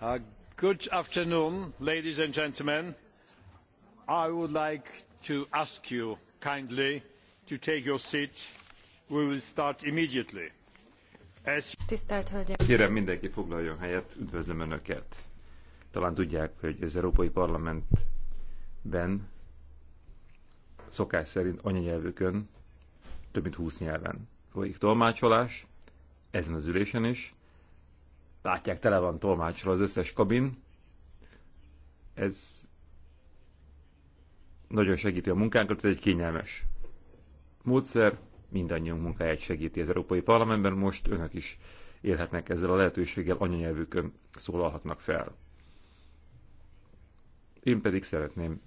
Uh, good afternoon, ladies and gentlemen. I would like to ask you kindly to take your seat. We will start immediately. Tisztelt Hölgyeim! Kérem, mindenki foglaljon helyet, üdvözlöm Önöket! Talán tudják, hogy az Európai Parlamentben szokás szerint anyanyelvükön több mint 20 nyelven folyik tolmácsolás, ezen az ülésen is, Látják, tele van tolmácsról az összes kabin. Ez nagyon segíti a munkánkat, ez egy kényelmes módszer. Mindannyiunk munkáját segíti az Európai Parlamentben, most önök is élhetnek ezzel a lehetőséggel, anyanyelvükön szólalhatnak fel. Én pedig szeretném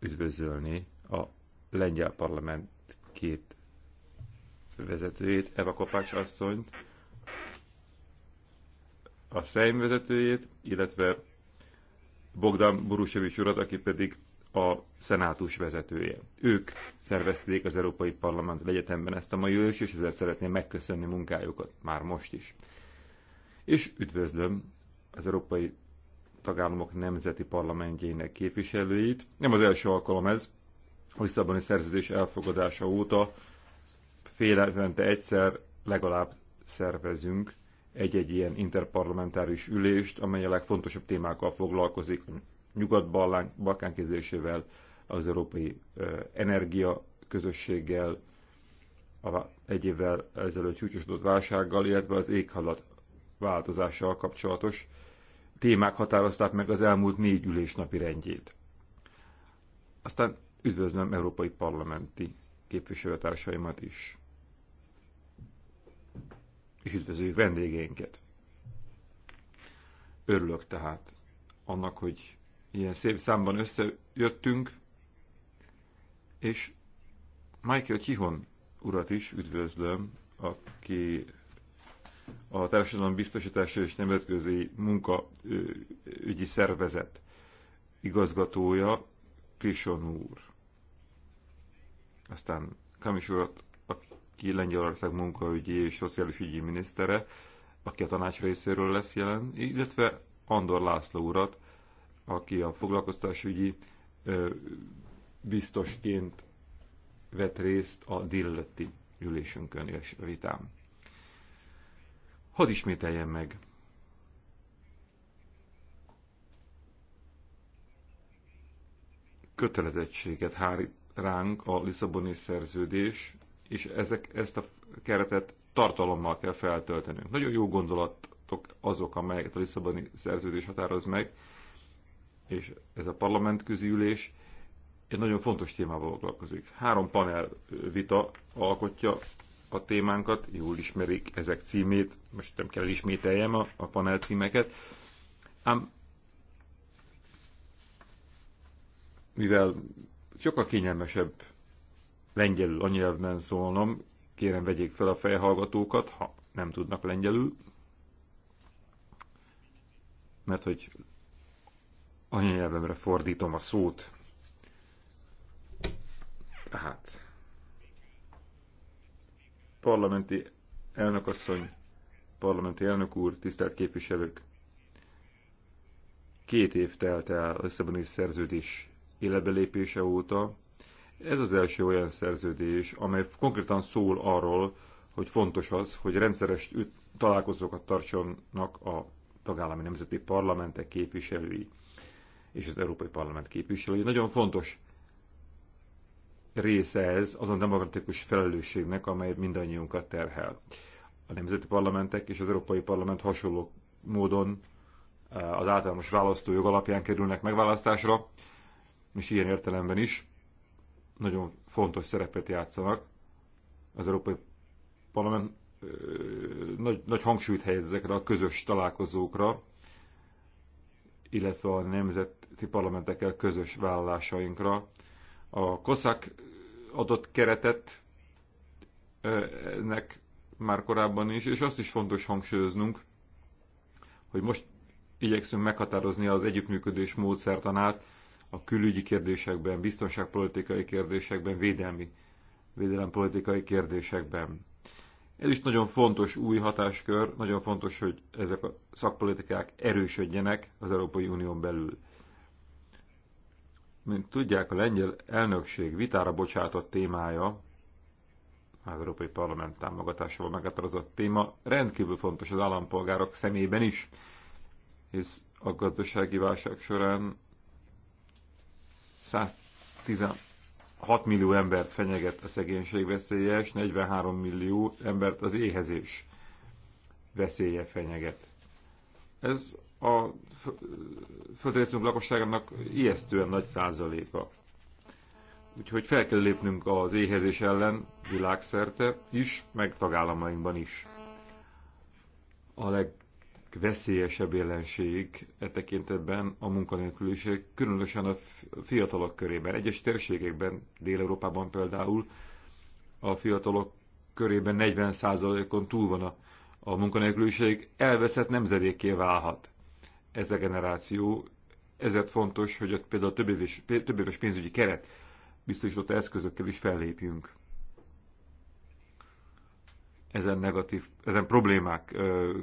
üdvözölni a lengyel parlament két vezetőjét, Eva Kopács asszonyt, a Szejm vezetőjét, illetve Bogdan Burusevics urat, aki pedig a szenátus vezetője. Ők szervezték az Európai Parlament egyetemben ezt a mai ülést, és ezzel szeretném megköszönni munkájukat már most is. És üdvözlöm az Európai Tagállamok Nemzeti Parlamentjének képviselőit. Nem az első alkalom ez, a Lisszaboni szerződés elfogadása óta fél évente egyszer legalább szervezünk egy-egy ilyen interparlamentáris ülést, amely a legfontosabb témákkal foglalkozik, Nyugat-Balkán kezdésével, az Európai Energia közösséggel, a egy évvel ezelőtt csúcsosodott válsággal, illetve az éghalat változással kapcsolatos témák határozták meg az elmúlt négy ülés napi rendjét. Aztán üdvözlöm európai parlamenti képviselőtársaimat is és üdvözöljük vendégeinket. Örülök tehát annak, hogy ilyen szép számban összejöttünk, és Michael Kihon urat is üdvözlöm, aki a Társadalom Biztosítása és Nemzetközi Munkaügyi Szervezet igazgatója, Krishon úr. Aztán Kamis urat ki Lengyelország munkaügyi és szociális ügyi minisztere, aki a tanács részéről lesz jelen, illetve Andor László urat, aki a foglalkoztásügyi ö, biztosként vett részt a dilletti ülésünkön és vitám. Hadd ismételjem meg. Kötelezettséget hárít ránk a Lisszaboni szerződés és ezek, ezt a keretet tartalommal kell feltöltenünk. Nagyon jó gondolatok azok, amelyeket a Lisszaboni szerződés határoz meg, és ez a parlament közülés egy nagyon fontos témával foglalkozik. Három panel vita alkotja a témánkat, jól ismerik ezek címét, most nem kell ismételjem a, a panel címeket, ám mivel sokkal kényelmesebb lengyelül anyanyelvben szólnom, kérem vegyék fel a fejhallgatókat, ha nem tudnak lengyelül, mert hogy anyanyelvemre fordítom a szót. Tehát parlamenti elnökasszony, parlamenti elnök úr, tisztelt képviselők, két év telt el a Lisszaboni szerződés életbelépése óta, ez az első olyan szerződés, amely konkrétan szól arról, hogy fontos az, hogy rendszeres találkozókat tartsanak a tagállami nemzeti parlamentek képviselői és az Európai Parlament képviselői. Nagyon fontos része ez azon demokratikus felelősségnek, amely mindannyiunkat terhel. A nemzeti parlamentek és az Európai Parlament hasonló módon eh, az általános választójog alapján kerülnek megválasztásra, és ilyen értelemben is nagyon fontos szerepet játszanak. Az Európai Parlament nagy, nagy hangsúlyt helyez ezekre a közös találkozókra, illetve a nemzeti parlamentekkel közös vállalásainkra. A COSAC adott keretet ennek már korábban is, és azt is fontos hangsúlyoznunk, hogy most igyekszünk meghatározni az együttműködés módszertanát a külügyi kérdésekben, biztonságpolitikai kérdésekben, védelmi, védelempolitikai kérdésekben. Ez is nagyon fontos új hatáskör, nagyon fontos, hogy ezek a szakpolitikák erősödjenek az Európai Unión belül. Mint tudják, a lengyel elnökség vitára bocsátott témája, az Európai Parlament támogatásával meghatározott téma rendkívül fontos az állampolgárok szemében is, hisz a gazdasági válság során 116 millió embert fenyeget a szegénység veszélye, és 43 millió embert az éhezés veszélye fenyeget. Ez a földrészünk lakosságának ijesztően nagy százaléka. Úgyhogy fel kell lépnünk az éhezés ellen világszerte is, meg tagállamainkban is. A leg legveszélyesebb jelenség e tekintetben a munkanélküliség, különösen a fiatalok körében. Egyes térségekben, Dél-Európában például a fiatalok körében 40%-on túl van a, a munkanélküliség, elveszett nemzedékké válhat ez a generáció. Ezért fontos, hogy ott például a több éves, több éves pénzügyi keret biztosított eszközökkel is fellépjünk ezen negatív, ezen problémák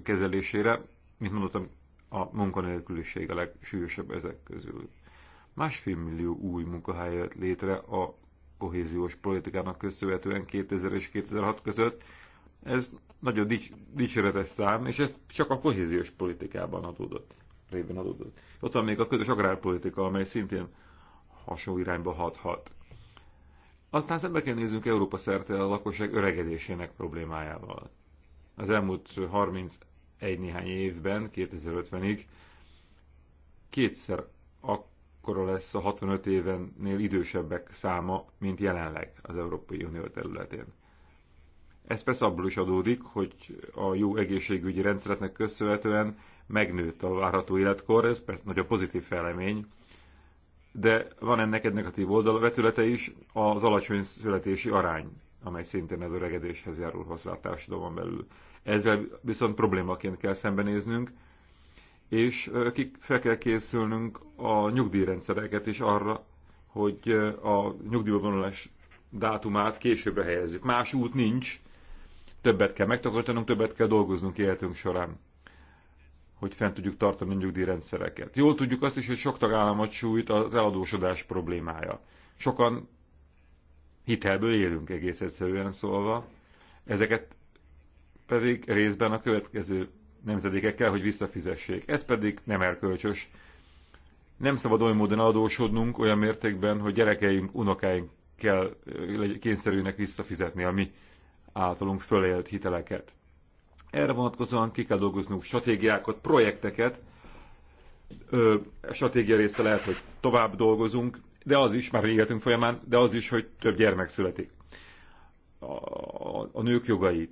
kezelésére mint mondottam, a munkanélküliség a legsúlyosabb ezek közül. Másfél millió új munkahely jött létre a kohéziós politikának köszönhetően 2000 és 2006 között. Ez nagyon dics- dicséretes szám, és ez csak a kohéziós politikában adódott, révén adódott. Ott van még a közös agrárpolitika, amely szintén hasonló irányba hathat. Aztán szembe kell néznünk Európa szerte a lakosság öregedésének problémájával. Az elmúlt 30 egy-néhány évben, 2050-ig kétszer akkora lesz a 65 évennél idősebbek száma, mint jelenleg az Európai Unió területén. Ez persze abból is adódik, hogy a jó egészségügyi rendszeretnek köszönhetően megnőtt a várható életkor, ez persze nagyon pozitív felemény, de van ennek egy negatív oldalvetülete is, az alacsony születési arány amely szintén az öregedéshez járul hozzá a társadalom belül. Ezzel viszont problémaként kell szembenéznünk, és fel kell készülnünk a nyugdíjrendszereket is arra, hogy a nyugdíjba dátumát későbbre helyezzük. Más út nincs, többet kell megtakarítanunk, többet kell dolgoznunk életünk során, hogy fent tudjuk tartani a nyugdíjrendszereket. Jól tudjuk azt is, hogy sok tagállamot sújt az eladósodás problémája. Sokan hitelből élünk egész egyszerűen szólva, ezeket pedig részben a következő nemzedékekkel, hogy visszafizessék. Ez pedig nem erkölcsös. Nem szabad olyan módon adósodnunk olyan mértékben, hogy gyerekeink, unokáink kell kényszerülnek visszafizetni a mi általunk fölélt hiteleket. Erre vonatkozóan ki kell dolgoznunk stratégiákat, projekteket. Ö, stratégia része lehet, hogy tovább dolgozunk, de az is, már életünk folyamán, de az is, hogy több gyermek születik. A, a, a nők jogait,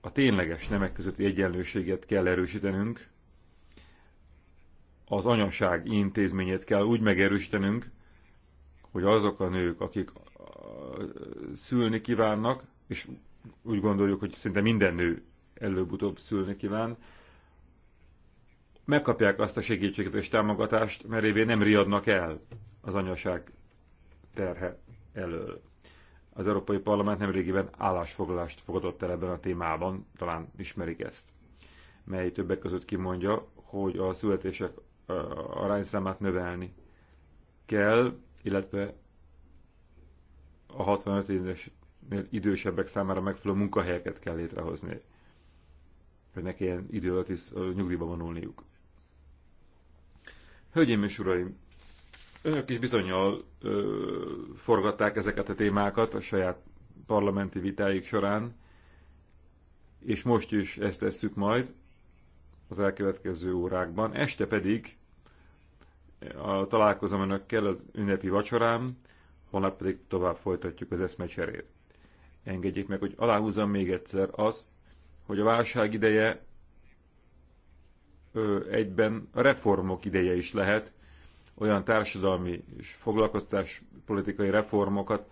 a tényleges nemek közötti egyenlőséget kell erősítenünk, az anyaság intézményét kell úgy megerősítenünk, hogy azok a nők, akik szülni kívánnak, és úgy gondoljuk, hogy szinte minden nő előbb-utóbb szülni kíván, megkapják azt a segítséget és támogatást, mert évén nem riadnak el az anyaság terhe elől. Az Európai Parlament nemrégiben állásfoglalást fogadott el ebben a témában, talán ismerik ezt, mely többek között kimondja, hogy a születések arányszámát növelni kell, illetve a 65 évesnél idősebbek számára megfelelő munkahelyeket kell létrehozni, hogy ne kelljen idő alatt is nyugdíjba vonulniuk. Hölgyeim és uraim, Önök is bizonyal forgatták ezeket a témákat a saját parlamenti vitáik során, és most is ezt tesszük majd az elkövetkező órákban. Este pedig a, találkozom önökkel az ünnepi vacsorám, holnap pedig tovább folytatjuk az eszmecserét. Engedjék meg, hogy aláhúzzam még egyszer azt, hogy a válság ideje ö, egyben a reformok ideje is lehet, olyan társadalmi és foglalkoztás politikai reformokat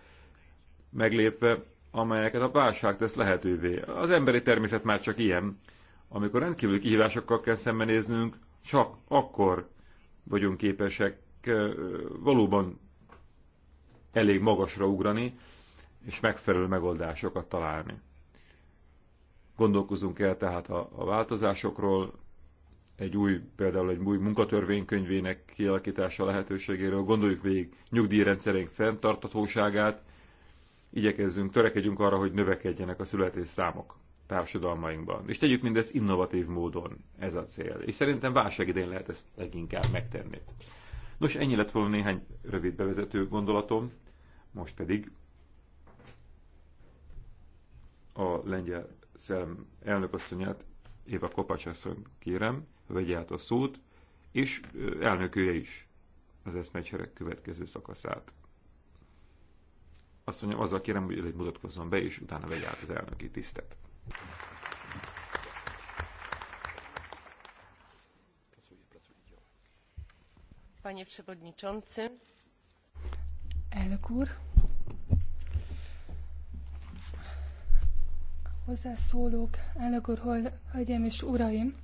meglépve, amelyeket a válság tesz lehetővé. Az emberi természet már csak ilyen. Amikor rendkívül kihívásokkal kell szembenéznünk, csak akkor vagyunk képesek valóban elég magasra ugrani, és megfelelő megoldásokat találni. Gondolkozunk el tehát a, a változásokról, egy új, például egy új munkatörvénykönyvének kialakítása lehetőségéről, gondoljuk végig nyugdíjrendszerénk fenntartatóságát, igyekezzünk, törekedjünk arra, hogy növekedjenek a születés számok társadalmainkban. És tegyük mindezt innovatív módon, ez a cél. És szerintem válság idején lehet ezt leginkább megtenni. Nos, ennyi lett volna néhány rövid bevezető gondolatom, most pedig a lengyel szem elnökasszonyát Éva Kopacsasszony, kérem, vegye át a szót, és elnökője is az eszmecserek következő szakaszát. Azt mondjam, azzal kérem, hogy egy mutatkozzon be, és utána vegye át az elnöki tisztet. Panie Przewodniczący! Elnök úr! hozzászólók, elnök úr, hölgyeim és uraim!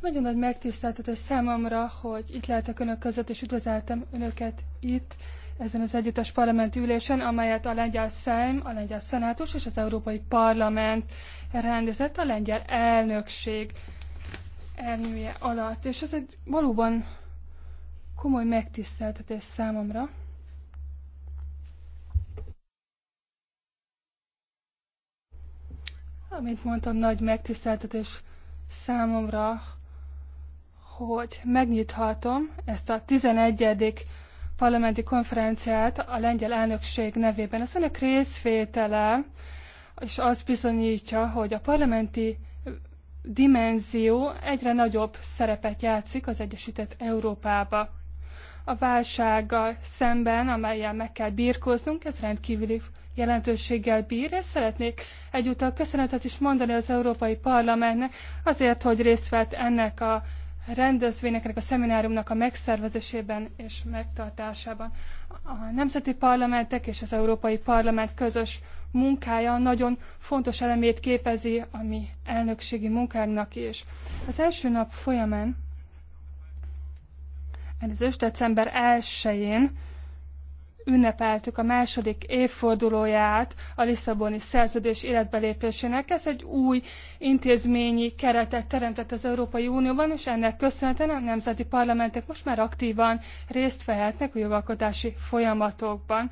Nagyon nagy megtiszteltetés számomra, hogy itt lehetek önök között, és üdvözeltem önöket itt, ezen az együttes parlamenti ülésen, amelyet a lengyel szem, a lengyel szenátus és az Európai Parlament rendezett a lengyel elnökség ernyője alatt. És ez egy valóban komoly megtiszteltetés számomra. Amint mondtam, nagy megtiszteltetés számomra, hogy megnyithatom ezt a 11. parlamenti konferenciát a lengyel elnökség nevében. Az önök részvétele, és az bizonyítja, hogy a parlamenti dimenzió egyre nagyobb szerepet játszik az Egyesített Európába. A válsággal szemben, amelyel meg kell birkóznunk, ez rendkívüli jelentőséggel bír, és szeretnék egyúttal köszönetet is mondani az Európai Parlamentnek azért, hogy részt vett ennek a rendezvénynek, ennek a szemináriumnak a megszervezésében és megtartásában. A nemzeti parlamentek és az Európai Parlament közös munkája nagyon fontos elemét képezi a mi elnökségi munkánknak is. Az első nap folyamán, ez december 1-én ünnepeltük a második évfordulóját a Lisszaboni szerződés életbelépésének. Ez egy új intézményi keretet teremtett az Európai Unióban, és ennek köszönhetően a nemzeti parlamentek most már aktívan részt vehetnek a jogalkotási folyamatokban.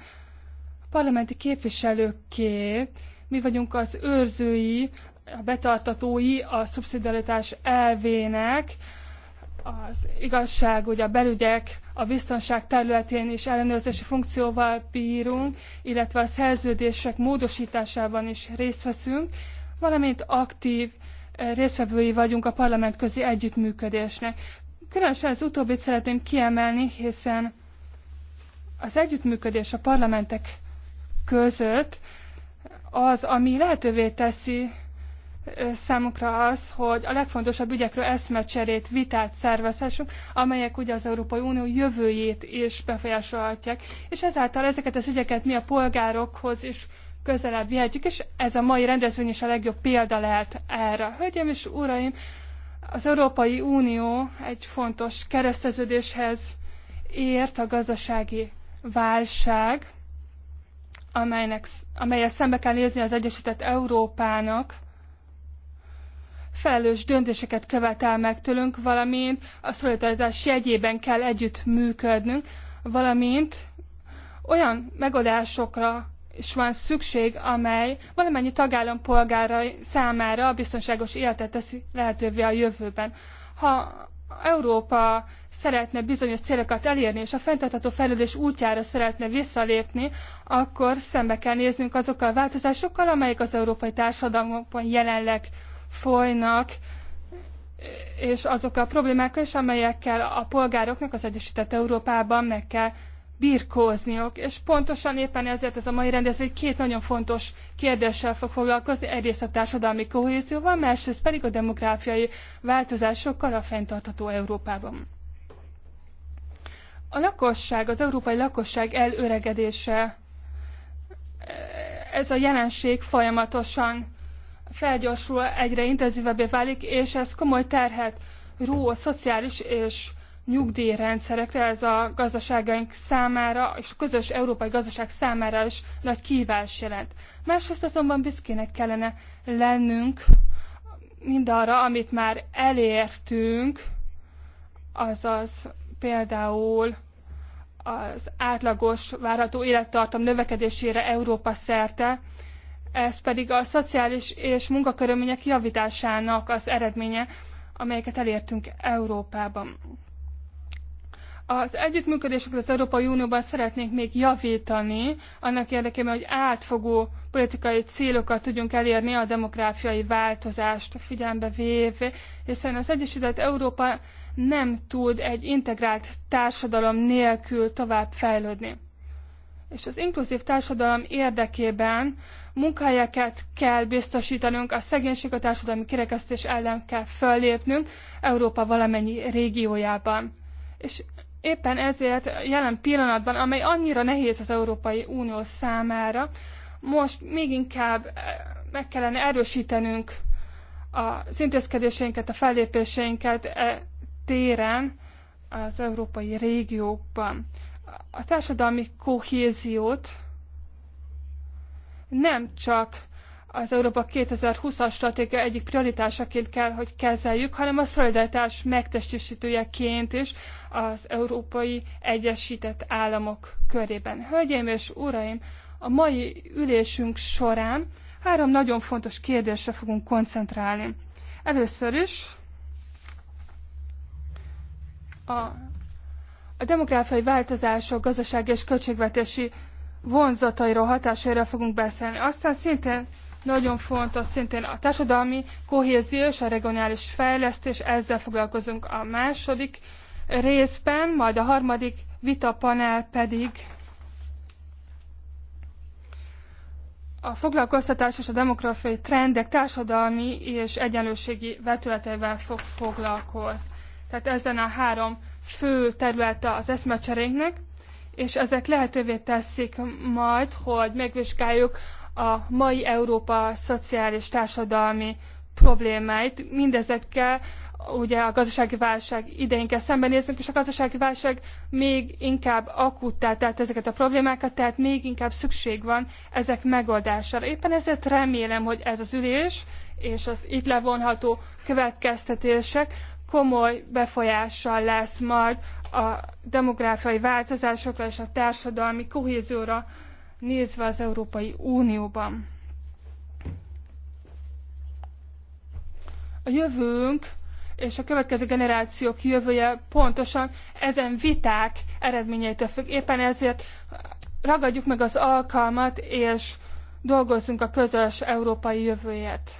A parlamenti képviselőké mi vagyunk az őrzői, a betartatói a szubszidiaritás elvének, az igazság, ugye a belügyek, a biztonság területén is ellenőrzési funkcióval bírunk, illetve a szerződések módosításában is részt veszünk, valamint aktív eh, résztvevői vagyunk a parlamentközi együttműködésnek. Különösen az utóbbit szeretném kiemelni, hiszen az együttműködés a parlamentek között az, ami lehetővé teszi számukra az, hogy a legfontosabb ügyekről eszmecserét, vitát szervezhessünk, amelyek ugye az Európai Unió jövőjét is befolyásolhatják, és ezáltal ezeket az ügyeket mi a polgárokhoz is közelebb vihetjük, és ez a mai rendezvény is a legjobb példa lehet erre. Hölgyeim és uraim, az Európai Unió egy fontos kereszteződéshez ért a gazdasági válság, amelynek, amelyet szembe kell nézni az Egyesített Európának, felelős döntéseket követel meg tőlünk, valamint a szolidaritás jegyében kell együtt működnünk, valamint olyan megoldásokra is van szükség, amely valamennyi tagállam polgárai számára a biztonságos életet teszi lehetővé a jövőben. Ha Európa szeretne bizonyos célokat elérni, és a fenntartható fejlődés útjára szeretne visszalépni, akkor szembe kell néznünk azokkal a változásokkal, amelyek az európai társadalmakban jelenleg folynak, és azok a problémák is, amelyekkel a polgároknak az Egyesített Európában meg kell birkózniok. És pontosan éppen ezért ez a mai rendezvény két nagyon fontos kérdéssel fog foglalkozni, egyrészt a társadalmi kohézióval, másrészt pedig a demográfiai változásokkal a fenntartható Európában. A lakosság, az európai lakosság elöregedése, ez a jelenség folyamatosan felgyorsul, egyre intenzívebbé válik, és ez komoly terhet ró a szociális és nyugdíjrendszerekre, ez a gazdaságaink számára és a közös európai gazdaság számára is nagy kívás jelent. Másrészt azonban büszkének kellene lennünk mindarra, amit már elértünk, azaz például az átlagos várható élettartam növekedésére Európa szerte, ez pedig a szociális és munkakörülmények javításának az eredménye, amelyeket elértünk Európában. Az együttműködéseket az Európai Unióban szeretnénk még javítani, annak érdekében, hogy átfogó politikai célokat tudjunk elérni a demográfiai változást figyelembe véve, hiszen az Egyesített Európa nem tud egy integrált társadalom nélkül tovább fejlődni és az inkluzív társadalom érdekében munkahelyeket kell biztosítanunk, a szegénység a társadalmi kirekesztés ellen kell föllépnünk Európa valamennyi régiójában. És éppen ezért jelen pillanatban, amely annyira nehéz az Európai Unió számára, most még inkább eh, meg kellene erősítenünk az intézkedéseinket, a fellépéseinket e téren az európai régiókban a társadalmi kohéziót nem csak az Európa 2020-as stratégia egyik prioritásaként kell, hogy kezeljük, hanem a szolidaritás megtestesítőjeként is az Európai Egyesített Államok körében. Hölgyeim és uraim, a mai ülésünk során három nagyon fontos kérdésre fogunk koncentrálni. Először is a a demográfiai változások gazdasági és költségvetési vonzatairól, hatásairól fogunk beszélni. Aztán szintén nagyon fontos szintén a társadalmi kohéziós, a regionális fejlesztés, ezzel foglalkozunk a második részben, majd a harmadik vitapanel pedig a foglalkoztatás és a demográfiai trendek társadalmi és egyenlőségi vetületeivel fog foglalkozni. Tehát ezen a három fő területe az eszmecserénknek, és ezek lehetővé teszik majd, hogy megvizsgáljuk a mai Európa szociális társadalmi problémáit. Mindezekkel ugye a gazdasági válság idején kell szembenéznünk, és a gazdasági válság még inkább akuttá tehát ezeket a problémákat, tehát még inkább szükség van ezek megoldására. Éppen ezért remélem, hogy ez az ülés és az itt levonható következtetések komoly befolyással lesz majd a demográfiai változásokra és a társadalmi kohézióra nézve az Európai Unióban. A jövőnk és a következő generációk jövője pontosan ezen viták eredményeitől függ. Éppen ezért ragadjuk meg az alkalmat, és dolgozzunk a közös európai jövőjét.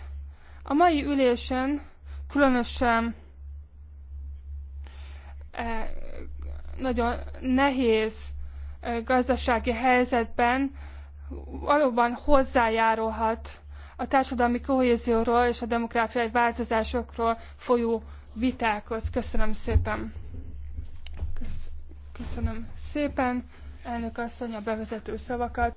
A mai ülésen különösen E, nagyon nehéz e, gazdasági helyzetben valóban hozzájárulhat a társadalmi kohézióról és a demográfiai változásokról folyó vitákhoz. Köszönöm szépen. Köszönöm szépen, elnök asszony, a bevezető szavakat.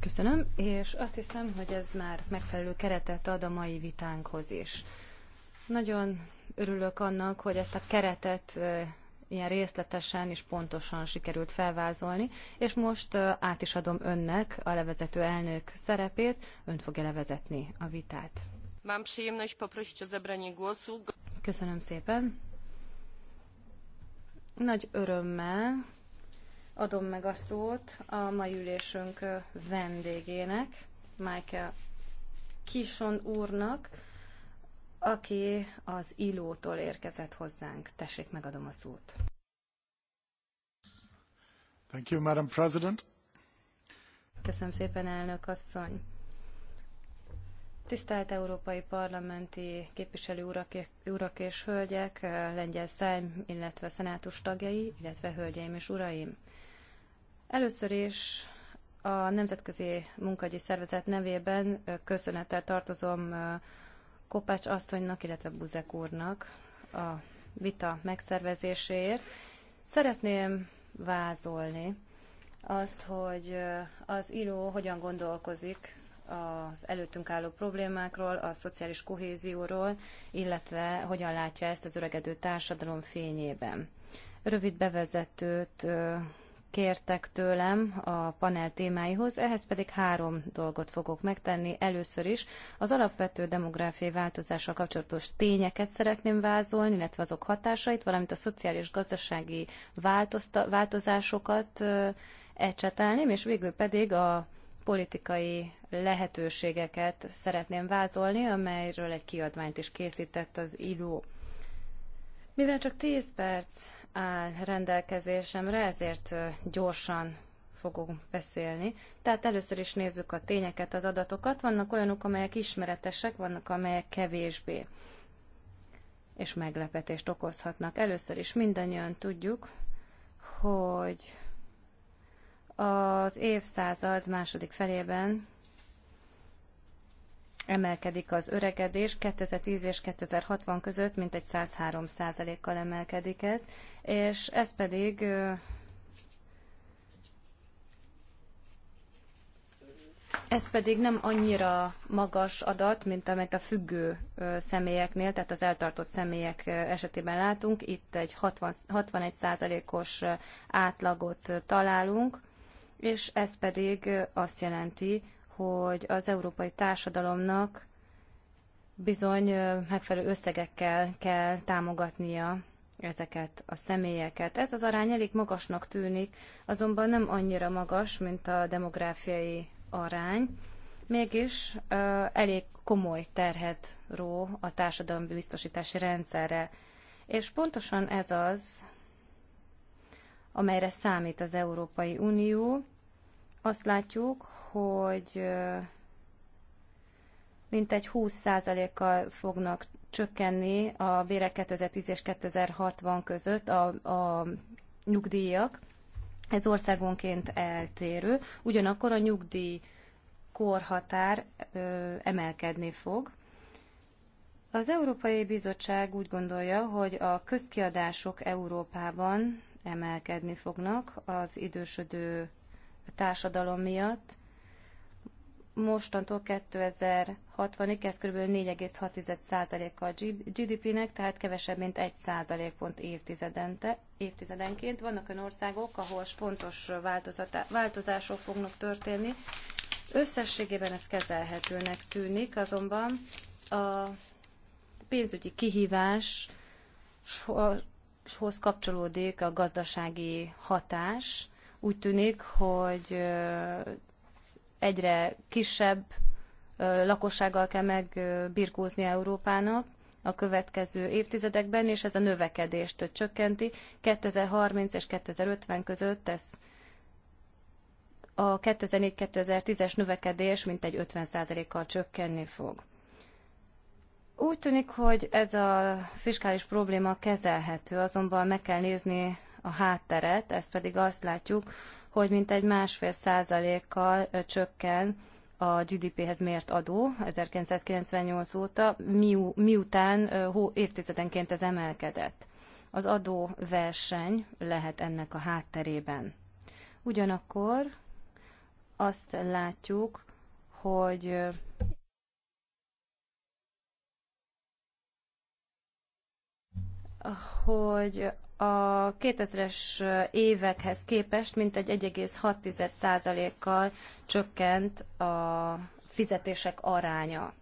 Köszönöm, és azt hiszem, hogy ez már megfelelő keretet ad a mai vitánkhoz is. Nagyon örülök annak, hogy ezt a keretet ilyen részletesen és pontosan sikerült felvázolni, és most át is adom önnek a levezető elnök szerepét, ön fogja levezetni a vitát. Mám przyjemność poprosić o zabranie głosu. Köszönöm szépen. Nagy örömmel adom meg a szót a mai ülésünk vendégének, Michael Kison úrnak, aki az ilótól érkezett hozzánk. Tessék, megadom a szót. Thank you, Madam President. Köszönöm szépen, elnök asszony. Tisztelt Európai Parlamenti képviselő urak, urak és hölgyek, lengyel szájm, illetve szenátus tagjai, illetve hölgyeim és uraim. Először is a Nemzetközi Munkagyi Szervezet nevében köszönettel tartozom Kopács asszonynak, illetve Buzek úrnak a vita megszervezéséért. Szeretném vázolni azt, hogy az ILO hogyan gondolkozik az előttünk álló problémákról, a szociális kohézióról, illetve hogyan látja ezt az öregedő társadalom fényében. Rövid bevezetőt kértek tőlem a panel témáihoz, ehhez pedig három dolgot fogok megtenni. Először is az alapvető demográfiai változással kapcsolatos tényeket szeretném vázolni, illetve azok hatásait, valamint a szociális-gazdasági változásokat ecsetelném, és végül pedig a politikai lehetőségeket szeretném vázolni, amelyről egy kiadványt is készített az ILO. Mivel csak 10 perc áll rendelkezésemre, ezért gyorsan fogunk beszélni. Tehát először is nézzük a tényeket, az adatokat. Vannak olyanok, amelyek ismeretesek, vannak, amelyek kevésbé és meglepetést okozhatnak. Először is mindannyian tudjuk, hogy az évszázad második felében emelkedik az öregedés, 2010 és 2060 között mintegy 103 százalékkal emelkedik ez, és ez pedig Ez pedig nem annyira magas adat, mint amit a függő személyeknél, tehát az eltartott személyek esetében látunk. Itt egy 60, 61 százalékos átlagot találunk, és ez pedig azt jelenti, hogy az európai társadalomnak bizony megfelelő összegekkel kell támogatnia ezeket a személyeket. Ez az arány elég magasnak tűnik, azonban nem annyira magas, mint a demográfiai arány. Mégis elég komoly terhet ró a társadalmi biztosítási rendszerre. És pontosan ez az, amelyre számít az Európai Unió. Azt látjuk, hogy mintegy 20%-kal fognak csökkenni a bérek 2010 és 2060 között a, a nyugdíjak. Ez országonként eltérő. Ugyanakkor a nyugdíj korhatár ö, emelkedni fog. Az Európai Bizottság úgy gondolja, hogy a közkiadások Európában emelkedni fognak az idősödő társadalom miatt, mostantól 2060-ig ez kb. 4,6%-a a GDP-nek, tehát kevesebb, mint 1 pont évtizedente, évtizedenként. Vannak olyan országok, ahol fontos változások fognak történni. Összességében ez kezelhetőnek tűnik, azonban a pénzügyi kihíváshoz kapcsolódik a gazdasági hatás. Úgy tűnik, hogy egyre kisebb lakossággal kell megbirkózni Európának a következő évtizedekben, és ez a növekedést csökkenti. 2030 és 2050 között ez a 2004-2010-es növekedés mintegy 50%-kal csökkenni fog. Úgy tűnik, hogy ez a fiskális probléma kezelhető, azonban meg kell nézni a hátteret, ezt pedig azt látjuk, hogy mintegy másfél százalékkal csökken a GDP-hez mért adó 1998 óta, miután évtizedenként ez emelkedett. Az adóverseny lehet ennek a hátterében. Ugyanakkor azt látjuk, hogy hogy a 2000-es évekhez képest mintegy 1,6%-kal csökkent a fizetések aránya.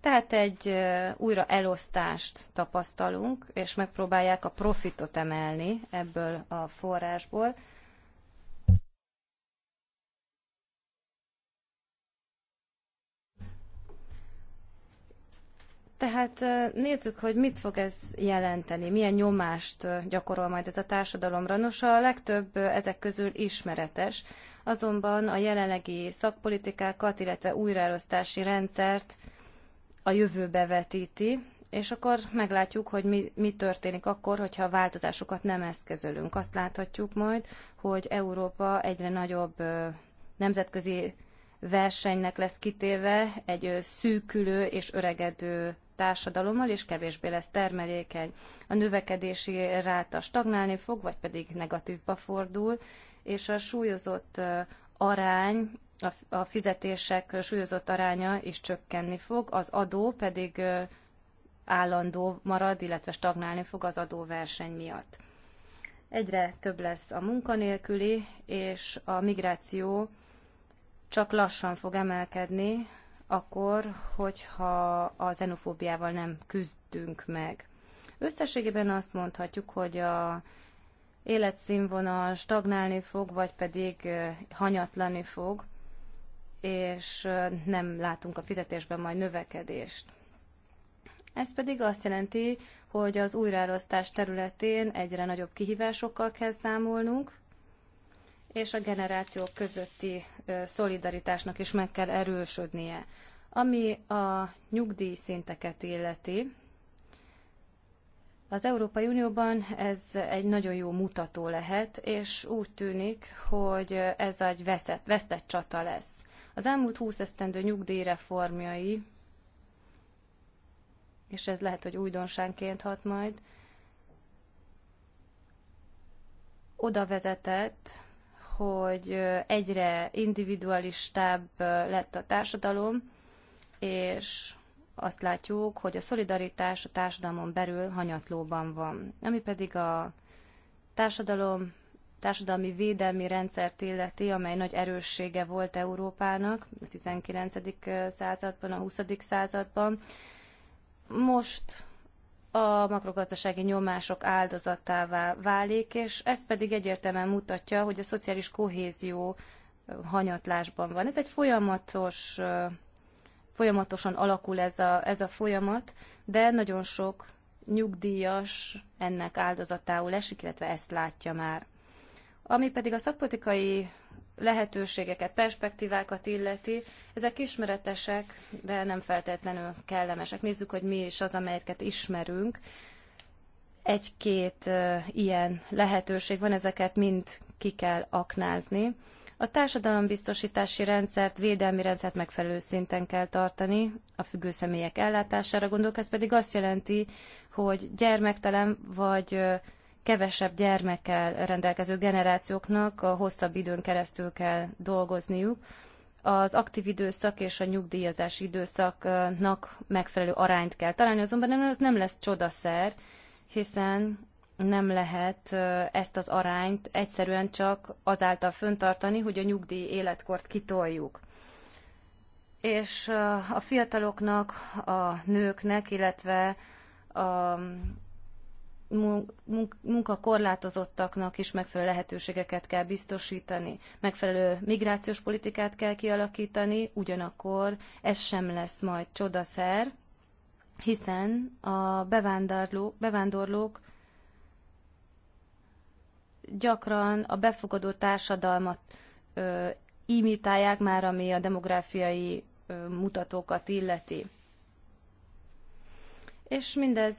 Tehát egy újra elosztást tapasztalunk, és megpróbálják a profitot emelni ebből a forrásból. Tehát nézzük, hogy mit fog ez jelenteni, milyen nyomást gyakorol majd ez a társadalomra. Nos, a legtöbb ezek közül ismeretes, azonban a jelenlegi szakpolitikákat, illetve újraelosztási rendszert a jövőbe vetíti, és akkor meglátjuk, hogy mi, mi történik akkor, hogyha a változásokat nem eszközölünk. Azt láthatjuk majd, hogy Európa egyre nagyobb nemzetközi versenynek lesz kitéve egy szűkülő és öregedő társadalommal, és kevésbé lesz termelékeny. A növekedési ráta stagnálni fog, vagy pedig negatívba fordul, és a súlyozott arány, a fizetések súlyozott aránya is csökkenni fog, az adó pedig állandó marad, illetve stagnálni fog az adóverseny miatt. Egyre több lesz a munkanélküli, és a migráció csak lassan fog emelkedni, akkor, hogyha a xenofóbiával nem küzdünk meg. Összességében azt mondhatjuk, hogy a életszínvonal stagnálni fog, vagy pedig hanyatlani fog, és nem látunk a fizetésben majd növekedést. Ez pedig azt jelenti, hogy az újraelosztás területén egyre nagyobb kihívásokkal kell számolnunk, és a generációk közötti szolidaritásnak is meg kell erősödnie. Ami a nyugdíjszinteket illeti, az Európai Unióban ez egy nagyon jó mutató lehet, és úgy tűnik, hogy ez egy veszett, vesztett csata lesz. Az elmúlt 20 esztendő nyugdíjreformjai, és ez lehet, hogy újdonságként hat majd, oda vezetett, hogy egyre individualistább lett a társadalom, és azt látjuk, hogy a szolidaritás a társadalmon belül hanyatlóban van. Ami pedig a társadalom, társadalmi védelmi rendszert illeti, amely nagy erőssége volt Európának a 19. században, a 20. században. Most a makrogazdasági nyomások áldozatává válik, és ez pedig egyértelműen mutatja, hogy a szociális kohézió hanyatlásban van. Ez egy folyamatos, folyamatosan alakul ez a, ez a folyamat, de nagyon sok nyugdíjas ennek áldozatául esik, illetve ezt látja már. Ami pedig a szakpolitikai lehetőségeket, perspektívákat illeti, ezek ismeretesek, de nem feltétlenül kellemesek. Nézzük, hogy mi is az, amelyeket ismerünk. Egy-két ilyen lehetőség van, ezeket mind ki kell aknázni. A társadalombiztosítási rendszert, védelmi rendszert megfelelő szinten kell tartani, a függő személyek ellátására gondolok, ez pedig azt jelenti, hogy gyermektelen vagy kevesebb gyermekkel rendelkező generációknak a hosszabb időn keresztül kell dolgozniuk. Az aktív időszak és a nyugdíjazási időszaknak megfelelő arányt kell találni, azonban ez nem lesz csodaszer, hiszen nem lehet ezt az arányt egyszerűen csak azáltal föntartani, hogy a nyugdíj életkort kitoljuk. És a fiataloknak, a nőknek, illetve a munkakorlátozottaknak is megfelelő lehetőségeket kell biztosítani, megfelelő migrációs politikát kell kialakítani, ugyanakkor ez sem lesz majd csodaszer, hiszen a bevándorló, bevándorlók gyakran a befogadó társadalmat ö, imitálják már, ami a demográfiai ö, mutatókat illeti. És mindez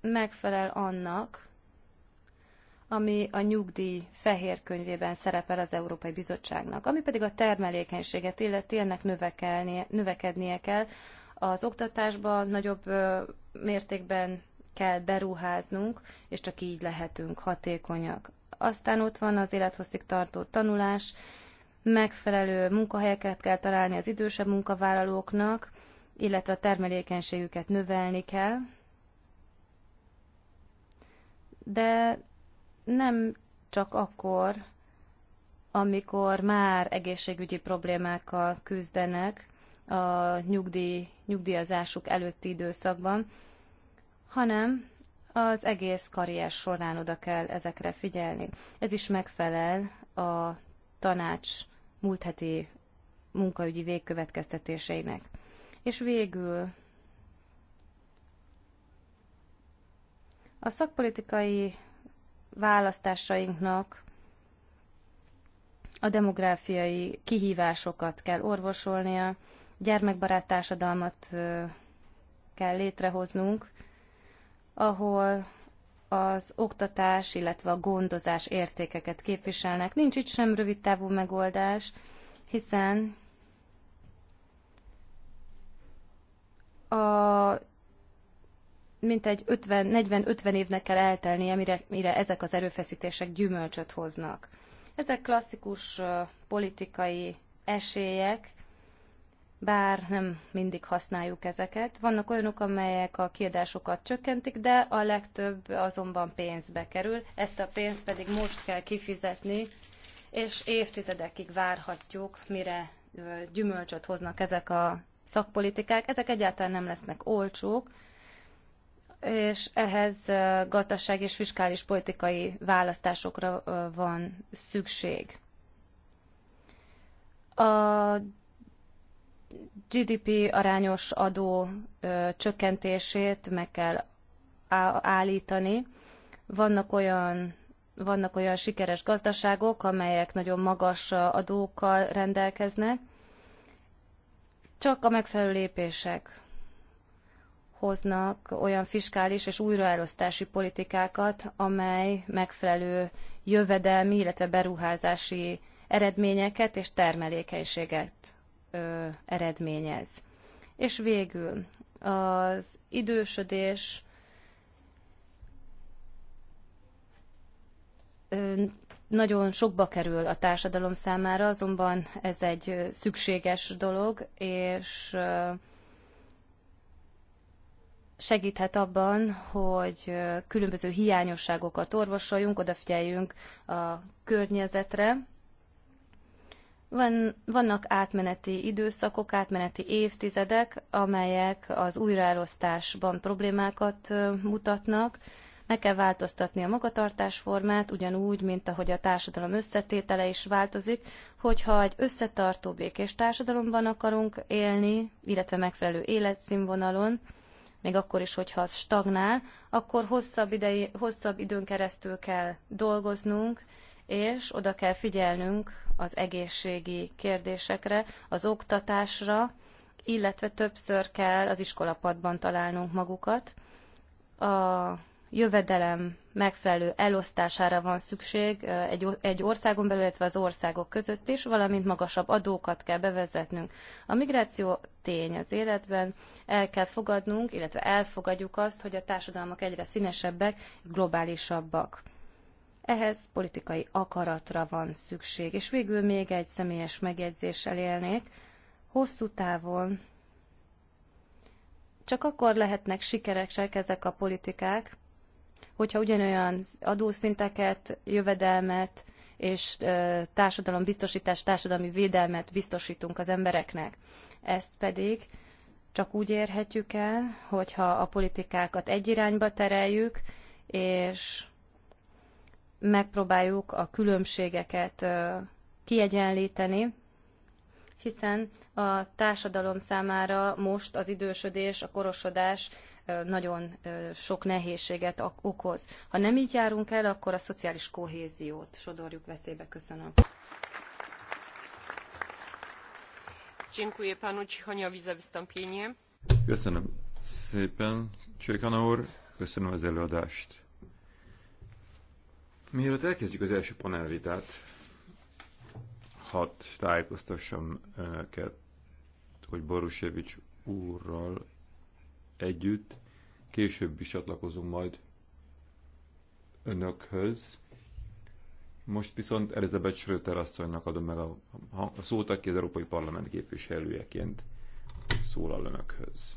megfelel annak, ami a nyugdíj fehér könyvében szerepel az Európai Bizottságnak. Ami pedig a termelékenységet illeti, ennek növekednie kell. Az oktatásban nagyobb mértékben kell beruháznunk, és csak így lehetünk hatékonyak. Aztán ott van az élethosszig tartó tanulás, megfelelő munkahelyeket kell találni az idősebb munkavállalóknak, illetve a termelékenységüket növelni kell, de nem csak akkor, amikor már egészségügyi problémákkal küzdenek a nyugdíj, nyugdíjazásuk előtti időszakban, hanem az egész karrier során oda kell ezekre figyelni. Ez is megfelel a tanács múlt heti munkaügyi végkövetkeztetéseinek. És végül A szakpolitikai választásainknak a demográfiai kihívásokat kell orvosolnia, gyermekbarát társadalmat kell létrehoznunk, ahol az oktatás, illetve a gondozás értékeket képviselnek. Nincs itt sem rövidtávú megoldás, hiszen a mintegy 40-50 évnek kell eltelnie, mire, mire ezek az erőfeszítések gyümölcsöt hoznak. Ezek klasszikus politikai esélyek, bár nem mindig használjuk ezeket. Vannak olyanok, amelyek a kiadásokat csökkentik, de a legtöbb azonban pénzbe kerül. Ezt a pénzt pedig most kell kifizetni, és évtizedekig várhatjuk, mire gyümölcsöt hoznak ezek a szakpolitikák. Ezek egyáltalán nem lesznek olcsók, és ehhez gazdaság és fiskális politikai választásokra van szükség. A GDP arányos adó csökkentését meg kell állítani. Vannak olyan vannak olyan sikeres gazdaságok, amelyek nagyon magas adókkal rendelkeznek, csak a megfelelő lépések hoznak olyan fiskális és újraelosztási politikákat, amely megfelelő jövedelmi, illetve beruházási eredményeket és termelékenységet ö, eredményez. És végül az idősödés nagyon sokba kerül a társadalom számára, azonban ez egy szükséges dolog, és ö, segíthet abban, hogy különböző hiányosságokat orvosoljunk, odafigyeljünk a környezetre. Van, vannak átmeneti időszakok, átmeneti évtizedek, amelyek az újraelosztásban problémákat mutatnak. Meg kell változtatni a magatartásformát, ugyanúgy, mint ahogy a társadalom összetétele is változik, hogyha egy összetartó békés társadalomban akarunk élni, illetve megfelelő életszínvonalon, még akkor is, hogyha az stagnál, akkor hosszabb, idei, hosszabb időn keresztül kell dolgoznunk, és oda kell figyelnünk az egészségi kérdésekre, az oktatásra, illetve többször kell az iskolapadban találnunk magukat. A jövedelem megfelelő elosztására van szükség egy, egy országon belül, illetve az országok között is, valamint magasabb adókat kell bevezetnünk. A migráció tény az életben, el kell fogadnunk, illetve elfogadjuk azt, hogy a társadalmak egyre színesebbek, globálisabbak. Ehhez politikai akaratra van szükség. És végül még egy személyes megjegyzéssel élnék. Hosszú távon csak akkor lehetnek sikeresek ezek a politikák, hogyha ugyanolyan adószinteket, jövedelmet és társadalombiztosítást, társadalmi védelmet biztosítunk az embereknek. Ezt pedig csak úgy érhetjük el, hogyha a politikákat egy irányba tereljük, és megpróbáljuk a különbségeket kiegyenlíteni, hiszen a társadalom számára most az idősödés, a korosodás nagyon sok nehézséget okoz. Ha nem így járunk el, akkor a szociális kohéziót sodorjuk veszélybe. Köszönöm. Köszönöm szépen, Csékana úr, köszönöm az előadást. Mielőtt elkezdjük az első panelvitát, hadd tájékoztassam önöket, hogy Borusevics úrral együtt később is csatlakozunk majd önökhöz. Most viszont Elizabeth Schröter asszonynak adom meg a, a szót, aki az Európai Parlament képviselőjeként szólal önökhöz.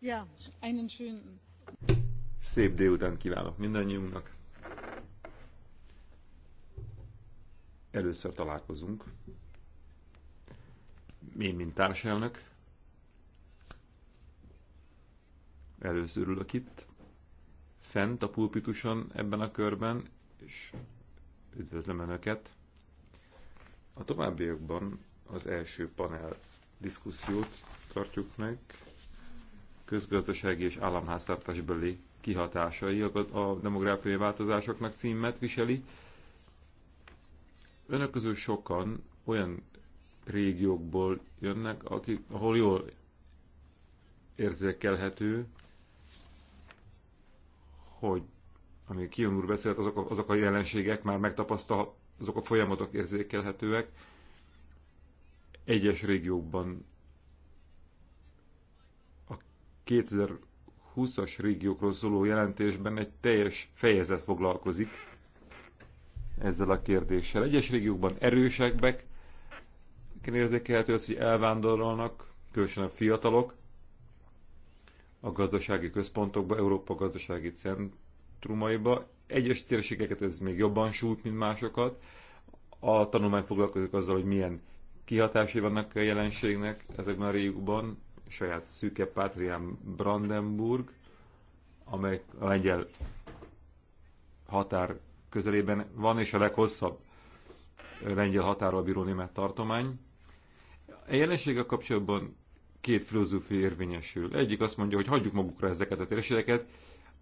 Ja, einen schönen. Szép délután kívánok mindannyiunknak. Először találkozunk. Én, mint társelnök. Először ülök itt, fent a pulpituson ebben a körben, és üdvözlöm Önöket. A továbbiakban az első panel diszkusziót tartjuk meg, közgazdasági és államháztartásbeli kihatásai a demográfiai változásoknak címet viseli. Önök közül sokan olyan régiókból jönnek, akik, ahol jól érzékelhető, hogy ami Kion úr beszélt, azok a, azok a jelenségek már megtapasztalhatók, azok a folyamatok érzékelhetőek. Egyes régiókban 2020-as régiókról szóló jelentésben egy teljes fejezet foglalkozik ezzel a kérdéssel. Egyes régiókban erősebbek, érzékelhető az, hogy elvándorolnak, különösen a fiatalok, a gazdasági központokba, Európa gazdasági centrumaiba. Egyes térségeket ez még jobban sújt, mint másokat. A tanulmány foglalkozik azzal, hogy milyen kihatásai vannak a jelenségnek ezekben a régiókban, saját szűke pátriám Brandenburg, amely a lengyel határ közelében van, és a leghosszabb lengyel határral bíró német tartomány. A jelenséggel kapcsolatban két filozófia érvényesül. Egyik azt mondja, hogy hagyjuk magukra ezeket a térségeket,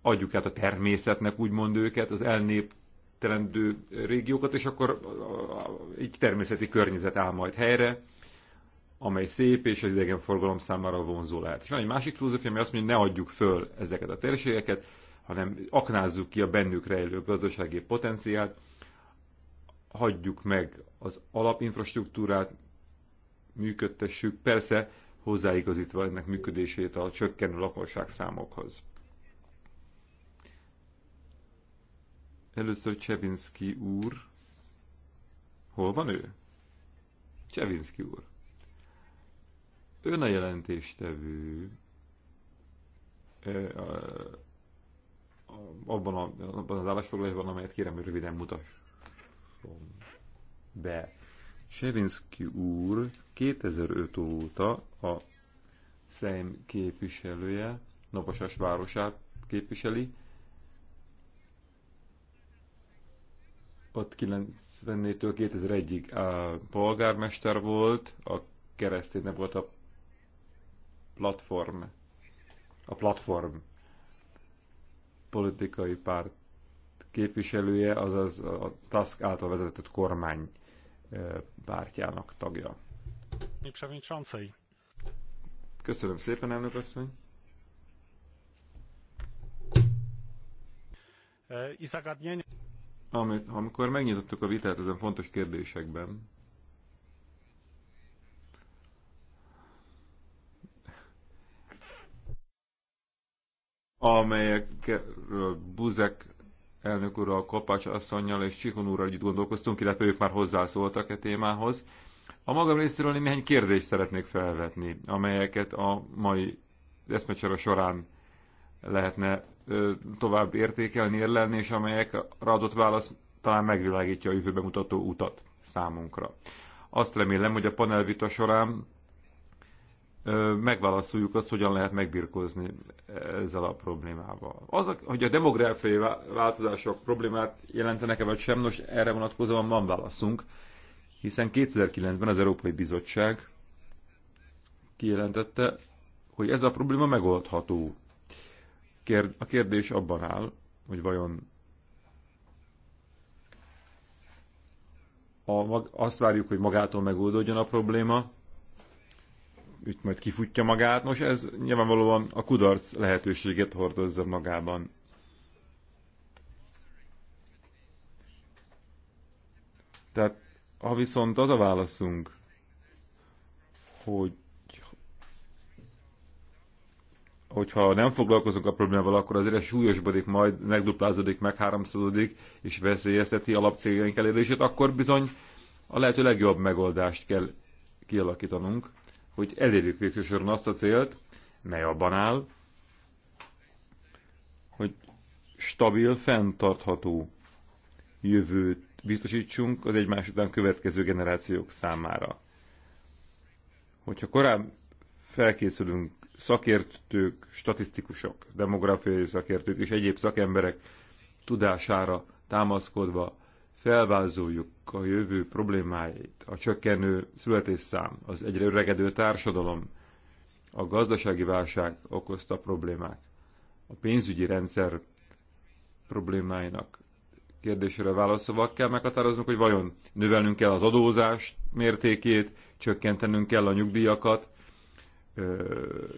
adjuk át a természetnek úgymond őket, az elnéptelendő régiókat, és akkor így természeti környezet áll majd helyre, amely szép és az forgalom számára vonzó lehet. És van egy másik filozófia, ami azt mondja, hogy ne adjuk föl ezeket a térségeket, hanem aknázzuk ki a bennük rejlő gazdasági potenciált, hagyjuk meg az alapinfrastruktúrát, működtessük, persze hozzáigazítva ennek működését a csökkenő lakosság számokhoz. Először Csevinszki úr. Hol van ő? Csevinszki úr. Ön a jelentéstevő abban, a, abban az állásfoglalásban, amelyet kérem, hogy röviden mutasson be. Sevinszki úr 2005 óta a Szejm képviselője, Novasas városát képviseli. Ott 94-től 2001-ig polgármester volt, a keresztény volt a platform, a platform politikai párt képviselője, azaz a TASZK által vezetett kormány eh, pártjának tagja. Köszönöm szépen, elnök asszony! E, amikor megnyitottuk a vitát ezen fontos kérdésekben, amelyekről Buzek elnök úrral, Kopács asszonynal és Csikon úrral együtt gondolkoztunk, illetve ők már hozzászóltak e témához. A magam részéről én néhány kérdést szeretnék felvetni, amelyeket a mai eszmecsora során lehetne ö, tovább értékelni, érlelni, és amelyek adott válasz talán megvilágítja a jövőbe mutató utat számunkra. Azt remélem, hogy a panelvita során megválaszoljuk azt, hogyan lehet megbirkózni ezzel a problémával. Az, hogy a demográfiai változások problémát jelentenek-e vagy sem, nos erre vonatkozóan van válaszunk, hiszen 2009-ben az Európai Bizottság kijelentette, hogy ez a probléma megoldható. A kérdés abban áll, hogy vajon a, azt várjuk, hogy magától megoldódjon a probléma, ügy majd kifutja magát. Nos, ez nyilvánvalóan a kudarc lehetőséget hordozza magában. Tehát, ha viszont az a válaszunk, hogy hogyha nem foglalkozunk a problémával, akkor azért súlyosbodik, majd megduplázódik, meg háromszorodik, és veszélyezteti alapcéljaink elérését, akkor bizony a lehető legjobb megoldást kell kialakítanunk hogy elérjük végső azt a célt, mely abban áll, hogy stabil, fenntartható jövőt biztosítsunk az egymás után következő generációk számára. Hogyha korábban felkészülünk szakértők, statisztikusok, demográfiai szakértők és egyéb szakemberek tudására támaszkodva felvázoljuk a jövő problémáit, a csökkenő születésszám, az egyre öregedő társadalom, a gazdasági válság okozta problémák, a pénzügyi rendszer problémáinak kérdésére válaszolva kell meghatároznunk, hogy vajon növelnünk kell az adózás mértékét, csökkentenünk kell a nyugdíjakat,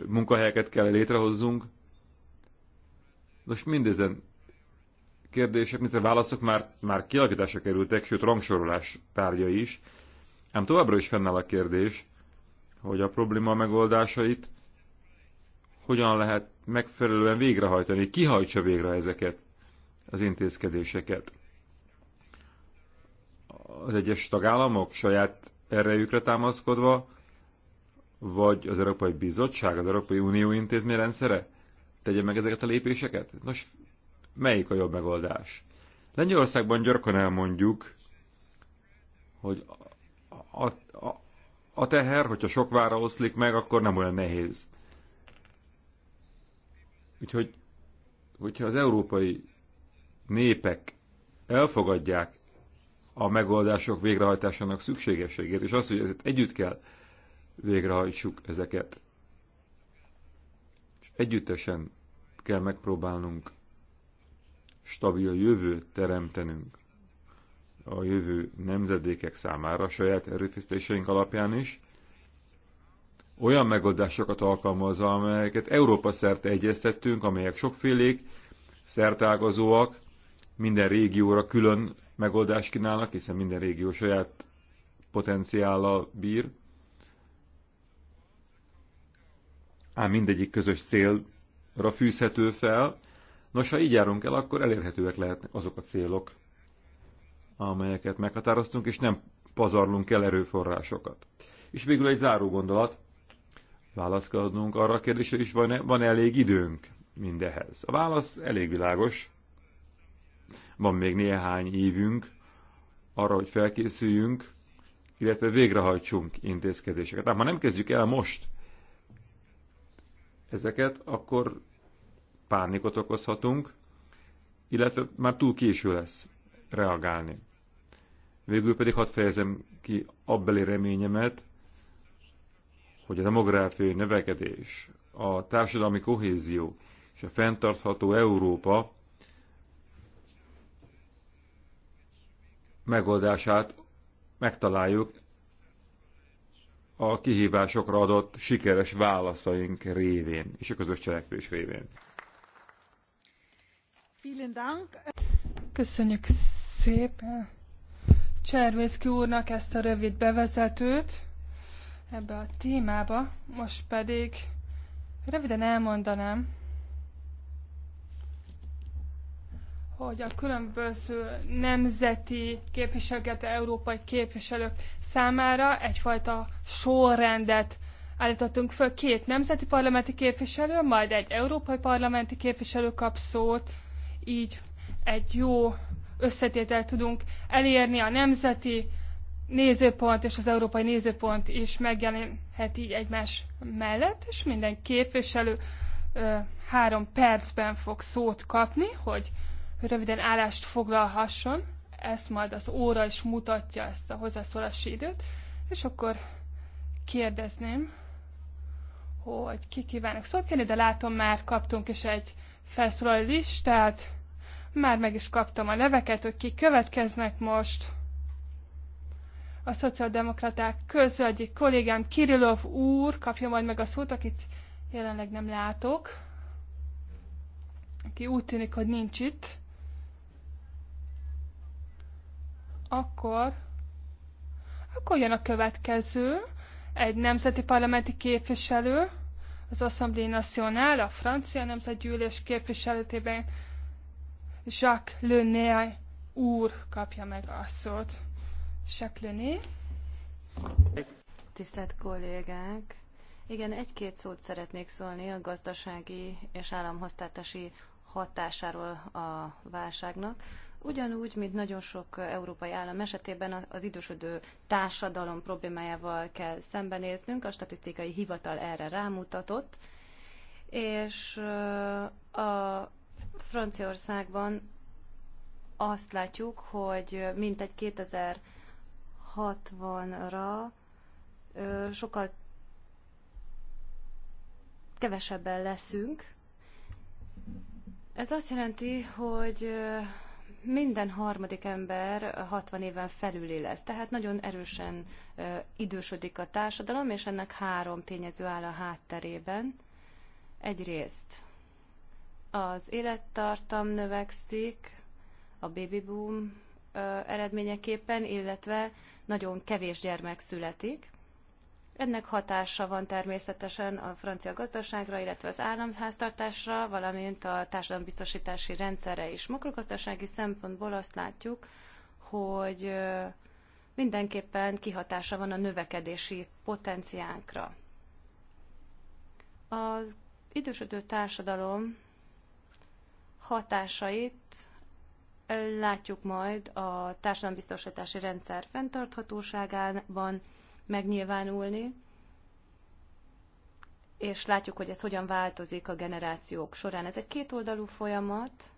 munkahelyeket kell létrehozzunk. Most mindezen kérdések, mint a válaszok már, már kialakításra kerültek, sőt rangsorolás tárgya is. Ám továbbra is fennáll a kérdés, hogy a probléma megoldásait hogyan lehet megfelelően végrehajtani, kihajtsa végre ezeket az intézkedéseket. Az egyes tagállamok saját erejükre támaszkodva, vagy az Európai Bizottság, az Európai Unió intézményrendszere tegye meg ezeket a lépéseket? Nos, melyik a jobb megoldás. Lengyelországban gyakran elmondjuk, hogy a, a, a teher, hogyha sok vára oszlik meg, akkor nem olyan nehéz. Úgyhogy, hogyha az európai népek elfogadják a megoldások végrehajtásának szükségességét, és azt, hogy ezt együtt kell végrehajtsuk ezeket, és együttesen kell megpróbálnunk stabil jövőt teremtenünk a jövő nemzedékek számára, a saját erőfeszítéseink alapján is, olyan megoldásokat alkalmazva, amelyeket Európa szerte egyeztettünk, amelyek sokfélék, szertágazóak, minden régióra külön megoldást kínálnak, hiszen minden régió saját potenciállal bír. Ám mindegyik közös célra fűzhető fel, Nos, ha így járunk el, akkor elérhetőek lehetnek azok a célok, amelyeket meghatároztunk, és nem pazarlunk el erőforrásokat. És végül egy záró gondolat, válaszkodnunk arra a kérdésre is, van, -e, van -e elég időnk mindehez. A válasz elég világos, van még néhány évünk arra, hogy felkészüljünk, illetve végrehajtsunk intézkedéseket. Tehát ha nem kezdjük el most ezeket, akkor pánikot okozhatunk, illetve már túl késő lesz reagálni. Végül pedig hadd fejezem ki abbeli reményemet, hogy a demográfiai növekedés, a társadalmi kohézió és a fenntartható Európa megoldását megtaláljuk a kihívásokra adott sikeres válaszaink révén és a közös cselekvés révén. Köszönjük szépen Cservészki úrnak ezt a rövid bevezetőt ebbe a témába. Most pedig röviden elmondanám, hogy a különböző nemzeti képviselőket, európai képviselők számára egyfajta sorrendet állítottunk föl. Két nemzeti parlamenti képviselő, majd egy európai parlamenti képviselő kap szót, így egy jó összetételt tudunk elérni, a nemzeti nézőpont és az európai nézőpont is megjelenhet így egymás mellett, és minden képviselő ö, három percben fog szót kapni, hogy röviden állást foglalhasson, ezt majd az óra is mutatja ezt a hozzászólási időt, és akkor kérdezném, hogy ki kívánok szót kérni, de látom már kaptunk is egy felszólaló listát. Már meg is kaptam a neveket, hogy ki következnek most. A szociáldemokraták közül egyik kollégám Kirillov úr kapja majd meg a szót, akit jelenleg nem látok. Aki úgy tűnik, hogy nincs itt. Akkor, akkor jön a következő, egy nemzeti parlamenti képviselő az Assemblée Nationale, a francia nemzetgyűlés képviseletében Jacques Lené úr kapja meg a szót. Jacques Lené. Tisztelt kollégák! Igen, egy-két szót szeretnék szólni a gazdasági és államhoztartási hatásáról a válságnak ugyanúgy, mint nagyon sok európai állam esetében az idősödő társadalom problémájával kell szembenéznünk, a statisztikai hivatal erre rámutatott, és a Franciaországban azt látjuk, hogy mintegy 2060-ra sokkal kevesebben leszünk. Ez azt jelenti, hogy minden harmadik ember 60 éven felüli lesz, tehát nagyon erősen idősödik a társadalom, és ennek három tényező áll a hátterében. Egyrészt az élettartam növekszik, a baby boom eredményeképpen, illetve nagyon kevés gyermek születik. Ennek hatása van természetesen a francia gazdaságra, illetve az államháztartásra, valamint a társadalombiztosítási rendszerre is. Makrogazdasági szempontból azt látjuk, hogy mindenképpen kihatása van a növekedési potenciánkra. Az idősödő társadalom hatásait látjuk majd a társadalombiztosítási rendszer fenntarthatóságában, megnyilvánulni, és látjuk, hogy ez hogyan változik a generációk során. Ez egy kétoldalú folyamat,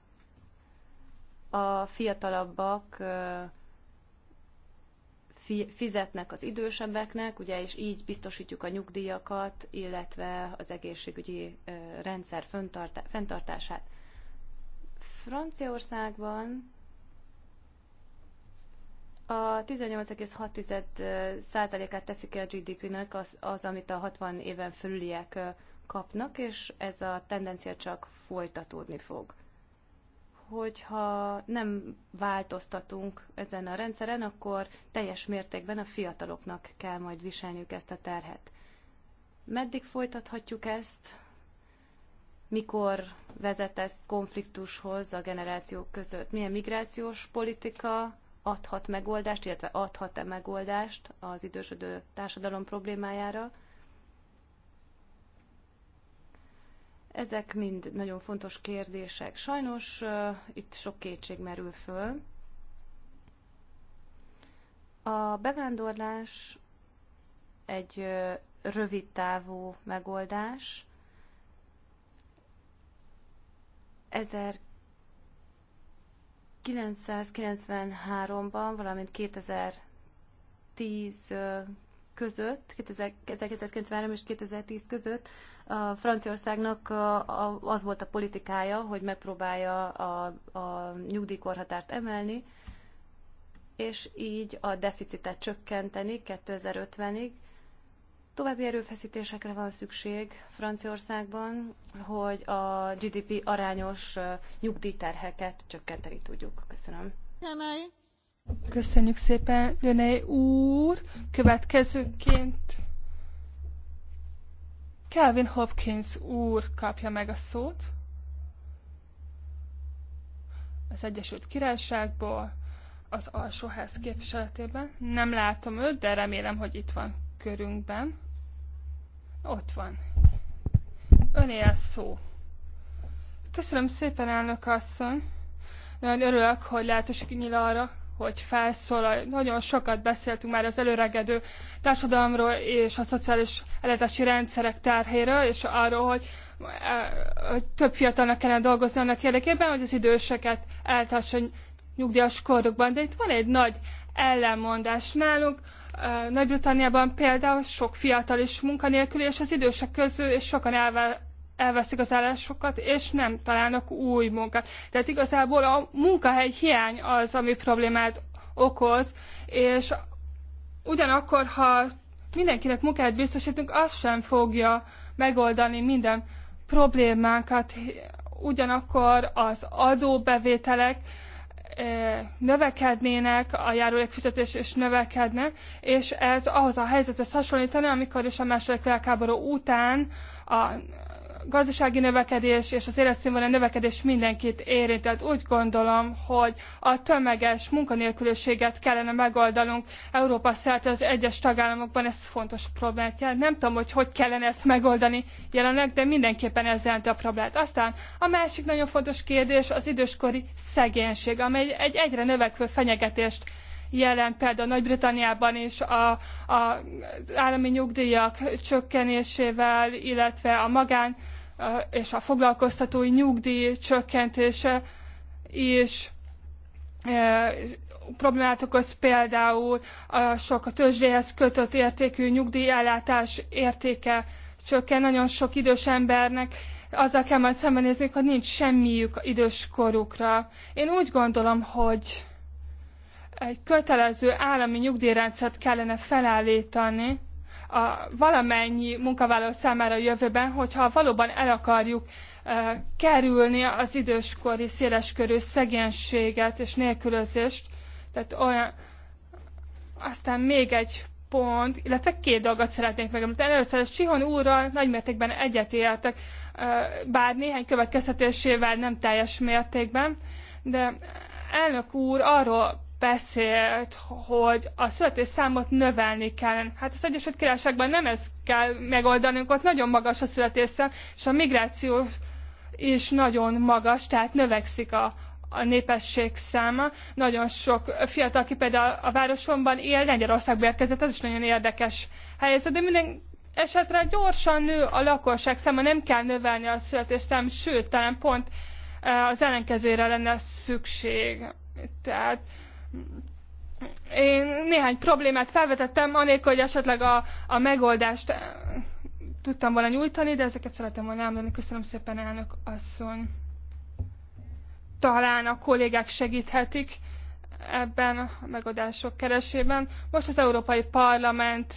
a fiatalabbak fizetnek az idősebbeknek, ugye, és így biztosítjuk a nyugdíjakat, illetve az egészségügyi rendszer fenntartását. Franciaországban a 18,6%-át teszi ki a GDP-nek az, az, amit a 60 éven fölüliek kapnak, és ez a tendencia csak folytatódni fog. Hogyha nem változtatunk ezen a rendszeren, akkor teljes mértékben a fiataloknak kell majd viselniük ezt a terhet. Meddig folytathatjuk ezt? Mikor vezet ezt konfliktushoz a generációk között? Milyen migrációs politika adhat megoldást, illetve adhat-e megoldást az idősödő társadalom problémájára. Ezek mind nagyon fontos kérdések. Sajnos uh, itt sok kétség merül föl. A bevándorlás egy uh, rövid távú megoldás. 1000 993-ban, valamint 2010 között, 1993 és 2010 között a Franciaországnak az volt a politikája, hogy megpróbálja a, a nyugdíjkorhatárt emelni, és így a deficitet csökkenteni 2050-ig, További erőfeszítésekre van szükség Franciaországban, hogy a GDP arányos nyugdíjterheket csökkenteni tudjuk. Köszönöm. Köszönjük szépen, Jönei úr. Következőként Calvin Hopkins úr kapja meg a szót. Az Egyesült Királyságból, az alsóház képviseletében. Nem látom őt, de remélem, hogy itt van körünkben. Ott van. Öné a szó. Köszönöm szépen, elnök asszony. Nagyon örülök, hogy lehetőség nyíl arra, hogy felszólal. Nagyon sokat beszéltünk már az előregedő társadalomról és a szociális ellátási rendszerek terhéről, és arról, hogy, eh, hogy több fiatalnak kellene dolgozni annak érdekében, hogy az időseket eltartson nyugdíjas korukban. De itt van egy nagy ellenmondás nálunk, nagy-Britanniában például sok fiatal is munkanélkül, és az idősek közül és sokan elve, elveszik az állásokat, és nem találnak új munkát. Tehát igazából a munkahely hiány az, ami problémát okoz, és ugyanakkor, ha mindenkinek munkát biztosítunk, az sem fogja megoldani minden problémánkat, ugyanakkor az adóbevételek, növekednének a járulékfizetés, és növekedne, és ez ahhoz a helyzethez hasonlítani, amikor is a második világháború után a, gazdasági növekedés és az életszínvonal növekedés mindenkit érint. Tehát úgy gondolom, hogy a tömeges munkanélküliséget kellene megoldanunk Európa szerte az egyes tagállamokban, ez fontos problémát jelent. Nem tudom, hogy hogy kellene ezt megoldani jelenleg, de mindenképpen ez jelenti a problémát. Aztán a másik nagyon fontos kérdés az időskori szegénység, amely egy egyre növekvő fenyegetést jelent például Nagy-Britanniában is a, a állami nyugdíjak csökkenésével, illetve a magán és a foglalkoztatói nyugdíj csökkentése is problémát okoz például a sok a tőzsdéhez kötött értékű nyugdíjellátás értéke csökken. Nagyon sok idős embernek azzal kell majd szembenézni, hogy nincs semmiük időskorukra. Én úgy gondolom, hogy egy kötelező állami nyugdíjrendszert kellene felállítani a valamennyi munkavállaló számára a jövőben, hogyha valóban el akarjuk e, kerülni az időskori széleskörű szegénységet és nélkülözést. Tehát olyan, aztán még egy pont, illetve két dolgot szeretnék megemlíteni. Először Sihon úrral nagymértékben egyetértek, bár néhány következtetésével nem teljes mértékben, de elnök úr arról beszélt, hogy a születésszámot növelni kellene. Hát az Egyesült Királyságban nem ezt kell megoldanunk, ott nagyon magas a születésszám, és a migráció is nagyon magas, tehát növekszik a, a népesség száma. Nagyon sok fiatal, aki például a városomban él, Lengyelországba érkezett, ez is nagyon érdekes helyzet, de minden esetre gyorsan nő a lakosság száma, nem kell növelni a születésszám, sőt, talán pont eh, az ellenkezőre lenne szükség. Tehát én néhány problémát felvetettem, anélkül, hogy esetleg a, a megoldást eh, tudtam volna nyújtani, de ezeket szeretem volna elmondani. Köszönöm szépen, elnök asszony. Talán a kollégák segíthetik ebben a megoldások keresében. Most az Európai Parlament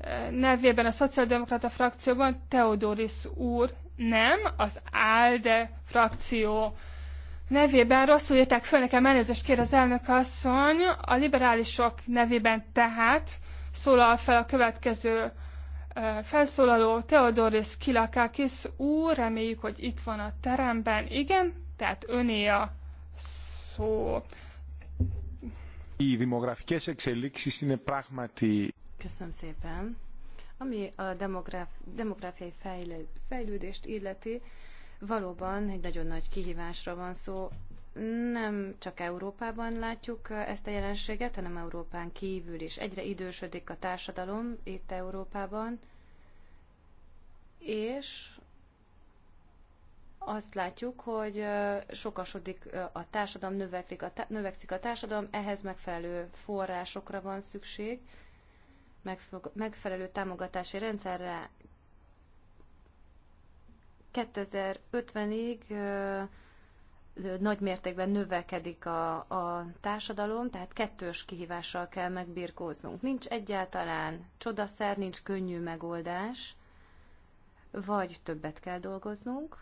eh, nevében a Szociáldemokrata frakcióban Teodoris úr nem, az ALDE frakció nevében rosszul írták föl nekem, elnézést kér az elnök asszony, a liberálisok nevében tehát szólal fel a következő felszólaló Theodoris Kilakakis úr, reméljük, hogy itt van a teremben. Igen, tehát öné a szó. Οι δημογραφικές εξελίξεις είναι πράγματι... Köszönöm szépen. Ami a demográf, demográfiai fejlődést illeti, Valóban egy nagyon nagy kihívásra van szó. Nem csak Európában látjuk eh, ezt a jelenséget, hanem Európán kívül is. Egyre idősödik a társadalom itt Európában, és azt látjuk, hogy eh, sokasodik eh, a társadalom, növekszik a, tá- növekszik a társadalom, ehhez megfelelő forrásokra van szükség, megfelelő támogatási rendszerre 2050-ig nagy mértékben növekedik a, a társadalom, tehát kettős kihívással kell megbirkóznunk. Nincs egyáltalán csodaszer, nincs könnyű megoldás, vagy többet kell dolgoznunk,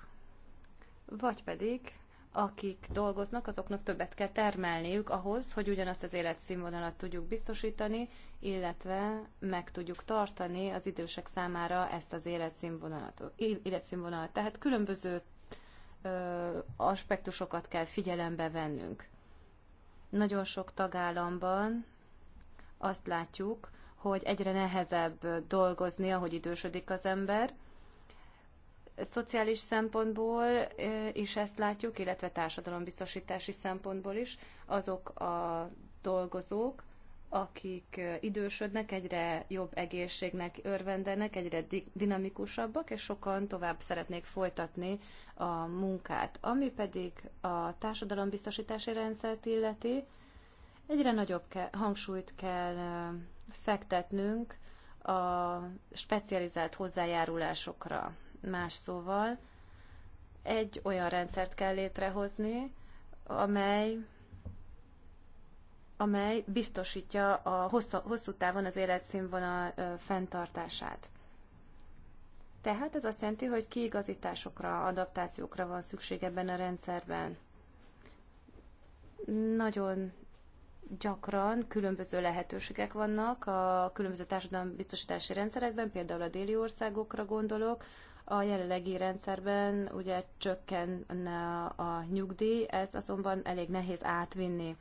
vagy pedig akik dolgoznak, azoknak többet kell termelniük ahhoz, hogy ugyanazt az életszínvonalat tudjuk biztosítani, illetve meg tudjuk tartani az idősek számára ezt az életszínvonalat. életszínvonalat. Tehát különböző ö, aspektusokat kell figyelembe vennünk. Nagyon sok tagállamban azt látjuk, hogy egyre nehezebb dolgozni, ahogy idősödik az ember – szociális szempontból is ezt látjuk, illetve társadalombiztosítási szempontból is, azok a dolgozók, akik idősödnek, egyre jobb egészségnek örvendenek, egyre dinamikusabbak, és sokan tovább szeretnék folytatni a munkát. Ami pedig a társadalombiztosítási rendszert illeti, egyre nagyobb ke- hangsúlyt kell fektetnünk a specializált hozzájárulásokra, Más szóval egy olyan rendszert kell létrehozni, amely amely biztosítja a hosszú, hosszú távon az életszínvonal fenntartását. Tehát ez azt jelenti, hogy kiigazításokra, adaptációkra van szükség ebben a rendszerben. Nagyon gyakran különböző lehetőségek vannak a különböző társadalmi biztosítási rendszerekben, például a déli országokra gondolok, a jelenlegi rendszerben ugye csökkenne a nyugdíj, ez azonban elég nehéz átvinni.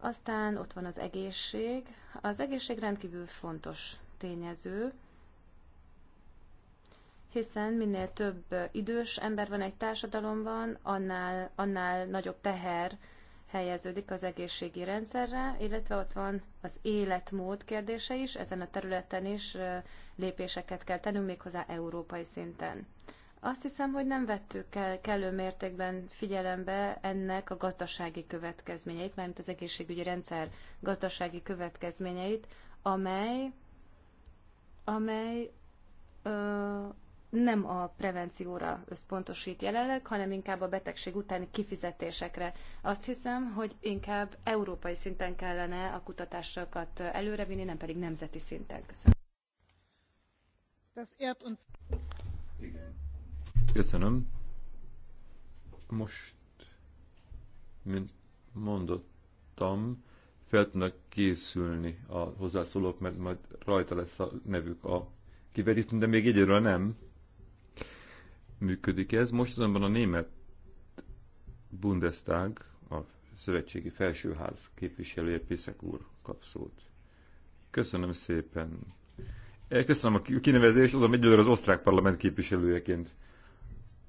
Aztán ott van az egészség. Az egészség rendkívül fontos tényező, hiszen minél több idős ember van egy társadalomban, annál, annál nagyobb teher helyeződik az egészségi rendszerre, illetve ott van az életmód kérdése is, ezen a területen is lépéseket kell tennünk méghozzá európai szinten. Azt hiszem, hogy nem vettük el kellő mértékben figyelembe ennek a gazdasági következményeit, mármint az egészségügyi rendszer gazdasági következményeit, amely, amely ö, nem a prevencióra összpontosít jelenleg, hanem inkább a betegség utáni kifizetésekre. Azt hiszem, hogy inkább európai szinten kellene a kutatásokat előrevinni, nem pedig nemzeti szinten. Köszönöm. Köszönöm. Most, mint mondottam, fel tudnak készülni a hozzászólók, mert majd rajta lesz a nevük a kivetítőn, de még egyedül nem működik ez. Most azonban a német Bundestag, a Szövetségi Felsőház képviselője Piszek úr kap szót. Köszönöm szépen. Eh, köszönöm a kinevezést, azon egyelőre az osztrák parlament képviselőjeként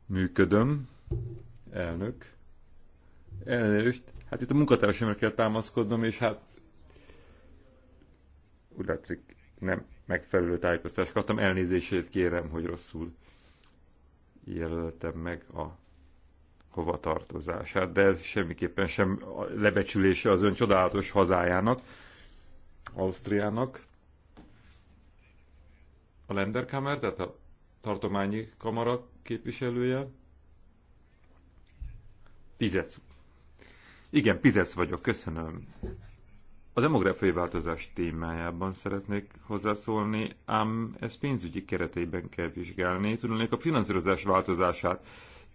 működöm, elnök. Elnézést, hát itt a munkatársamra kell támaszkodnom, és hát úgy látszik, nem megfelelő tájékoztást kaptam, elnézését kérem, hogy rosszul jelölte meg a hovatartozását, de ez semmiképpen sem lebecsülése az ön csodálatos hazájának, Ausztriának. A Lenderkammer, tehát a tartományi kamara képviselője. Pizec. Igen, Pizec vagyok, köszönöm. A demográfiai változás témájában szeretnék hozzászólni, ám ezt pénzügyi keretében kell vizsgálni. Tudnék a finanszírozás változását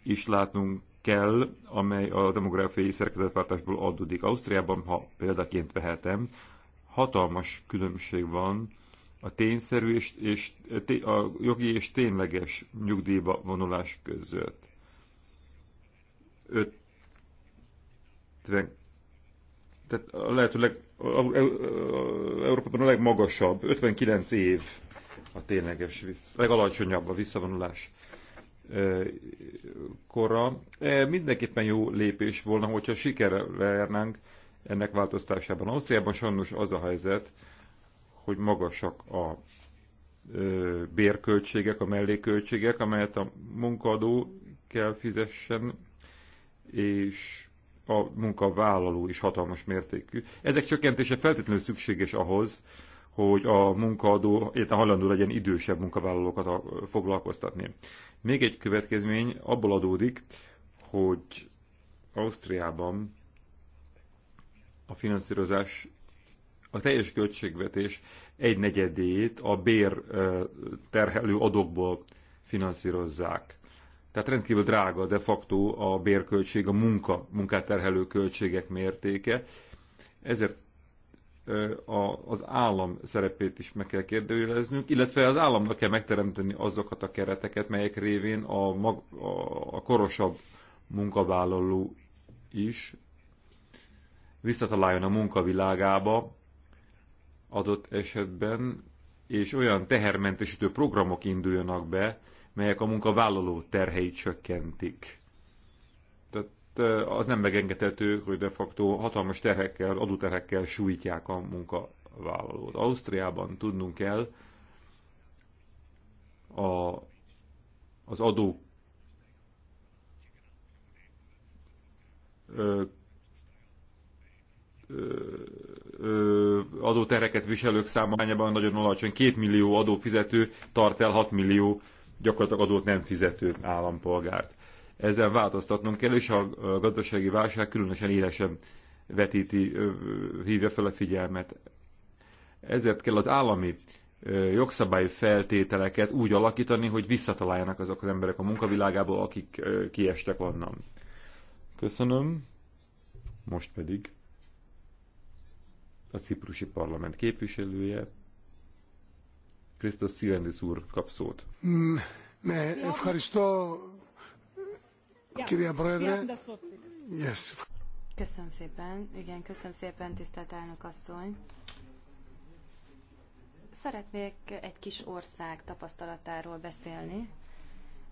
is látnunk kell, amely a demográfiai szerkezetváltásból adódik. Ausztriában, ha példaként vehetem, hatalmas különbség van a tényszerű és, és a jogi és tényleges nyugdíjba vonulás között. 50, tehát a lehetőleg Európában a legmagasabb, 59 év a tényleges, legalacsonyabb a visszavonulás kora. E, mindenképpen jó lépés volna, hogyha sikerre járnánk ennek változtásában. Ausztriában sajnos az a helyzet, hogy magasak a bérköltségek, a mellékköltségek, amelyet a munkadó kell fizessen, és a munkavállaló is hatalmas mértékű. Ezek csökkentése feltétlenül szükséges ahhoz, hogy a munkaadó illetve hajlandó legyen idősebb munkavállalókat foglalkoztatni. Még egy következmény abból adódik, hogy Ausztriában a finanszírozás, a teljes költségvetés egy negyedét a bér terhelő adókból finanszírozzák. Tehát rendkívül drága de facto a bérköltség, a munka, munkát terhelő költségek mértéke. Ezért az állam szerepét is meg kell kérdőjeleznünk, illetve az államnak kell megteremteni azokat a kereteket, melyek révén a, mag, a korosabb munkavállaló is visszataláljon a munkavilágába adott esetben, és olyan tehermentesítő programok induljanak be, melyek a munkavállaló terheit csökkentik. Tehát az nem megengedhető, hogy de facto hatalmas terhekkel, adóterhekkel sújtják a munkavállalót. Ausztriában tudnunk kell a, az adó ö, adótereket viselők számányában nagyon alacsony. Két millió adófizető tart el 6 millió gyakorlatilag adót nem fizető állampolgárt. Ezzel változtatnunk kell, és a gazdasági válság különösen élesen vetíti, hívja fel a figyelmet. Ezért kell az állami jogszabály feltételeket úgy alakítani, hogy visszataláljanak azok az emberek a munkavilágából, akik kiestek onnan. Köszönöm. Most pedig a ciprusi parlament képviselője, Krisztus Szilendis úr kap szót. Mm, ne, ευχαριστώ, κυρία Πρόεδρε. Yes. Köszönöm szépen, igen, köszönöm szépen, tisztelt elnök asszony. Szeretnék egy kis ország tapasztalatáról beszélni.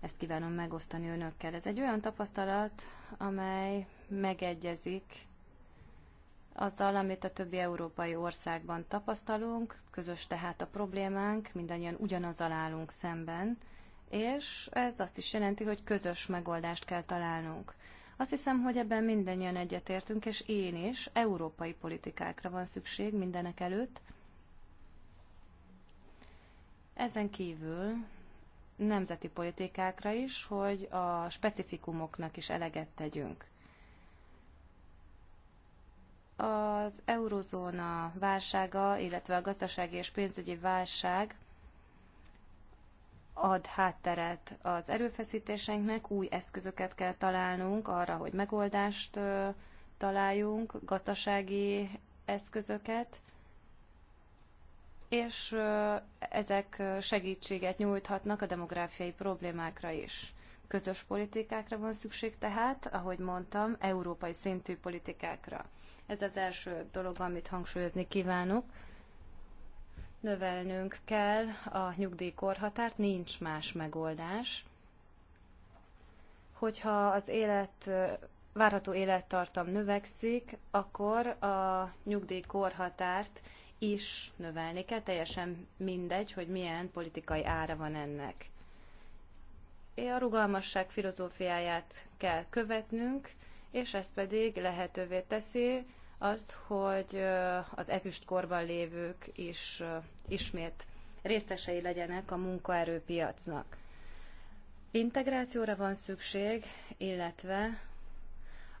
Ezt kívánom megosztani önökkel. Ez egy olyan tapasztalat, amely megegyezik azzal, amit a többi európai országban tapasztalunk, közös tehát a problémánk, mindannyian ugyanazzal állunk szemben, és ez azt is jelenti, hogy közös megoldást kell találnunk. Azt hiszem, hogy ebben mindannyian egyetértünk, és én is, európai politikákra van szükség mindenek előtt. Ezen kívül nemzeti politikákra is, hogy a specifikumoknak is eleget tegyünk. Az eurozóna válsága, illetve a gazdasági és pénzügyi válság ad hátteret az erőfeszítéseinknek, új eszközöket kell találnunk arra, hogy megoldást találjunk, gazdasági eszközöket, és ezek segítséget nyújthatnak a demográfiai problémákra is. Közös politikákra van szükség tehát, ahogy mondtam, európai szintű politikákra. Ez az első dolog, amit hangsúlyozni kívánok. Növelnünk kell a nyugdíjkorhatárt, nincs más megoldás. Hogyha az élet várható élettartam növekszik, akkor a nyugdíjkorhatárt is növelni kell, teljesen mindegy, hogy milyen politikai ára van ennek a rugalmasság filozófiáját kell követnünk, és ez pedig lehetővé teszi azt, hogy az ezüstkorban lévők is ismét részesei legyenek a munkaerőpiacnak. Integrációra van szükség, illetve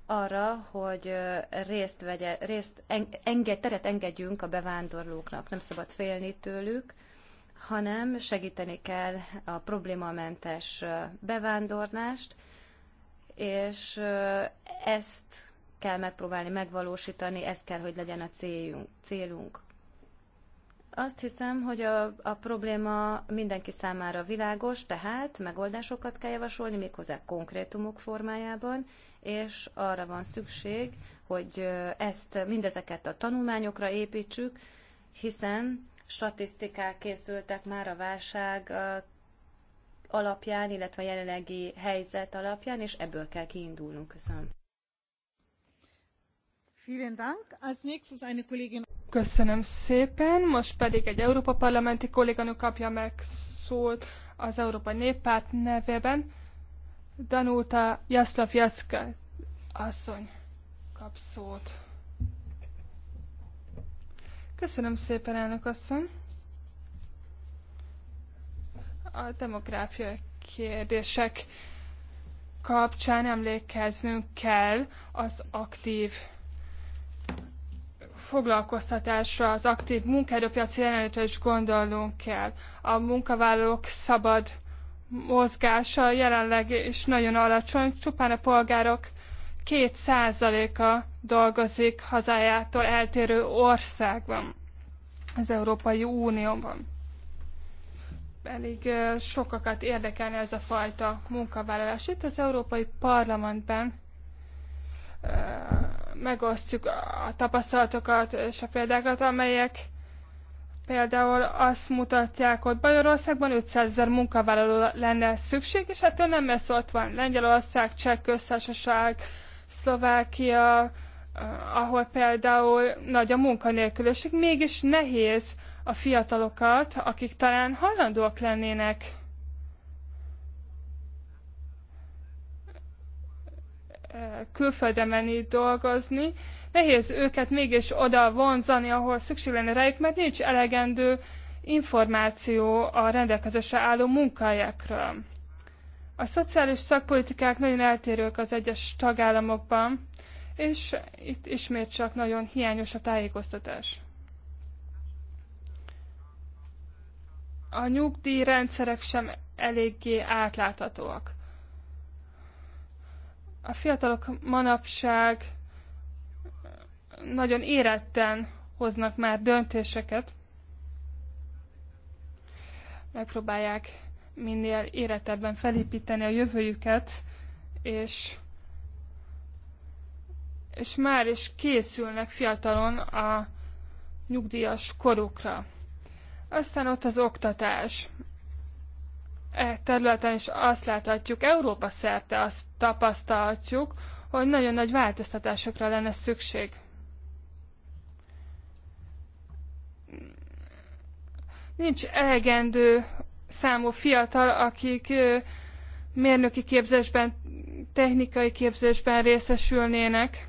arra, hogy részt, vegye, részt enge, teret engedjünk a bevándorlóknak, nem szabad félni tőlük, hanem segíteni kell a problémamentes bevándorlást, és ezt kell megpróbálni megvalósítani, ezt kell, hogy legyen a céljunk, célunk. Azt hiszem, hogy a, a probléma mindenki számára világos, tehát megoldásokat kell javasolni, méghozzá konkrétumok formájában, és arra van szükség, hogy ezt mindezeket a tanulmányokra építsük, hiszen statisztikák készültek már a válság alapján, illetve a jelenlegi helyzet alapján, és ebből kell kiindulnunk. Köszönöm. Köszönöm szépen. Most pedig egy Európa Parlamenti kolléganő kapja meg szót az Európa Néppárt nevében. Danuta Jaszlav Jacka asszony kap szót. Köszönöm szépen, elnök asszony. A demográfiai kérdések kapcsán emlékeznünk kell az aktív foglalkoztatásra, az aktív munkaerőpiaci jelenlétre is gondolnunk kell. A munkavállalók szabad mozgása jelenleg is nagyon alacsony, csupán a polgárok két százaléka dolgozik hazájától eltérő országban, az Európai Unióban. Elég sokakat érdekelne ez a fajta munkavállalás. Itt az Európai Parlamentben megosztjuk a tapasztalatokat és a példákat, amelyek például azt mutatják, hogy Bajorországban 500 ezer munkavállaló lenne szükség, és hát ő nem lesz ott van. Lengyelország, Cseh köztársaság, Szlovákia, eh, ahol például nagy a munkanélküliség, mégis nehéz a fiatalokat, akik talán hajlandóak lennének eh, külföldre menni dolgozni, nehéz őket mégis oda vonzani, ahol szükség lenne rájuk, mert nincs elegendő információ a rendelkezésre álló munkahelyekről. A szociális szakpolitikák nagyon eltérők az egyes tagállamokban, és itt ismét csak nagyon hiányos a tájékoztatás. A nyugdíjrendszerek sem eléggé átláthatóak. A fiatalok manapság nagyon éretten hoznak már döntéseket, megpróbálják minél éretebben felépíteni a jövőjüket, és, és már is készülnek fiatalon a nyugdíjas korukra. Aztán ott az oktatás. E területen is azt láthatjuk, Európa szerte azt tapasztalhatjuk, hogy nagyon nagy változtatásokra lenne szükség. Nincs elegendő számú fiatal, akik mérnöki képzésben, technikai képzésben részesülnének.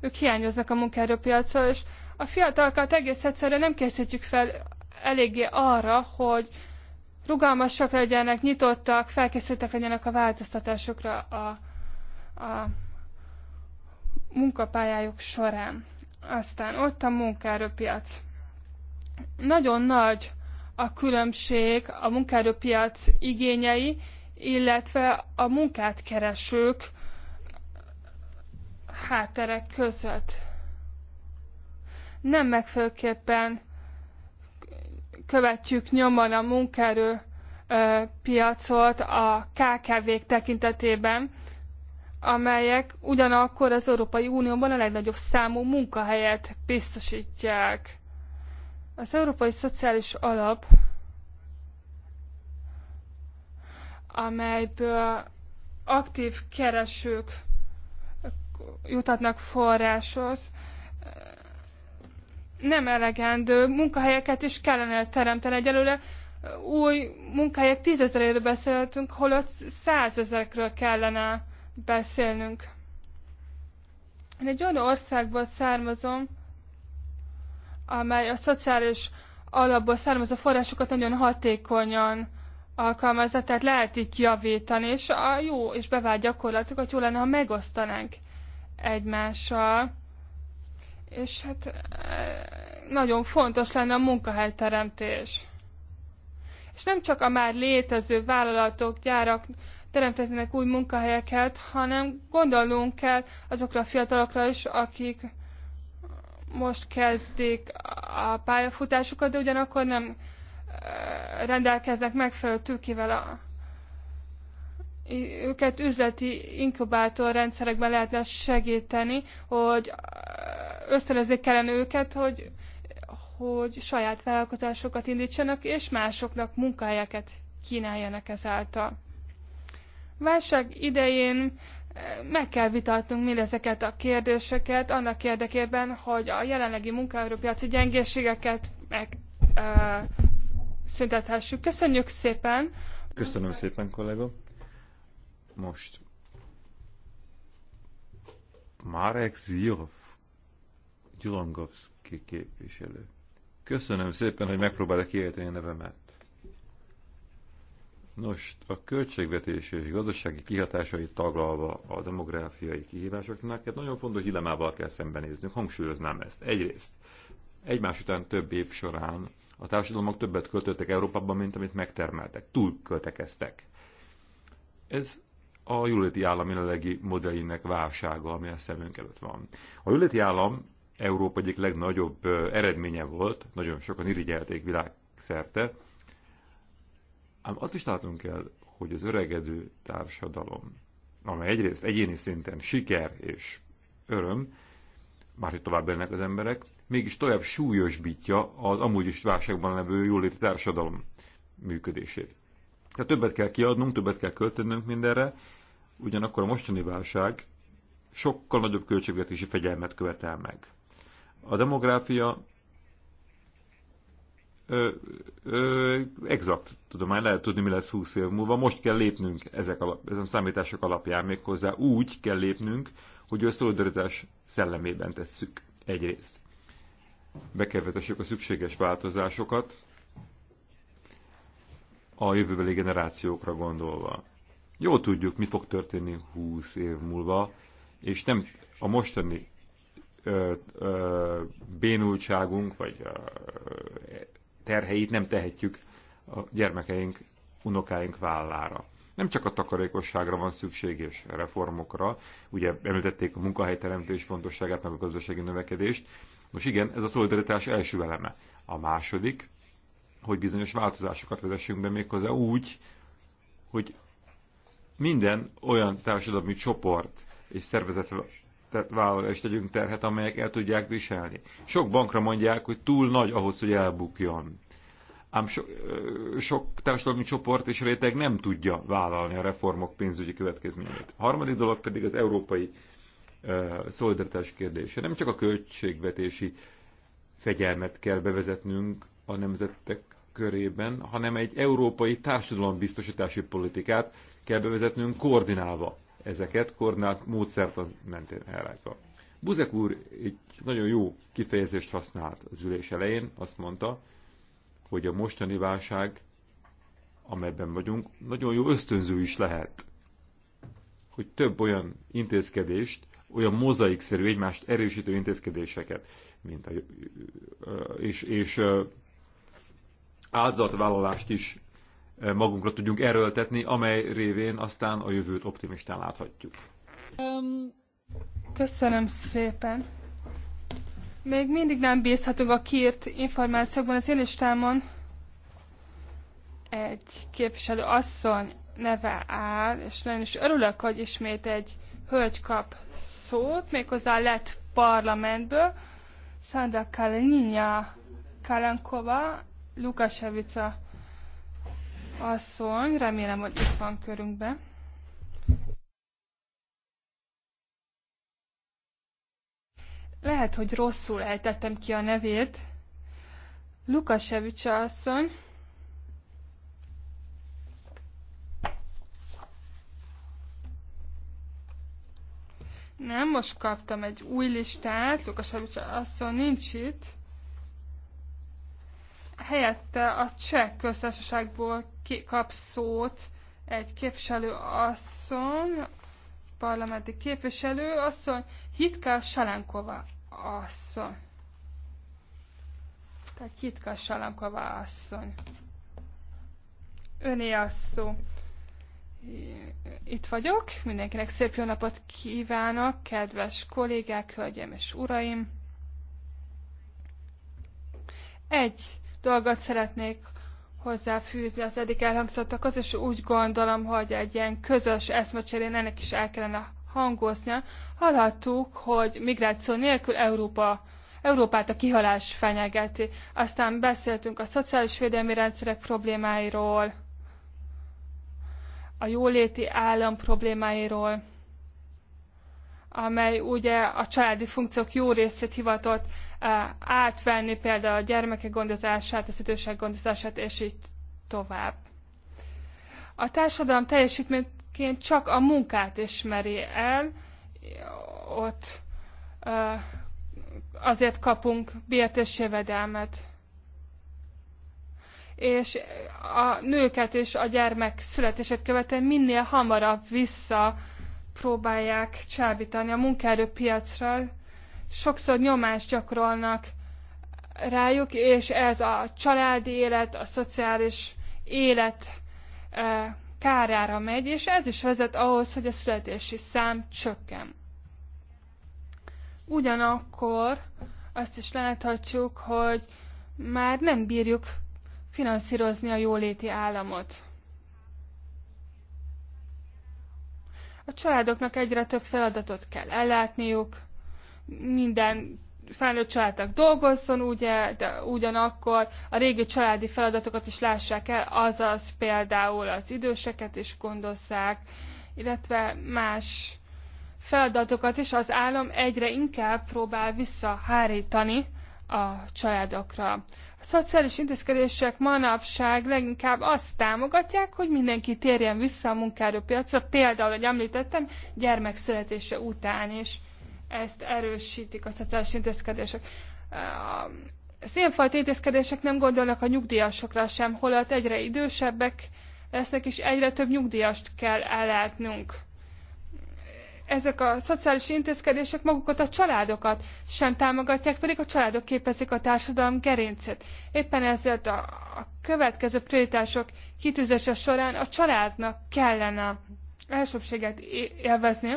Ők hiányoznak a munkaerőpiacról, és a fiatalokat egész egyszerűen nem készítjük fel eléggé arra, hogy rugalmasak legyenek, nyitottak, felkészültek legyenek a változtatásokra a, a munkapályájuk során. Aztán ott a munkaerőpiac. Nagyon nagy a különbség a munkaerőpiac igényei, illetve a munkát keresők hátterek között. Nem megfőképpen követjük nyomon a munkaerő piacot a KKV-k tekintetében, amelyek ugyanakkor az Európai Unióban a legnagyobb számú munkahelyet biztosítják. Az Európai Szociális Alap, amelyből aktív keresők jutatnak forráshoz, nem elegendő, munkahelyeket is kellene teremteni egyelőre. Új munkahelyek tízezeréről beszéltünk, holott százezerekről kellene beszélnünk. Én egy olyan országból származom, amely a szociális alapból származó forrásokat nagyon hatékonyan alkalmazza, tehát lehet itt javítani, és a jó és bevált gyakorlatokat jó lenne, ha megosztanánk egymással. És hát e, nagyon fontos lenne a munkahelyteremtés. És nem csak a már létező vállalatok, gyárak teremtetnek új munkahelyeket, hanem gondolnunk kell azokra a fiatalokra is, akik most kezdik a pályafutásukat, de ugyanakkor nem rendelkeznek megfelelő tőkével a, őket üzleti inkubátor rendszerekben lehetne segíteni, hogy ösztönözni kellene őket, hogy, hogy saját vállalkozásokat indítsanak, és másoknak munkahelyeket kínáljanak ezáltal. Válság idején meg kell vitatnunk mindezeket a kérdéseket annak érdekében, hogy a jelenlegi munkaerőpiaci gyengéségeket meg ö, szüntethessük. Köszönjük szépen! Köszönöm szépen, kollega! Most Marek Zirov, Gyulangovszki képviselő. Köszönöm szépen, hogy megpróbálok kiejteni a nevemet. Nos, a költségvetési és gazdasági kihatásait taglalva a demográfiai kihívásoknak, egy hát nagyon fontos dilemával kell szembenéznünk, hangsúlyoznám ezt. Egyrészt, egymás után több év során a társadalmak többet költöttek Európában, mint amit megtermeltek, túl költekeztek. Ez a jóléti állam jelenlegi modellinek válsága, ami a szemünk előtt van. A jóléti állam Európa egyik legnagyobb eredménye volt, nagyon sokan irigyelték világszerte, Ám azt is látunk kell, hogy az öregedő társadalom, amely egyrészt egyéni szinten siker és öröm, már hogy tovább élnek az emberek, mégis tovább súlyosbítja az amúgy is válságban levő jóléti társadalom működését. Tehát többet kell kiadnunk, többet kell költenünk mindenre, ugyanakkor a mostani válság sokkal nagyobb költségvetési fegyelmet követel meg. A demográfia exakt tudomány, lehet tudni, mi lesz 20 év múlva. Most kell lépnünk ezek alap, ezen számítások alapján méghozzá úgy kell lépnünk, hogy a szolidaritás szellemében tesszük egyrészt. Be kell a szükséges változásokat a jövőbeli generációkra gondolva. Jó tudjuk, mi fog történni 20 év múlva, és nem a mostani ö, ö, bénultságunk, vagy ö, terheit nem tehetjük a gyermekeink, unokáink vállára. Nem csak a takarékosságra van szükség és reformokra, ugye említették a munkahelyteremtés fontosságát, meg a gazdasági növekedést. Most igen, ez a szolidaritás első eleme. A második, hogy bizonyos változásokat vezessünk be méghozzá úgy, hogy minden olyan társadalmi csoport és szervezet vállalja és tegyünk terhet, amelyek el tudják viselni. Sok bankra mondják, hogy túl nagy ahhoz, hogy elbukjon. Ám so, sok társadalmi csoport és réteg nem tudja vállalni a reformok pénzügyi következményeit. A harmadik dolog pedig az európai uh, szolidaritás kérdése. Nem csak a költségvetési fegyelmet kell bevezetnünk a nemzetek körében, hanem egy európai társadalombiztosítási politikát kell bevezetnünk koordinálva ezeket koordinált módszert az mentén elrájtva. Buzek úr egy nagyon jó kifejezést használt az ülés elején, azt mondta, hogy a mostani válság, amelyben vagyunk, nagyon jó ösztönző is lehet, hogy több olyan intézkedést, olyan mozaikszerű, egymást erősítő intézkedéseket, mint a, és, és áldozatvállalást is magunkra tudjunk erőltetni, amely révén aztán a jövőt optimistán láthatjuk. Köszönöm szépen. Még mindig nem bízhatunk a kiírt információkban. Az én listámon egy képviselő asszony neve áll, és nagyon is örülök, hogy ismét egy hölgy kap szót, méghozzá lett parlamentből. Szandra Kalinia Kalankova, Lukasevica asszony, remélem, hogy itt van körünkben. Lehet, hogy rosszul ejtettem ki a nevét. Lukasevics asszony. Nem, most kaptam egy új listát, Lukasevics asszony nincs itt. Helyette a cseh köztársaságból kap szót egy képviselő asszony, parlamenti képviselő asszony, Hitka Salankova asszony. Tehát Hitka Salankova asszony. Öné a szó. Itt vagyok, mindenkinek szép jó napot kívánok, kedves kollégák, hölgyeim és uraim! Egy dolgot szeretnék hozzáfűzni az eddig elhangzottakhoz, és úgy gondolom, hogy egy ilyen közös eszmecserén ennek is el kellene hangoznia. Hallhattuk, hogy migráció nélkül Európa Európát a kihalás fenyegeti. Aztán beszéltünk a szociális védelmi rendszerek problémáiról, a jóléti állam problémáiról amely ugye a családi funkciók jó részét hivatott eh, átvenni, például a gyermekek gondozását, az idősek gondozását, és így tovább. A társadalom teljesítményként csak a munkát ismeri el, ott eh, azért kapunk bért és jövedelmet. És a nőket és a gyermek születését követően minél hamarabb vissza próbálják csábítani a munkaerőpiacra, sokszor nyomást gyakorolnak rájuk, és ez a családi élet, a szociális élet e, kárára megy, és ez is vezet ahhoz, hogy a születési szám csökken. Ugyanakkor azt is láthatjuk, hogy már nem bírjuk finanszírozni a jóléti államot. A családoknak egyre több feladatot kell ellátniuk, minden felnőtt családnak dolgozzon, ugye, de ugyanakkor a régi családi feladatokat is lássák el, azaz például az időseket is gondozzák, illetve más feladatokat is az állam egyre inkább próbál visszahárítani a családokra. A szociális intézkedések manapság leginkább azt támogatják, hogy mindenki térjen vissza a munkaerőpiacra, például, hogy említettem, gyermek születése után is ezt erősítik a szociális intézkedések. Az ilyenfajta intézkedések nem gondolnak a nyugdíjasokra sem, holott egyre idősebbek lesznek, és egyre több nyugdíjast kell ellátnunk ezek a szociális intézkedések magukat a családokat sem támogatják, pedig a családok képezik a társadalom gerincét. Éppen ezért a, a következő prioritások kitűzése során a családnak kellene elsőbséget élvezni,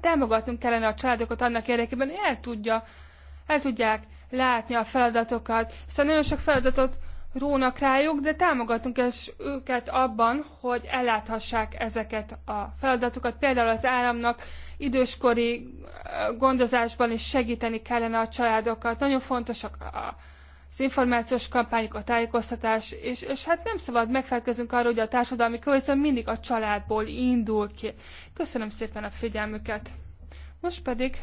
támogatnunk kellene a családokat annak érdekében, hogy el, tudja, el tudják látni a feladatokat, hiszen nagyon sok feladatot rónak rájuk, de támogatunk is őket abban, hogy elláthassák ezeket a feladatokat. Például az államnak időskori gondozásban is segíteni kellene a családokat. Nagyon fontosak a az információs kampányok, a tájékoztatás, és, és hát nem szabad megfelelkezünk arról, hogy a társadalmi kohézió mindig a családból indul ki. Köszönöm szépen a figyelmüket. Most pedig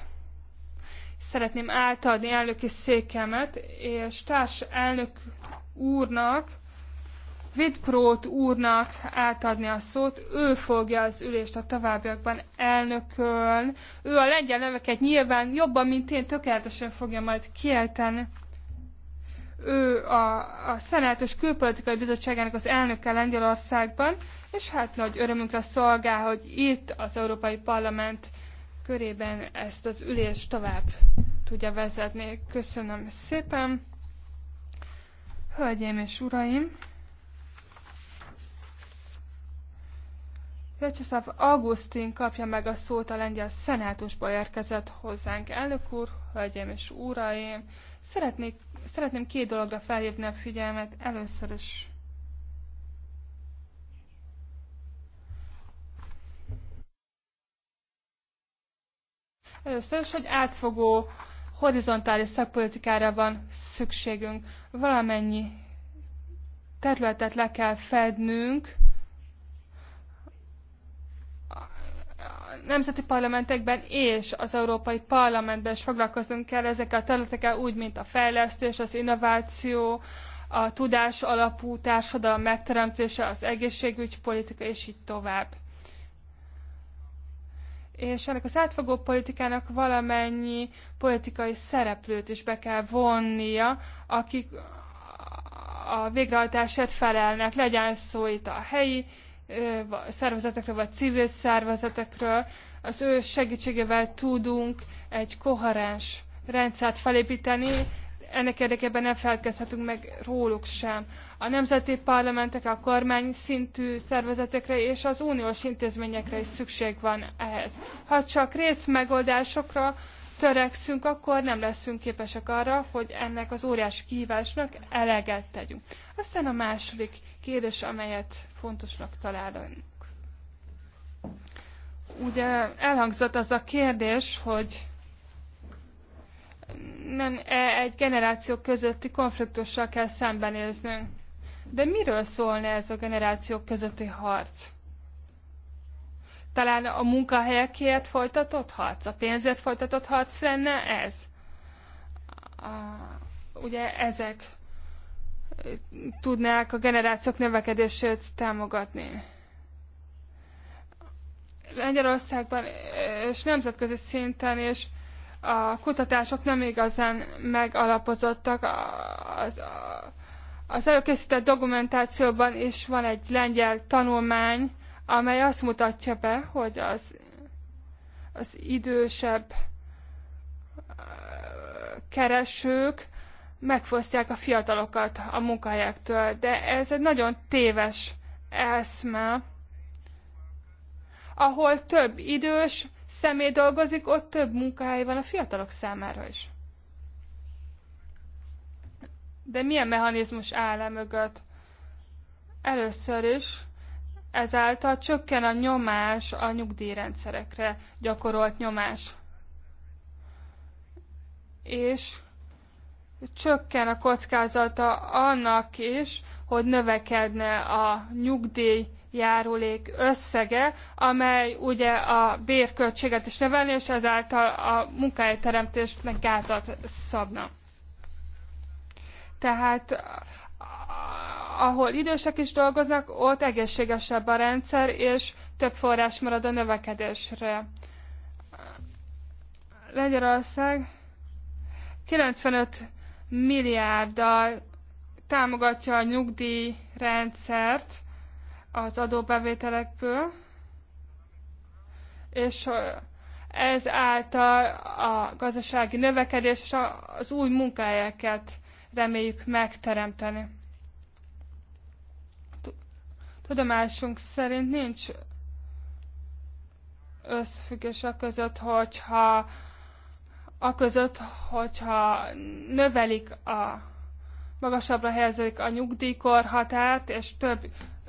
szeretném átadni elnöki székemet, és társ elnök úrnak, Vidprót úrnak átadni a szót, ő fogja az ülést a továbbiakban elnökölni. Ő a lengyel neveket nyilván jobban, mint én, tökéletesen fogja majd kiejteni. Ő a, a Szenátus Külpolitikai Bizottságának az elnöke Lengyelországban, és hát nagy örömünkre szolgál, hogy itt az Európai Parlament körében ezt az ülést tovább tudja vezetni. Köszönöm szépen! Hölgyeim és uraim! Vecseszáv Augustin kapja meg a szót a lengyel szenátusba érkezett hozzánk. Elnök úr, hölgyeim és uraim! Szeretnék, szeretném két dologra felhívni a figyelmet. Először is Először is, hogy átfogó horizontális szakpolitikára van szükségünk. Valamennyi területet le kell fednünk, nemzeti parlamentekben és az Európai Parlamentben is foglalkozunk kell ezekkel a területekkel, úgy, mint a fejlesztés, az innováció, a tudás alapú társadalom megteremtése, az egészségügy politika, és így tovább és ennek az átfogó politikának valamennyi politikai szereplőt is be kell vonnia, akik a végrehajtásért felelnek, legyen szó itt a helyi szervezetekről, vagy civil szervezetekről. Az ő segítségével tudunk egy koherens rendszert felépíteni, ennek érdekében nem felkezdhetünk meg róluk sem. A nemzeti parlamentekre, a kormány szintű szervezetekre és az uniós intézményekre is szükség van ehhez. Ha csak részmegoldásokra törekszünk, akkor nem leszünk képesek arra, hogy ennek az óriási kihívásnak eleget tegyünk. Aztán a második kérdés, amelyet fontosnak találunk. Ugye elhangzott az a kérdés, hogy nem e, egy generáció közötti konfliktussal kell szembenéznünk. De miről szólna ez a generációk közötti harc? Talán a munkahelyekért folytatott harc, a pénzért folytatott harc lenne ez? A, ugye ezek e, tudnák a generációk növekedését támogatni. Lengyelországban e, és nemzetközi szinten és a kutatások nem igazán megalapozottak. Az, az előkészített dokumentációban is van egy lengyel tanulmány, amely azt mutatja be, hogy az, az idősebb keresők megfosztják a fiatalokat a munkahelyektől, de ez egy nagyon téves eszme, ahol több idős személy dolgozik, ott több munkahely van a fiatalok számára is. De milyen mechanizmus áll -e mögött? Először is ezáltal csökken a nyomás a nyugdíjrendszerekre gyakorolt nyomás. És csökken a kockázata annak is, hogy növekedne a nyugdíj járulék összege, amely ugye a bérköltséget is növelni, és ezáltal a munkahelyteremtésnek gátat szabna. Tehát ahol idősek is dolgoznak, ott egészségesebb a rendszer, és több forrás marad a növekedésre. Lengyelország 95 milliárddal támogatja a nyugdíjrendszert, az adóbevételekből, és ez által a gazdasági növekedés és az új munkahelyeket reméljük megteremteni. Tudomásunk szerint nincs összfüggés a között, hogyha a között, hogyha növelik a magasabbra helyezik a nyugdíjkorhatárt, és több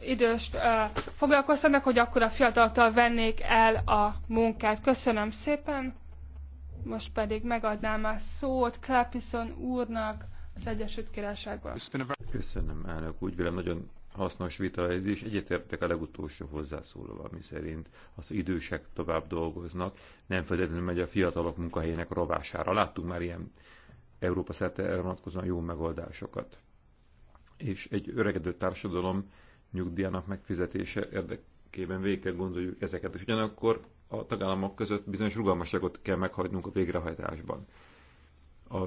idős foglalkoztatnak, hogy akkor a fiataloktól vennék el a munkát. Köszönöm szépen. Most pedig megadnám a szót Klapison úrnak az Egyesült Királyságban. Köszönöm, elnök. Úgy vélem, nagyon hasznos vita ez is. Egyetértek a legutolsó hozzászólóval, ami szerint az idősek tovább dolgoznak, nem feltétlenül megy a fiatalok munkahelyének rovására. Láttunk már ilyen Európa szerte erre vonatkozóan jó megoldásokat. És egy öregedő társadalom nyugdíjának megfizetése érdekében végig kell gondoljuk ezeket. És ugyanakkor a tagállamok között bizonyos rugalmasságot kell meghagynunk a végrehajtásban. A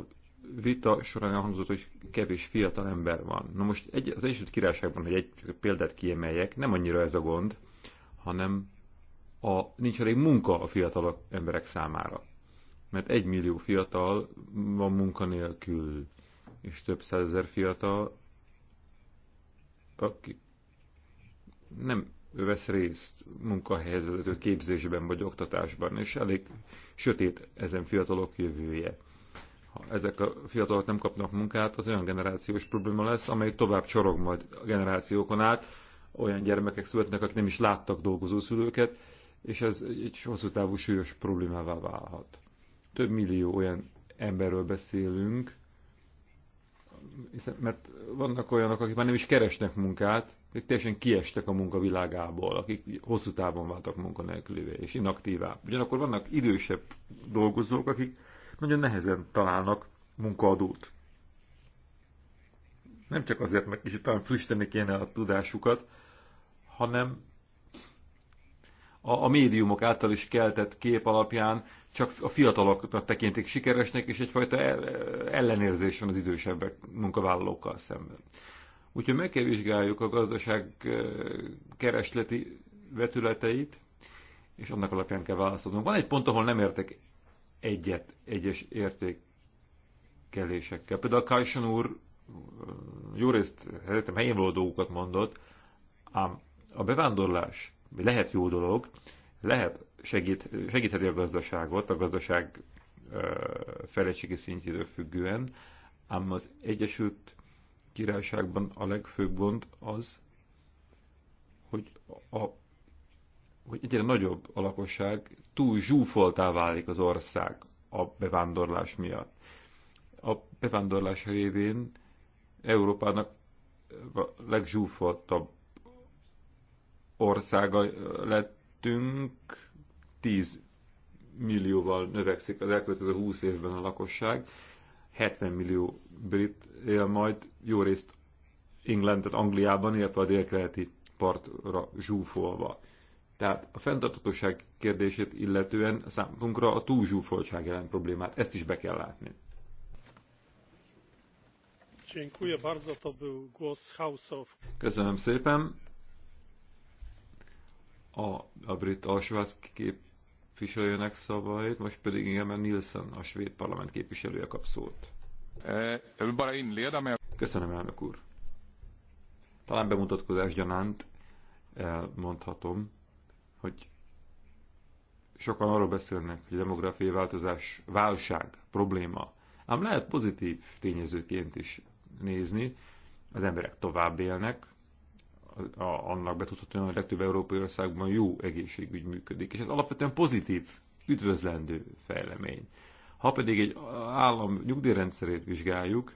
vita során elhangzott, hogy kevés fiatal ember van. Na most egy, az Egyesült Királyságban, hogy egy csak példát kiemeljek, nem annyira ez a gond, hanem a, nincs elég munka a fiatal emberek számára. Mert egy millió fiatal van munkanélkül, és több százezer fiatal, akik nem vesz részt munkahelyhez vezető képzésben vagy oktatásban, és elég sötét ezen fiatalok jövője. Ha ezek a fiatalok nem kapnak munkát, az olyan generációs probléma lesz, amely tovább csorog majd a generációkon át, olyan gyermekek születnek, akik nem is láttak dolgozó szülőket, és ez egy hosszú távú súlyos problémává válhat. Több millió olyan emberről beszélünk, hiszen, mert vannak olyanok, akik már nem is keresnek munkát, akik teljesen kiestek a munkavilágából, akik hosszú távon váltak munkanélkülővé és inaktívá. Ugyanakkor vannak idősebb dolgozók, akik nagyon nehezen találnak munkaadót. Nem csak azért, mert kicsit talán frissíteni kéne a tudásukat, hanem a, a médiumok által is keltett kép alapján csak a fiatalokat tekintik sikeresnek, és egyfajta ellenérzés van az idősebbek munkavállalókkal szemben. Úgyhogy meg kell vizsgáljuk a gazdaság keresleti vetületeit, és annak alapján kell választanunk. Van egy pont, ahol nem értek egyet egyes értékelésekkel. Például Kajson úr jó részt helyettem helyén való dolgokat mondott, ám a bevándorlás lehet jó dolog, lehet segít, segítheti a gazdaságot, a gazdaság fejlettségi szintjétől függően, ám az Egyesült Királyságban a legfőbb gond az, hogy, a, hogy egyre nagyobb a lakosság, túl zsúfoltá válik az ország a bevándorlás miatt. A bevándorlás révén Európának a legzsúfoltabb országa lettünk, 10 millióval növekszik az elkövetkező 20 évben a lakosság, 70 millió brit él majd, jó részt England, tehát Angliában, illetve a délkeleti partra zsúfolva. Tehát a fenntartatóság kérdését illetően számunkra a túlzsúfoltság jelen problémát, ezt is be kell látni. Köszönöm szépen. A, a brit alsóház kép képviselőjének szavait, most pedig Ingemen Nilsson, a svéd parlament képviselője kap szót. Eh, Köszönöm, elnök úr. Talán bemutatkozás gyanánt elmondhatom, hogy sokan arról beszélnek, hogy demográfiai változás válság, probléma. Ám lehet pozitív tényezőként is nézni, az emberek tovább élnek, a, annak betudható, hogy a legtöbb európai országban jó egészségügy működik, és ez alapvetően pozitív, üdvözlendő fejlemény. Ha pedig egy állam nyugdíjrendszerét vizsgáljuk,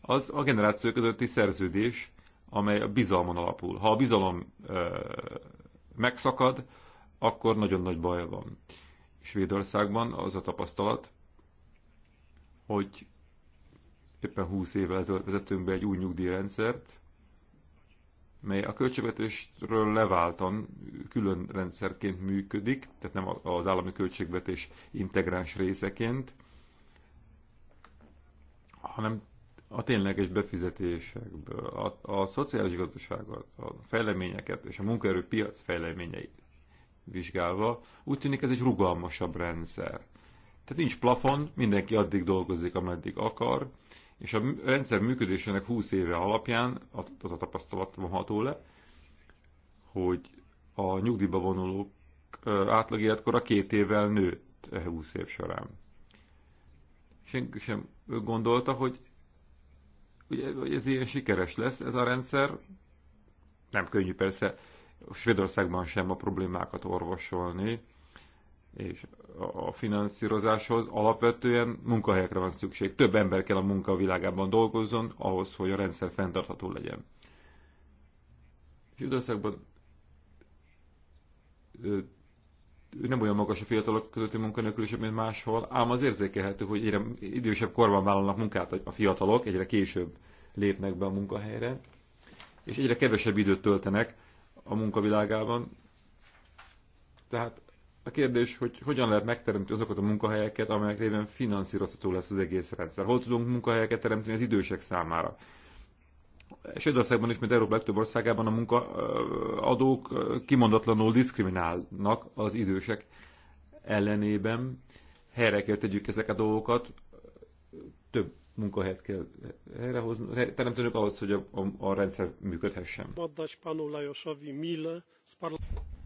az a generáció közötti szerződés, amely a bizalmon alapul. Ha a bizalom ö, megszakad, akkor nagyon nagy baj van. Svédországban az a tapasztalat, hogy éppen 20 évvel ezelőtt vezetünk be egy új nyugdíjrendszert, mely a költségvetésről leváltan külön rendszerként működik, tehát nem az állami költségvetés integráns részeként, hanem a tényleges befizetésekből, a, a szociális gazdaságot, a fejleményeket és a munkaerőpiac fejleményeit vizsgálva, úgy tűnik ez egy rugalmasabb rendszer. Tehát nincs plafon, mindenki addig dolgozik, ameddig akar, és a rendszer működésének 20 éve alapján az a tapasztalat vonható le, hogy a nyugdíjba vonulók átlag életkora két évvel nőtt 20 e év során. Senki sem gondolta, hogy, hogy ez ilyen sikeres lesz ez a rendszer. Nem könnyű persze Svédországban sem a problémákat orvosolni, és a finanszírozáshoz alapvetően munkahelyekre van szükség. Több ember kell a munka világában dolgozzon ahhoz, hogy a rendszer fenntartható legyen. ő nem olyan magas a fiatalok közötti munkanélküliség, mint máshol, ám az érzékelhető, hogy egyre idősebb korban vállalnak munkát a fiatalok, egyre később lépnek be a munkahelyre, és egyre kevesebb időt töltenek a munkavilágában. Tehát a kérdés, hogy hogyan lehet megteremteni azokat a munkahelyeket, amelyek révén finanszírozható lesz az egész rendszer. Hol tudunk munkahelyeket teremteni az idősek számára? Svédországban is, mint Európa legtöbb országában a munkaadók kimondatlanul diszkriminálnak az idősek ellenében. Helyre kell tegyük ezek a dolgokat, több munkahelyet kell helyrehozni, teremtenünk ahhoz, hogy a, a, a rendszer működhessen.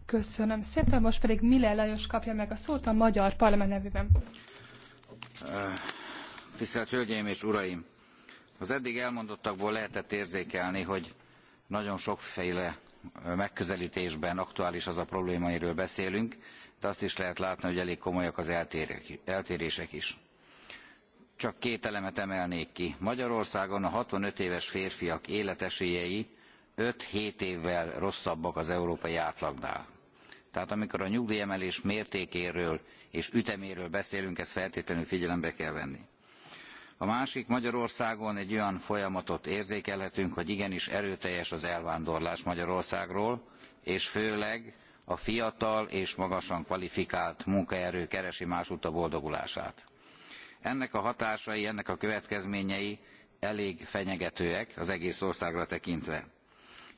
Köszönöm szépen, most pedig Mile Lajos kapja meg a szót a Magyar Parlament nevében. Eh, tisztelt Hölgyeim és Uraim! Az eddig elmondottakból lehetett érzékelni, hogy nagyon sokféle eh, megközelítésben aktuális az a probléma, amiről beszélünk, de azt is lehet látni, hogy elég komolyak az eltérések is. Csak két elemet emelnék ki. Magyarországon a 65 éves férfiak életesélyei 5-7 évvel rosszabbak az európai átlagnál tehát amikor a nyugdíjemelés mértékéről és üteméről beszélünk ezt feltétlenül figyelembe kell venni. a másik magyarországon egy olyan folyamatot érzékelhetünk hogy igenis erőteljes az elvándorlás magyarországról és főleg a fiatal és magasan kvalifikált munkaerő keresi másutt a boldogulását. ennek a hatásai ennek a következményei elég fenyegetőek az egész országra tekintve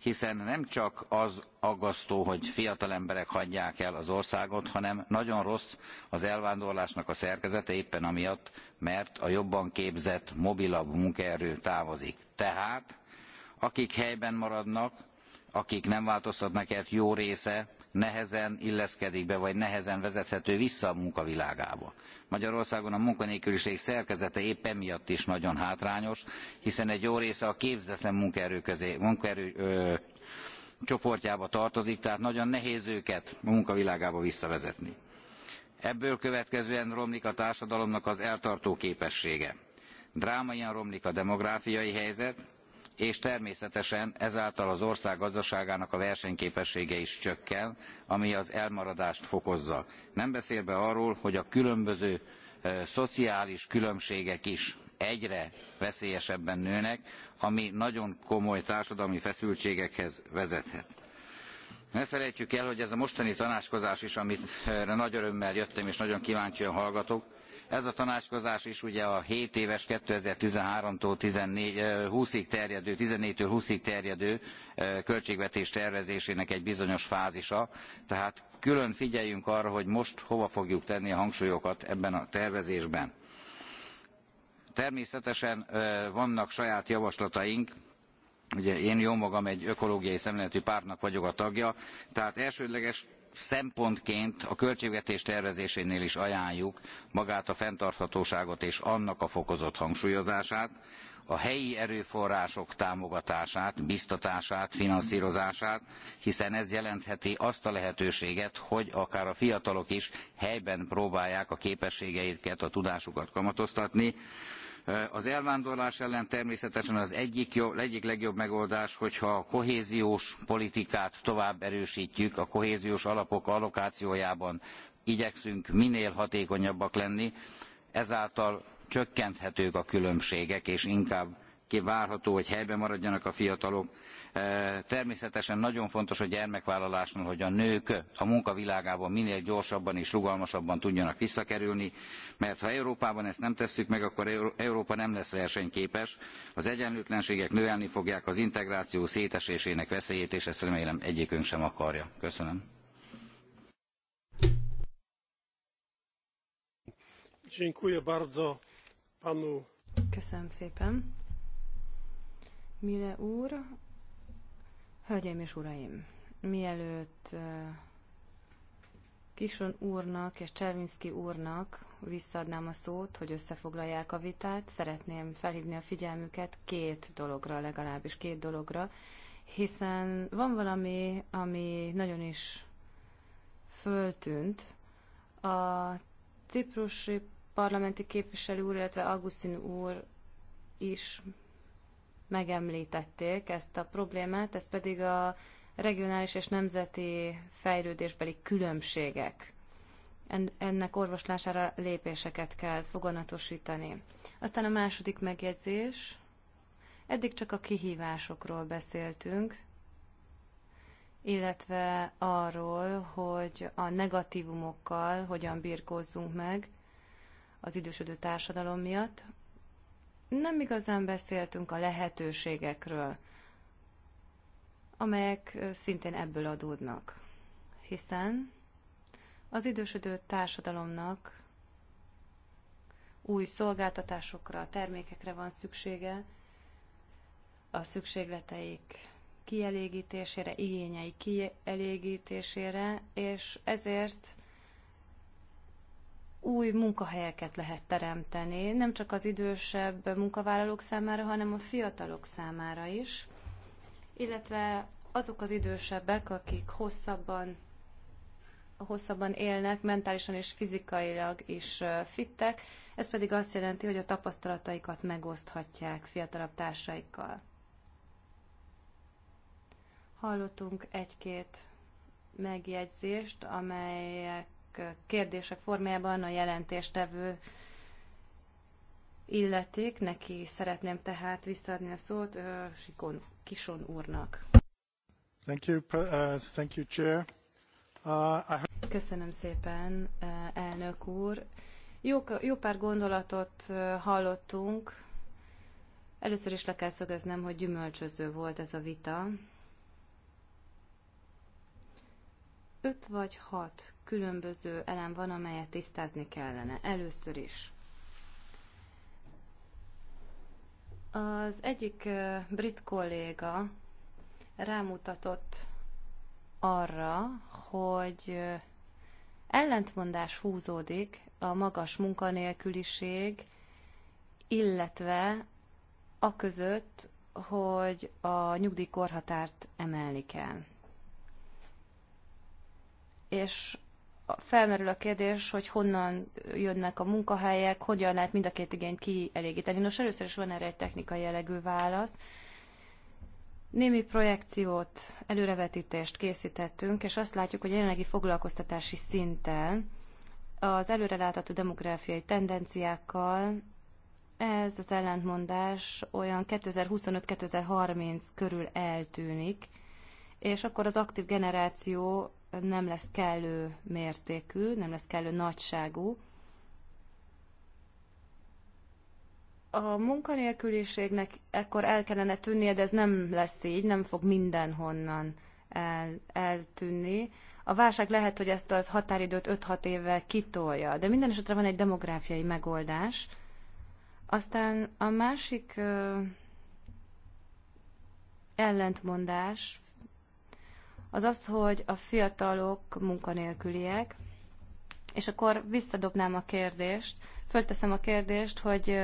hiszen nem csak az aggasztó, hogy fiatal emberek hagyják el az országot, hanem nagyon rossz az elvándorlásnak a szerkezete éppen amiatt, mert a jobban képzett, mobilabb munkaerő távozik. Tehát akik helyben maradnak, akik nem változtatnak el, jó része nehezen illeszkedik be, vagy nehezen vezethető vissza a munkavilágába. Magyarországon a munkanélküliség szerkezete épp emiatt is nagyon hátrányos, hiszen egy jó része a képzetlen munkaerő, közé, munkaerő ö, csoportjába tartozik, tehát nagyon nehéz őket a munkavilágába visszavezetni. Ebből következően romlik a társadalomnak az eltartó képessége. Drámaian romlik a demográfiai helyzet, és természetesen ezáltal az ország gazdaságának a versenyképessége is csökken, ami az elmaradást fokozza. Nem beszélve arról, hogy a különböző szociális különbségek is egyre veszélyesebben nőnek, ami nagyon komoly társadalmi feszültségekhez vezethet. Ne felejtsük el, hogy ez a mostani tanácskozás is, amit nagy örömmel jöttem és nagyon kíváncsian hallgatok, ez a tanácskozás is ugye a 7 éves 2013-tól 20-ig terjedő, 14-től 20-ig terjedő költségvetés tervezésének egy bizonyos fázisa, tehát külön figyeljünk arra, hogy most hova fogjuk tenni a hangsúlyokat ebben a tervezésben. Természetesen vannak saját javaslataink, ugye én jómagam egy ökológiai szemléletű pártnak vagyok a tagja, tehát elsődleges szempontként a költségvetés tervezésénél is ajánljuk magát a fenntarthatóságot és annak a fokozott hangsúlyozását, a helyi erőforrások támogatását, biztatását, finanszírozását, hiszen ez jelentheti azt a lehetőséget, hogy akár a fiatalok is helyben próbálják a képességeiket, a tudásukat kamatoztatni, az elvándorlás ellen természetesen az egyik, jobb, egyik legjobb megoldás, hogyha a kohéziós politikát tovább erősítjük, a kohéziós alapok allokációjában igyekszünk minél hatékonyabbak lenni, ezáltal csökkenthetők a különbségek, és inkább várható, hogy helyben maradjanak a fiatalok. E, természetesen nagyon fontos a gyermekvállalásnál, hogy a nők a munkavilágában minél gyorsabban és rugalmasabban tudjanak visszakerülni, mert ha Európában ezt nem tesszük meg, akkor Európa nem lesz versenyképes, az egyenlőtlenségek növelni fogják az integráció szétesésének veszélyét, és ezt remélem egyikünk sem akarja. Köszönöm. Köszönöm szépen. Mire úr, hölgyeim és uraim, mielőtt Kison úrnak és Cservinszki úrnak visszaadnám a szót, hogy összefoglalják a vitát, szeretném felhívni a figyelmüket két dologra, legalábbis két dologra, hiszen van valami, ami nagyon is föltűnt. A ciprusi parlamenti képviselő úr, illetve Augustin úr is megemlítették ezt a problémát, ez pedig a regionális és nemzeti fejlődésbeli különbségek. Ennek orvoslására lépéseket kell foganatosítani. Aztán a második megjegyzés. Eddig csak a kihívásokról beszéltünk, illetve arról, hogy a negatívumokkal hogyan birkózzunk meg az idősödő társadalom miatt nem igazán beszéltünk a lehetőségekről, amelyek szintén ebből adódnak. Hiszen az idősödő társadalomnak új szolgáltatásokra, termékekre van szüksége, a szükségleteik kielégítésére, igényei kielégítésére, és ezért új munkahelyeket lehet teremteni, nem csak az idősebb munkavállalók számára, hanem a fiatalok számára is, illetve azok az idősebbek, akik hosszabban, hosszabban élnek, mentálisan és fizikailag is fittek, ez pedig azt jelenti, hogy a tapasztalataikat megoszthatják fiatalabb társaikkal. Hallottunk egy-két megjegyzést, amelyek kérdések formájában a jelentéstevő illeték. Neki szeretném tehát visszaadni a szót Sikon Kison úrnak. Thank you, uh, thank you, Chair. Uh, I... Köszönöm szépen, uh, elnök úr. Jó, jó pár gondolatot uh, hallottunk. Először is le kell szögeznem, hogy gyümölcsöző volt ez a vita. öt vagy hat különböző elem van, amelyet tisztázni kellene. Először is. Az egyik brit kolléga rámutatott arra, hogy ellentmondás húzódik a magas munkanélküliség, illetve a között, hogy a nyugdíjkorhatárt emelni kell és felmerül a kérdés, hogy honnan jönnek a munkahelyek, hogyan lehet mind a két igényt kielégíteni. Nos, először is van erre egy technikai jellegű válasz. Némi projekciót, előrevetítést készítettünk, és azt látjuk, hogy a jelenlegi foglalkoztatási szinten az előrelátható demográfiai tendenciákkal ez az ellentmondás olyan 2025-2030 körül eltűnik, és akkor az aktív generáció nem lesz kellő mértékű, nem lesz kellő nagyságú. A munkanélküliségnek ekkor el kellene tűnnie, de ez nem lesz így, nem fog mindenhonnan el, eltűnni. A válság lehet, hogy ezt az határidőt 5-6 évvel kitolja, de minden esetre van egy demográfiai megoldás. Aztán a másik ö, ellentmondás, az az, hogy a fiatalok munkanélküliek, és akkor visszadobnám a kérdést, fölteszem a kérdést, hogy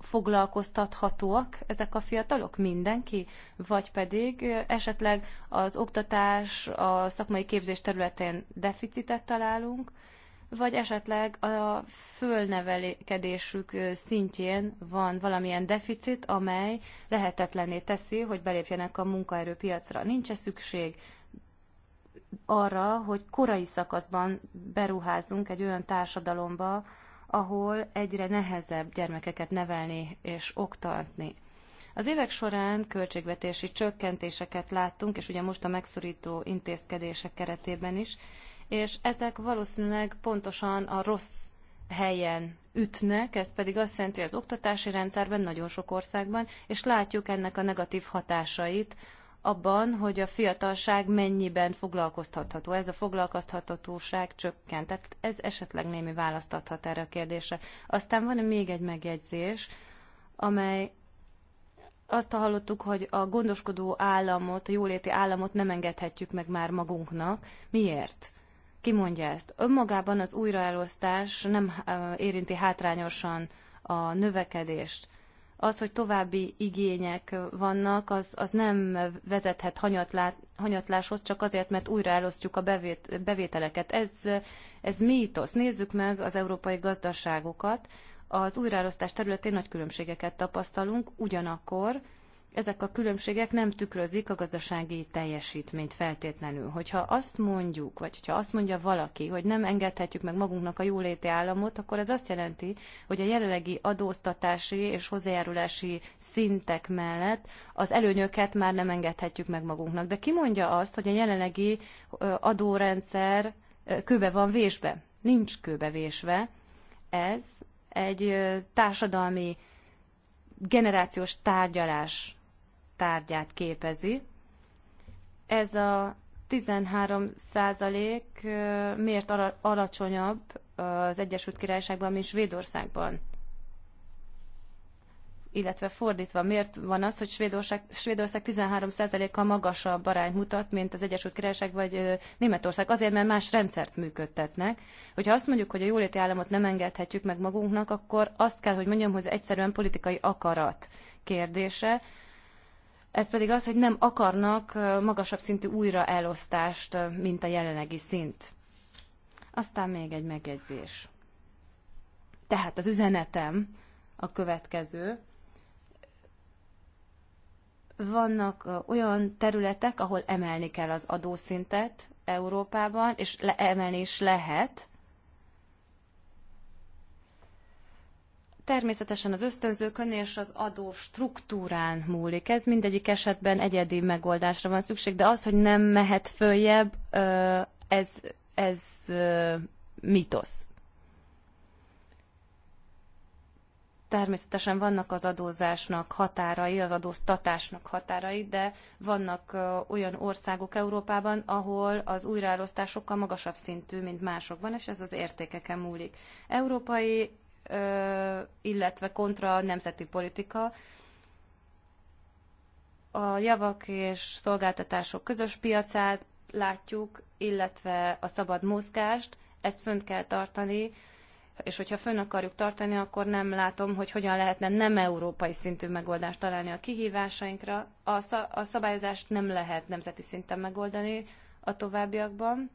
foglalkoztathatóak ezek a fiatalok, mindenki, vagy pedig esetleg az oktatás, a szakmai képzés területén deficitet találunk, vagy esetleg a fölnevelkedésük szintjén van valamilyen deficit, amely lehetetlené teszi, hogy belépjenek a munkaerőpiacra. Nincs-e szükség arra, hogy korai szakaszban beruházunk egy olyan társadalomba, ahol egyre nehezebb gyermekeket nevelni és oktatni. Az évek során költségvetési csökkentéseket láttunk, és ugye most a megszorító intézkedések keretében is, és ezek valószínűleg pontosan a rossz helyen ütnek, ez pedig azt jelenti, hogy az oktatási rendszerben nagyon sok országban, és látjuk ennek a negatív hatásait abban, hogy a fiatalság mennyiben foglalkoztatható. Ez a foglalkoztathatóság csökkent. Tehát ez esetleg némi választ adhat erre a kérdésre. Aztán van még egy megjegyzés, amely azt hallottuk, hogy a gondoskodó államot, a jóléti államot nem engedhetjük meg már magunknak. Miért? Ki mondja ezt? Önmagában az újraelosztás nem érinti hátrányosan a növekedést az, hogy további igények vannak, az, az nem vezethet hanyatlá, hanyatláshoz, csak azért, mert újra elosztjuk a bevét, bevételeket. Ez, ez mítosz. Nézzük meg az európai gazdaságokat. Az újraelosztás területén nagy különbségeket tapasztalunk, ugyanakkor ezek a különbségek nem tükrözik a gazdasági teljesítményt feltétlenül. Hogyha azt mondjuk, vagy hogyha azt mondja valaki, hogy nem engedhetjük meg magunknak a jóléti államot, akkor ez azt jelenti, hogy a jelenlegi adóztatási és hozzájárulási szintek mellett az előnyöket már nem engedhetjük meg magunknak. De ki mondja azt, hogy a jelenlegi adórendszer kőbe van vésbe? Nincs kőbe vésve. Ez egy társadalmi generációs tárgyalás tárgyát képezi. Ez a 13 százalék miért alacsonyabb az Egyesült Királyságban, mint Svédországban? Illetve fordítva, miért van az, hogy Svédország, Svédország 13 százalékkal magasabb arányt mutat, mint az Egyesült Királyság vagy Németország? Azért, mert más rendszert működtetnek. Hogyha azt mondjuk, hogy a jóléti államot nem engedhetjük meg magunknak, akkor azt kell, hogy mondjam, hogy ez egyszerűen politikai akarat kérdése ez pedig az, hogy nem akarnak magasabb szintű újraelosztást, mint a jelenlegi szint. Aztán még egy megjegyzés. Tehát az üzenetem a következő. Vannak olyan területek, ahol emelni kell az adószintet Európában, és emelni is lehet, Természetesen az ösztönzőkön és az adó struktúrán múlik. Ez mindegyik esetben egyedi megoldásra van szükség, de az, hogy nem mehet följebb, ez, ez mitosz. Természetesen vannak az adózásnak határai, az adóztatásnak határai, de vannak olyan országok Európában, ahol az újraelosztás sokkal magasabb szintű, mint másokban, és ez az értékeken múlik. Európai illetve kontra a nemzeti politika. A javak és szolgáltatások közös piacát látjuk, illetve a szabad mozgást, ezt fönt kell tartani, és hogyha fönn akarjuk tartani, akkor nem látom, hogy hogyan lehetne nem európai szintű megoldást találni a kihívásainkra. A, szab- a szabályozást nem lehet nemzeti szinten megoldani a továbbiakban.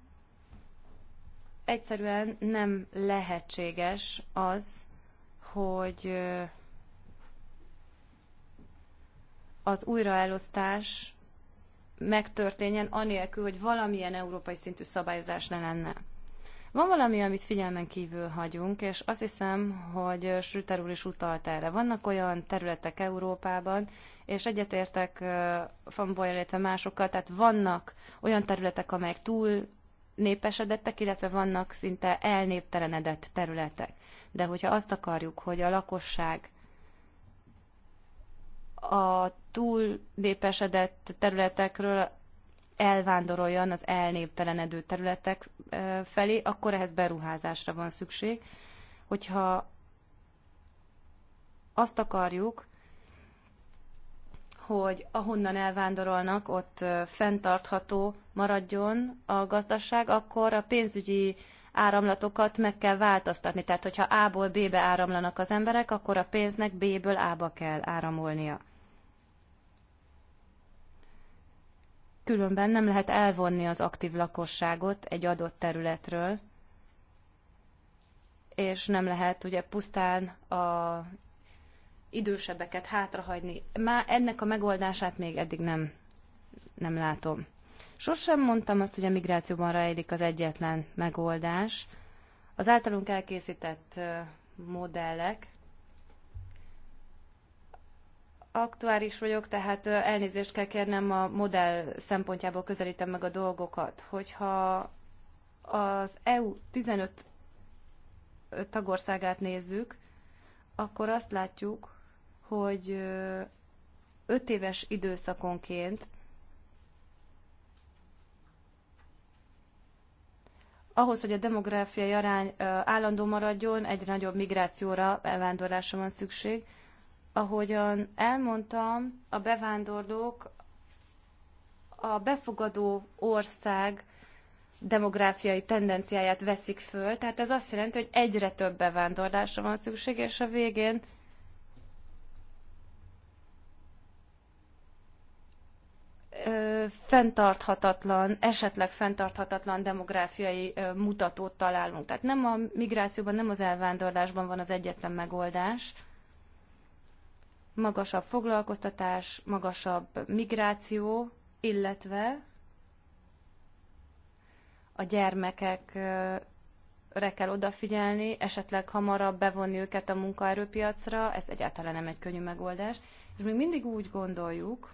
Egyszerűen nem lehetséges az, hogy az újraelosztás megtörténjen, anélkül, hogy valamilyen európai szintű szabályozás ne lenne. Van valami, amit figyelmen kívül hagyunk, és azt hiszem, hogy Sütter úr is utalt erre. Vannak olyan területek Európában, és egyetértek Famboy, illetve másokkal, tehát vannak olyan területek, amelyek túl népesedettek, illetve vannak szinte elnéptelenedett területek. De hogyha azt akarjuk, hogy a lakosság a túl népesedett területekről elvándoroljon az elnéptelenedő területek felé, akkor ehhez beruházásra van szükség. Hogyha azt akarjuk, hogy ahonnan elvándorolnak, ott fenntartható maradjon a gazdaság, akkor a pénzügyi áramlatokat meg kell változtatni. Tehát, hogyha A-ból B-be áramlanak az emberek, akkor a pénznek B-ből A-ba kell áramolnia. Különben nem lehet elvonni az aktív lakosságot egy adott területről, és nem lehet ugye pusztán a idősebbeket hátrahagyni. Már ennek a megoldását még eddig nem, nem látom. Sosem mondtam azt, hogy a migrációban rejlik az egyetlen megoldás. Az általunk elkészített modellek, aktuális vagyok, tehát elnézést kell kérnem, a modell szempontjából közelítem meg a dolgokat, hogyha az EU 15 tagországát nézzük, akkor azt látjuk, hogy öt éves időszakonként ahhoz, hogy a demográfiai arány állandó maradjon, egyre nagyobb migrációra, elvándorlásra van szükség. Ahogyan elmondtam, a bevándorlók a befogadó ország demográfiai tendenciáját veszik föl, tehát ez azt jelenti, hogy egyre több bevándorlásra van szükség, és a végén fenntarthatatlan, esetleg fenntarthatatlan demográfiai mutatót találunk. Tehát nem a migrációban, nem az elvándorlásban van az egyetlen megoldás. Magasabb foglalkoztatás, magasabb migráció, illetve a gyermekekre kell odafigyelni, esetleg hamarabb bevonni őket a munkaerőpiacra, ez egyáltalán nem egy könnyű megoldás. És még mindig úgy gondoljuk,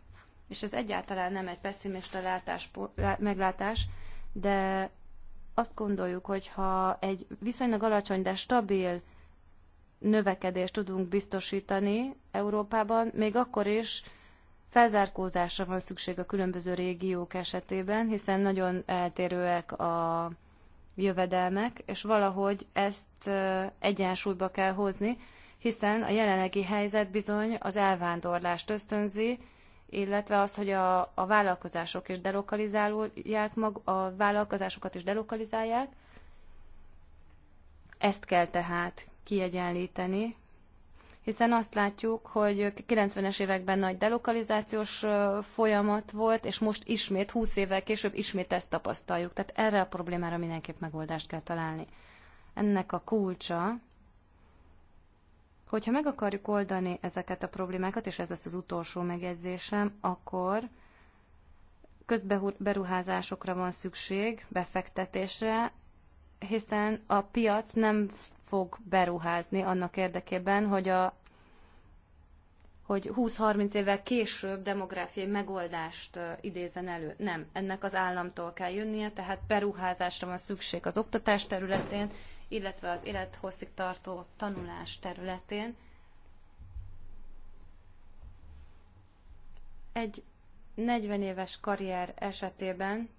és ez egyáltalán nem egy pessimista látás, meglátás, de azt gondoljuk, hogy ha egy viszonylag alacsony, de stabil növekedést tudunk biztosítani Európában, még akkor is felzárkózásra van szükség a különböző régiók esetében, hiszen nagyon eltérőek a jövedelmek, és valahogy ezt egyensúlyba kell hozni, hiszen a jelenlegi helyzet bizony az elvándorlást ösztönzi, illetve az, hogy a, a vállalkozások is delokalizálják mag, a vállalkozásokat is delokalizálják. Ezt kell tehát kiegyenlíteni, hiszen azt látjuk, hogy 90-es években nagy delokalizációs folyamat volt, és most ismét, 20 évvel később ismét ezt tapasztaljuk. Tehát erre a problémára mindenképp megoldást kell találni. Ennek a kulcsa Hogyha meg akarjuk oldani ezeket a problémákat, és ez lesz az utolsó megjegyzésem, akkor közberuházásokra van szükség, befektetésre, hiszen a piac nem fog beruházni annak érdekében, hogy a hogy 20-30 évvel később demográfiai megoldást idézen elő. Nem, ennek az államtól kell jönnie, tehát beruházásra van szükség az oktatás területén, illetve az élethosszig tartó tanulás területén. Egy 40 éves karrier esetében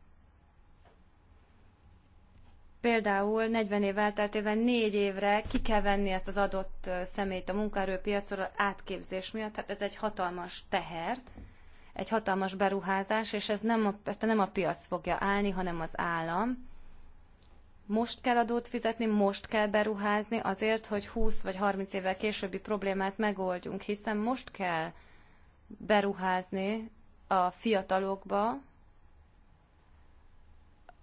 például 40 év elteltével 4 évre ki kell venni ezt az adott személyt a munkaerőpiacról átképzés miatt, tehát ez egy hatalmas teher, egy hatalmas beruházás, és ez nem a, ezt nem a piac fogja állni, hanem az állam most kell adót fizetni, most kell beruházni azért, hogy 20 vagy 30 évvel későbbi problémát megoldjunk, hiszen most kell beruházni a fiatalokba,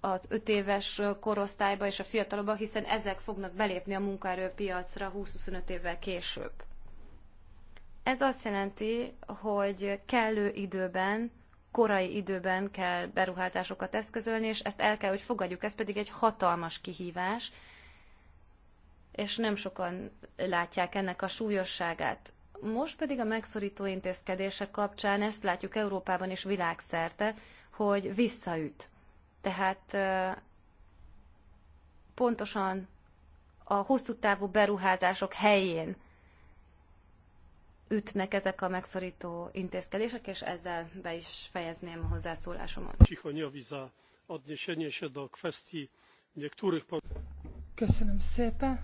az öt éves korosztályba és a fiatalokba, hiszen ezek fognak belépni a munkaerőpiacra 20-25 évvel később. Ez azt jelenti, hogy kellő időben korai időben kell beruházásokat eszközölni, és ezt el kell, hogy fogadjuk. Ez pedig egy hatalmas kihívás, és nem sokan látják ennek a súlyosságát. Most pedig a megszorító intézkedések kapcsán ezt látjuk Európában és világszerte, hogy visszaüt. Tehát pontosan a hosszú távú beruházások helyén ütnek ezek a megszorító intézkedések, és ezzel be is fejezném a hozzászólásomat. Köszönöm szépen.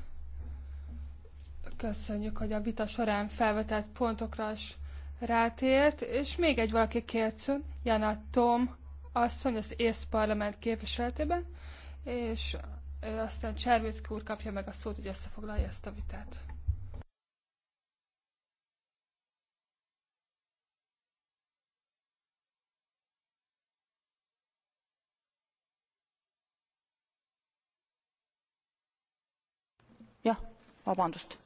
Köszönjük, hogy a vita során felvetett pontokra is rátért, és még egy valaki kért Jana Tom asszony az ész parlament képviseletében, és aztán Cservészki úr kapja meg a szót, hogy összefoglalja ezt a vitát. vabandust.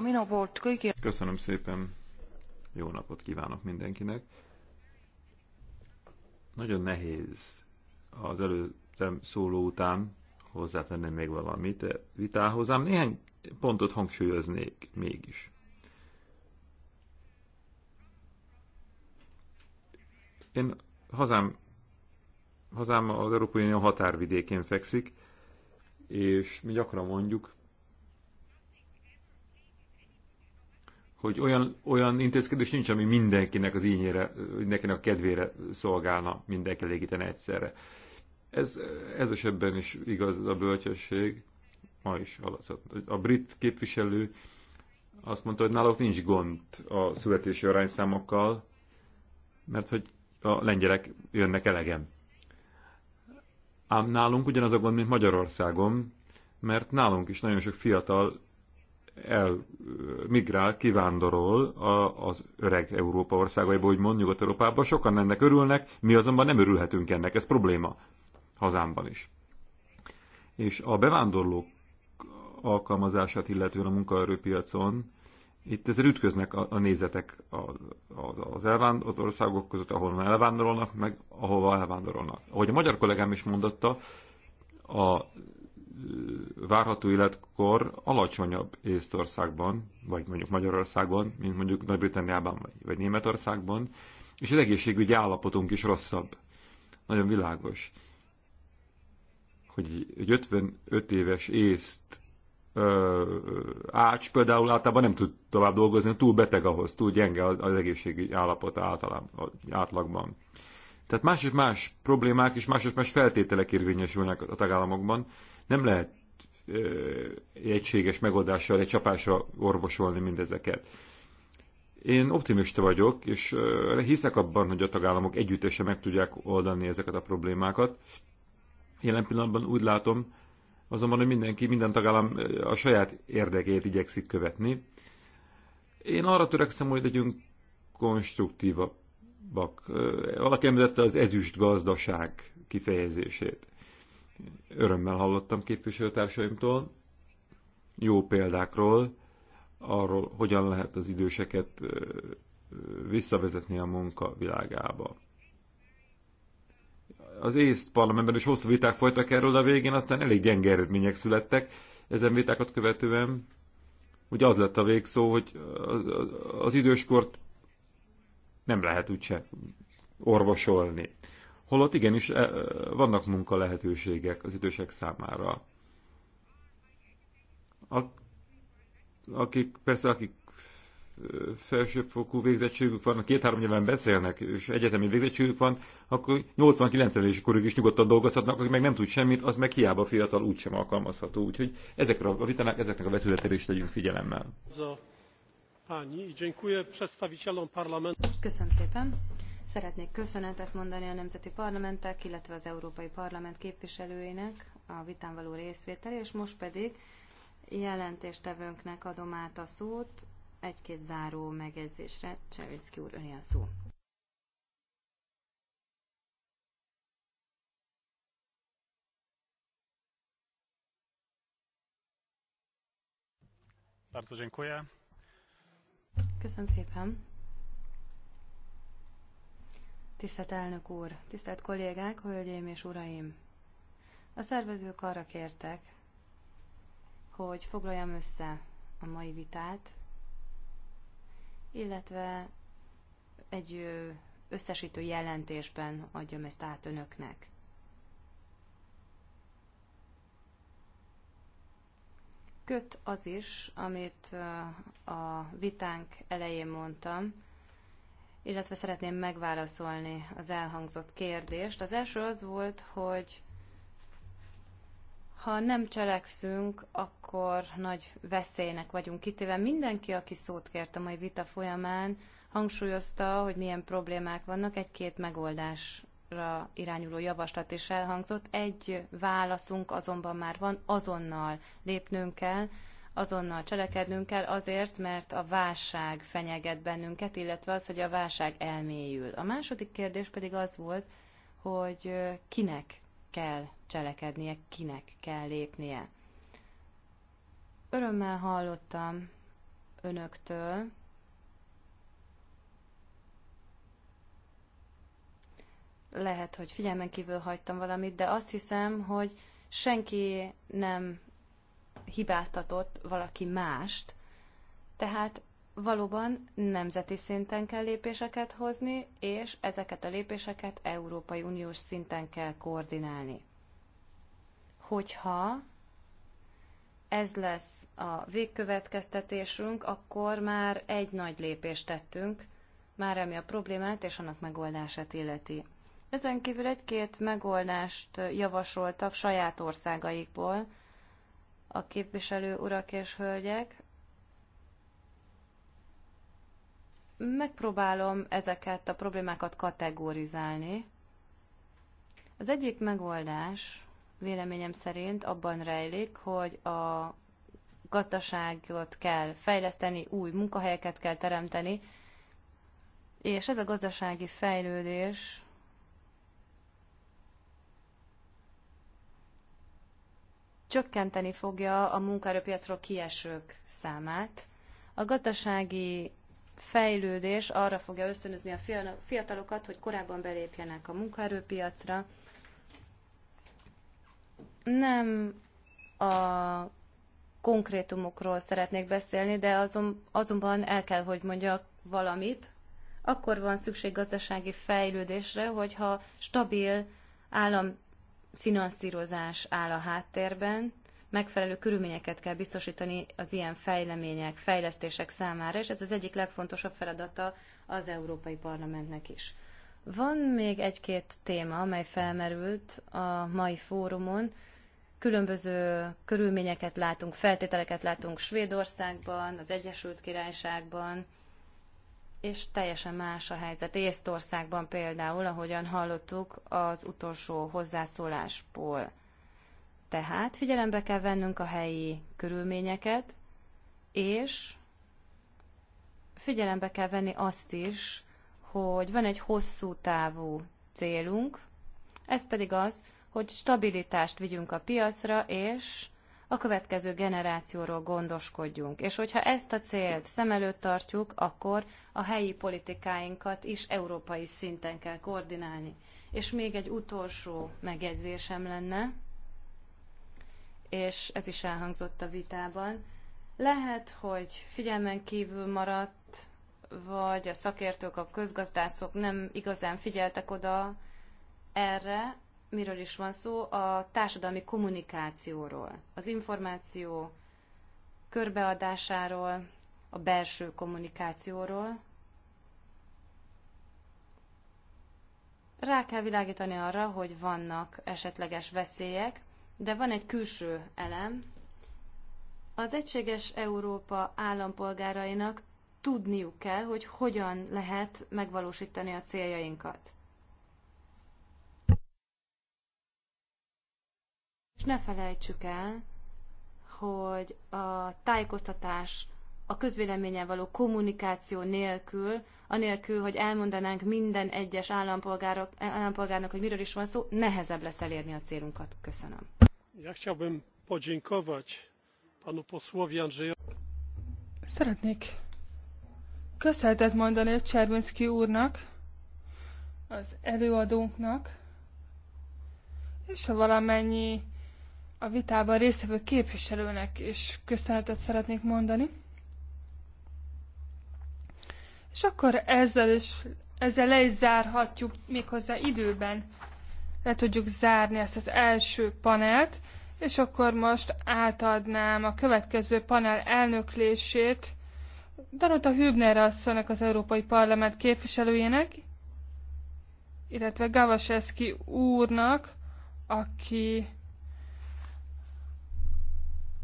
minu poolt kõigi. köszönöm szépen. Jó napot kívánok mindenkinek. Nagyon nehéz az előttem szóló után hozzátenni még valamit a e vitához, ám néhány pontot hangsúlyoznék mégis. Én hazám, hazám az Európai Unió határvidékén fekszik, és mi gyakran mondjuk, hogy olyan, olyan intézkedés nincs, ami mindenkinek az ínyére, mindenkinek a kedvére szolgálna, mindenki elégítene egyszerre. Ez, ez esetben is igaz a bölcsesség, ma is alatt. A brit képviselő azt mondta, hogy náluk nincs gond a születési arányszámokkal, mert hogy a lengyelek jönnek elegem. Ám nálunk ugyanaz a gond, mint Magyarországon, mert nálunk is nagyon sok fiatal elmigrál, kivándorol az öreg Európa országaiból, hogy mond Nyugat-Európába. Sokan ennek örülnek, mi azonban nem örülhetünk ennek, ez probléma hazámban is. És a bevándorlók alkalmazását illetően a munkaerőpiacon, itt ezért ütköznek a, a nézetek az, az, elvánd, az országok között, ahol elvándorolnak, meg ahova elvándorolnak. Ahogy a magyar kollégám is mondotta, a várható életkor alacsonyabb Észtországban, vagy mondjuk Magyarországon, mint mondjuk Nagy-Britanniában, vagy, Németországban, és az egészségügyi állapotunk is rosszabb. Nagyon világos, hogy egy 55 éves észt ö, ács például általában nem tud tovább dolgozni, túl beteg ahhoz, túl gyenge az, az egészségügyi állapota általában, átlagban. Tehát más és más problémák és más és más feltételek érvényesülnek a tagállamokban, nem lehet egységes megoldással, egy csapásra orvosolni mindezeket. Én optimista vagyok, és hiszek abban, hogy a tagállamok együttesen meg tudják oldani ezeket a problémákat. Jelen pillanatban úgy látom, azonban, hogy mindenki, minden tagállam a saját érdekét igyekszik követni. Én arra törekszem, hogy legyünk konstruktívabbak. Valaki említette az ezüst gazdaság kifejezését. Örömmel hallottam képviselőtársaimtól jó példákról, arról, hogyan lehet az időseket visszavezetni a munka világába. Az észt parlamentben is hosszú viták folytak erről, de a végén aztán elég gyenge eredmények születtek. Ezen vitákat követően hogy az lett a végszó, hogy az, az időskort nem lehet úgyse orvosolni. Holott igenis e, vannak munka lehetőségek az idősek számára. Akik, persze akik felsőfokú végzettségük van, két-három nyelven beszélnek, és egyetemi végzettségük van, akkor 80-90 éves korig is nyugodtan dolgozhatnak, aki meg nem tud semmit, az meg hiába fiatal, úgysem alkalmazható. Úgyhogy ezekre a vitának, ezeknek a vetületére is legyünk figyelemmel. Köszönöm szépen. Szeretnék köszönetet mondani a nemzeti parlamentek, illetve az Európai Parlament képviselőinek a vitán való részvétel, és most pedig jelentéstevőnknek adom át a szót egy-két záró megjegyzésre. Csevicki úr, öné a szó. Bardzo dziękuję. Köszönöm szépen. Tisztelt elnök úr, tisztelt kollégák, hölgyeim és uraim! A szervezők arra kértek, hogy foglaljam össze a mai vitát, illetve egy összesítő jelentésben adjam ezt át önöknek. Köt az is, amit a vitánk elején mondtam, illetve szeretném megválaszolni az elhangzott kérdést. Az első az volt, hogy ha nem cselekszünk, akkor nagy veszélynek vagyunk kitéve. Mindenki, aki szót kért a mai vita folyamán, hangsúlyozta, hogy milyen problémák vannak, egy-két megoldásra irányuló javaslat is elhangzott. Egy válaszunk azonban már van, azonnal lépnünk kell, azonnal cselekednünk kell azért, mert a válság fenyeget bennünket, illetve az, hogy a válság elmélyül. A második kérdés pedig az volt, hogy kinek kell cselekednie, kinek kell lépnie. Örömmel hallottam önöktől, lehet, hogy figyelmen kívül hagytam valamit, de azt hiszem, hogy senki nem hibáztatott valaki mást. Tehát valóban nemzeti szinten kell lépéseket hozni, és ezeket a lépéseket Európai Uniós szinten kell koordinálni. Hogyha ez lesz a végkövetkeztetésünk, akkor már egy nagy lépést tettünk, már ami a problémát és annak megoldását illeti. Ezen kívül egy-két megoldást javasoltak saját országaikból, a képviselő urak és hölgyek. Megpróbálom ezeket a problémákat kategorizálni. Az egyik megoldás véleményem szerint abban rejlik, hogy a gazdaságot kell fejleszteni, új munkahelyeket kell teremteni, és ez a gazdasági fejlődés csökkenteni fogja a munkaerőpiacról kiesők számát. A gazdasági fejlődés arra fogja ösztönözni a fiatalokat, hogy korábban belépjenek a munkaerőpiacra. Nem a konkrétumokról szeretnék beszélni, de azon, azonban el kell, hogy mondjak valamit. Akkor van szükség gazdasági fejlődésre, hogyha stabil állam finanszírozás áll a háttérben, megfelelő körülményeket kell biztosítani az ilyen fejlemények, fejlesztések számára, és ez az egyik legfontosabb feladata az Európai Parlamentnek is. Van még egy-két téma, amely felmerült a mai fórumon. Különböző körülményeket látunk, feltételeket látunk Svédországban, az Egyesült Királyságban, és teljesen más a helyzet. Észtországban például, ahogyan hallottuk az utolsó hozzászólásból. Tehát figyelembe kell vennünk a helyi körülményeket, és figyelembe kell venni azt is, hogy van egy hosszú távú célunk, ez pedig az, hogy stabilitást vigyünk a piacra, és a következő generációról gondoskodjunk. És hogyha ezt a célt szem előtt tartjuk, akkor a helyi politikáinkat is európai szinten kell koordinálni. És még egy utolsó megjegyzésem lenne, és ez is elhangzott a vitában, lehet, hogy figyelmen kívül maradt, vagy a szakértők, a közgazdászok nem igazán figyeltek oda erre, miről is van szó? A társadalmi kommunikációról, az információ körbeadásáról, a belső kommunikációról. Rá kell világítani arra, hogy vannak esetleges veszélyek, de van egy külső elem. Az egységes Európa állampolgárainak tudniuk kell, hogy hogyan lehet megvalósítani a céljainkat. És ne felejtsük el, hogy a tájékoztatás a közvéleményen való kommunikáció nélkül, anélkül, hogy elmondanánk minden egyes állampolgárok, állampolgárnak, hogy miről is van szó, nehezebb lesz elérni a célunkat. Köszönöm. Ja chciałbym podziękować panu posłowi Andrzejowi. Szeretnék köszönetet mondani a Cservinszki úrnak, az előadónknak, és a valamennyi a vitában résztvevő képviselőnek is köszönetet szeretnék mondani. És akkor ezzel, is, ezzel le is zárhatjuk méghozzá időben. Le tudjuk zárni ezt az első panelt, és akkor most átadnám a következő panel elnöklését Danuta Hübner asszonynak az Európai Parlament képviselőjének, illetve Gavaseszki úrnak, aki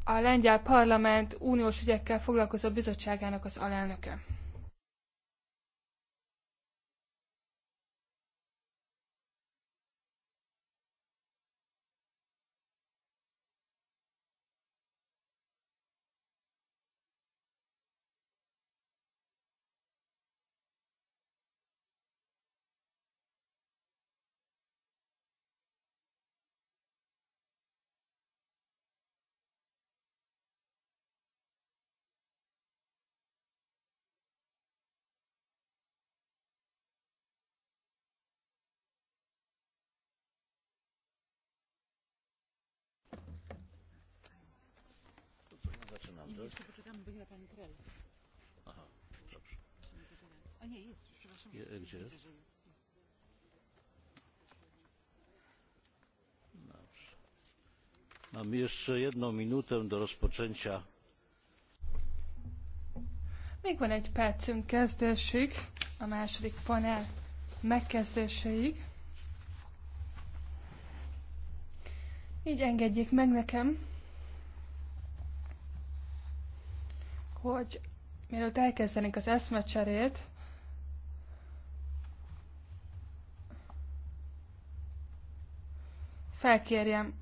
a lengyel parlament uniós ügyekkel foglalkozó bizottságának az alelnöke. teraz? poczekamy, bo pani Aha, dobrze. A nie, jest, przepraszam. Je, jest, widzę, Że jest, jest. Dobrze. jeszcze jedną minutę do rozpoczęcia. Még van egy percünk kezdésig, a második panel megkezdéséig. Így engedjék meg nekem, hogy mielőtt elkezdenénk az eszmecserét, felkérjem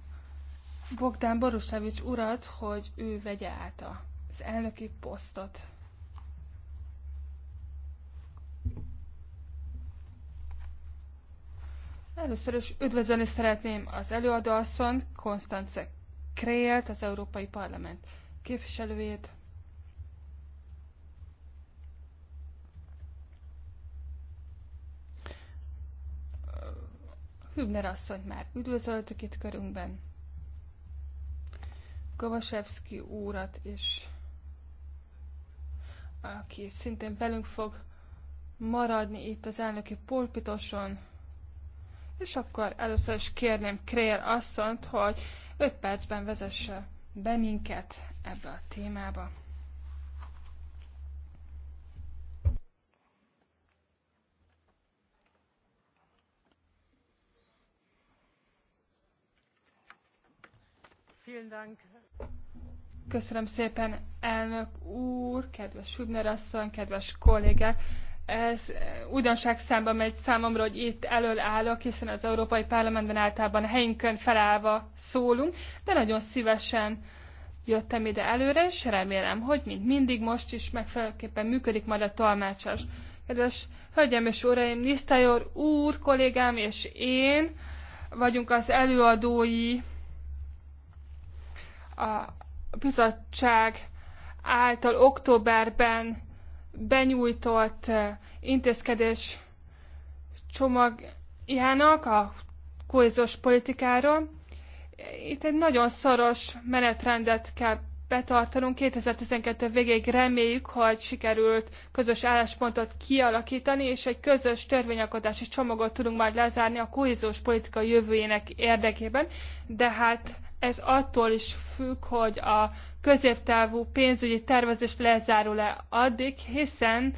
Bogdán Borusevics urat, hogy ő vegye át az elnöki posztot. Először is üdvözölni szeretném az előadóasszony, Konstance Krélt, az Európai Parlament képviselőjét. Hübner asszony már üdvözöltük itt körünkben. Kovasevski úrat is, aki szintén velünk fog maradni itt az elnöki pulpitoson. És akkor először is kérném kreer asszonyt, hogy 5 percben vezesse be minket ebbe a témába. Köszönöm szépen, elnök úr, kedves Hübner asszony, kedves kollégák! Ez újdonság számba megy számomra, hogy itt elől állok, hiszen az Európai Parlamentben általában a helyünkön felállva szólunk, de nagyon szívesen jöttem ide előre, és remélem, hogy mint mindig most is megfelelőképpen működik majd a tolmácsos. Kedves hölgyem és uraim, Nisztajor úr, kollégám és én vagyunk az előadói a bizottság által októberben benyújtott eh, intézkedés csomagjának a kohéziós politikáról. Itt egy nagyon szoros menetrendet kell betartanunk. 2012 végéig reméljük, hogy sikerült közös álláspontot kialakítani, és egy közös törvényalkotási csomagot tudunk majd lezárni a kohéziós politika jövőjének érdekében, de hát ez attól is függ, hogy a középtávú pénzügyi tervezés lezárul-e addig, hiszen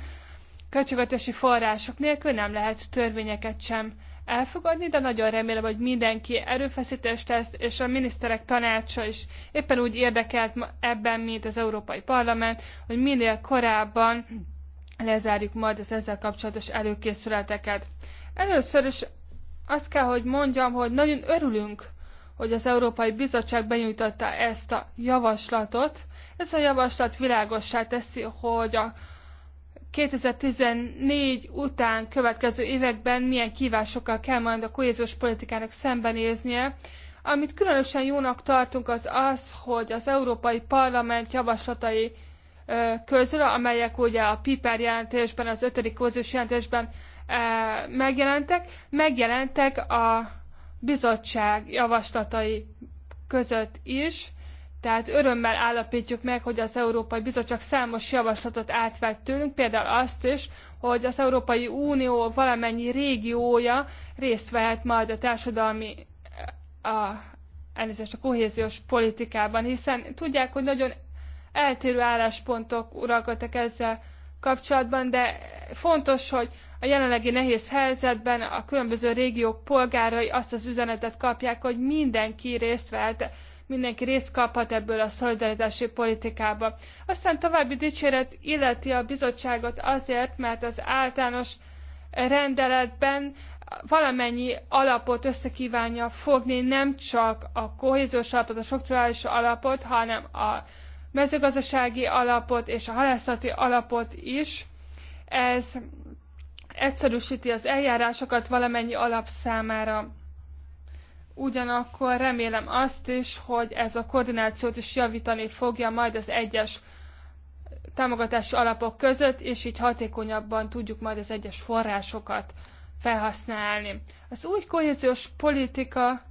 költségvetési források nélkül nem lehet törvényeket sem elfogadni, de nagyon remélem, hogy mindenki erőfeszítést tesz, és a miniszterek tanácsa is éppen úgy érdekelt ebben, mint az Európai Parlament, hogy minél korábban lezárjuk majd az ezzel kapcsolatos előkészületeket. Először is azt kell, hogy mondjam, hogy nagyon örülünk hogy az Európai Bizottság benyújtotta ezt a javaslatot. Ez a javaslat világossá teszi, hogy a 2014 után következő években milyen kívásokkal kell majd a kohéziós politikának szembenéznie. Amit különösen jónak tartunk az az, hogy az Európai Parlament javaslatai közül, amelyek ugye a PIPER jelentésben, az ötödik kohéziós jelentésben megjelentek, megjelentek a bizottság javaslatai között is, tehát örömmel állapítjuk meg, hogy az Európai Bizottság számos javaslatot átvett tőlünk, például azt is, hogy az Európai Unió valamennyi régiója részt vehet majd a társadalmi a, elnézést a kohéziós politikában, hiszen tudják, hogy nagyon eltérő álláspontok uralkodtak ezzel kapcsolatban, de fontos, hogy a jelenlegi nehéz helyzetben a különböző régiók polgárai azt az üzenetet kapják, hogy mindenki részt vehet, mindenki részt kaphat ebből a szolidaritási politikába. Aztán további dicséret illeti a bizottságot azért, mert az általános rendeletben valamennyi alapot összekívánja fogni, nem csak a kohéziós alapot, a strukturális alapot, hanem a mezőgazdasági alapot és a halászati alapot is. Ez egyszerűsíti az eljárásokat valamennyi alap számára. Ugyanakkor remélem azt is, hogy ez a koordinációt is javítani fogja majd az egyes támogatási alapok között, és így hatékonyabban tudjuk majd az egyes forrásokat felhasználni. Az új kohéziós politika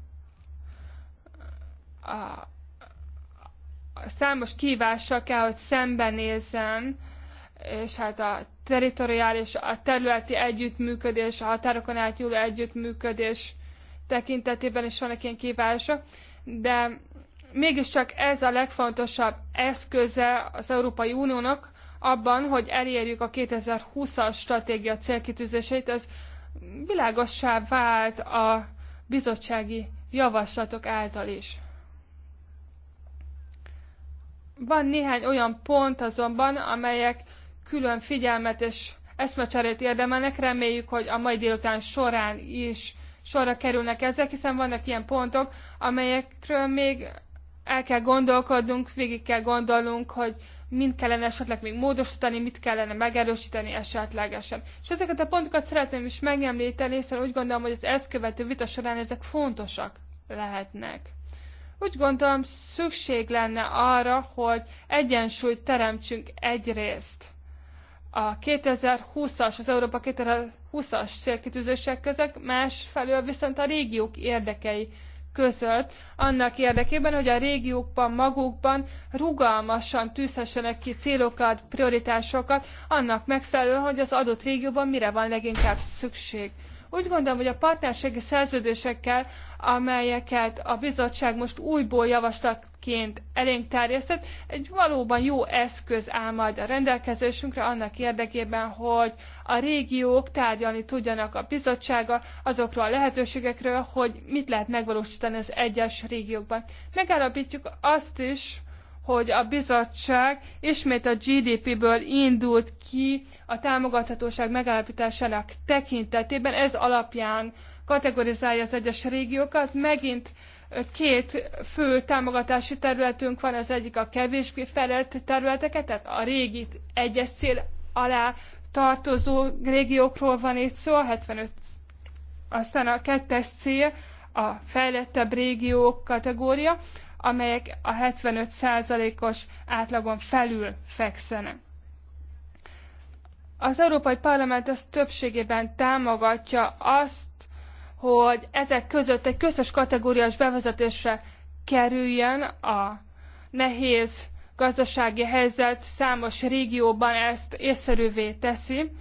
a, a számos kívással kell, hogy szembenézzen, és hát a teritoriális, a területi együttműködés, a határokon átnyúló együttműködés tekintetében is vannak ilyen kívások, de mégiscsak ez a legfontosabb eszköze az Európai Uniónak abban, hogy elérjük a 2020-as stratégia célkitűzéseit, ez világossá vált a bizottsági javaslatok által is. Van néhány olyan pont azonban, amelyek külön figyelmet és eszmecserét érdemelnek. Reméljük, hogy a mai délután során is sorra kerülnek ezek, hiszen vannak ilyen pontok, amelyekről még el kell gondolkodnunk, végig kell gondolnunk, hogy mind kellene esetleg még módosítani, mit kellene megerősíteni esetlegesen. És ezeket a pontokat szeretném is megemlíteni, hiszen úgy gondolom, hogy az ezt követő vita során ezek fontosak lehetnek. Úgy gondolom, szükség lenne arra, hogy egyensúlyt teremtsünk egyrészt a 2020-as, az Európa 2020-as célkitűzések között, másfelől viszont a régiók érdekei között, annak érdekében, hogy a régiókban magukban rugalmasan tűzhessenek ki célokat, prioritásokat, annak megfelelően, hogy az adott régióban mire van leginkább szükség. Úgy gondolom, hogy a partnerségi szerződésekkel, amelyeket a bizottság most újból javaslatként elénk terjesztett, egy valóban jó eszköz áll majd a rendelkezésünkre annak érdekében, hogy a régiók tárgyalni tudjanak a bizottsága azokról a lehetőségekről, hogy mit lehet megvalósítani az egyes régiókban. Megállapítjuk azt is, hogy a bizottság ismét a GDP-ből indult ki a támogathatóság megállapításának tekintetében, ez alapján kategorizálja az egyes régiókat, megint két fő támogatási területünk van, az egyik a kevésbé felett területeket, tehát a régi egyes cél alá tartozó régiókról van itt szó, 75, aztán a kettes cél, a fejlettebb régiók kategória, amelyek a 75%-os átlagon felül fekszenek. Az Európai Parlament az többségében támogatja azt, hogy ezek között egy közös kategóriás bevezetésre kerüljön a nehéz gazdasági helyzet számos régióban ezt észszerűvé teszi.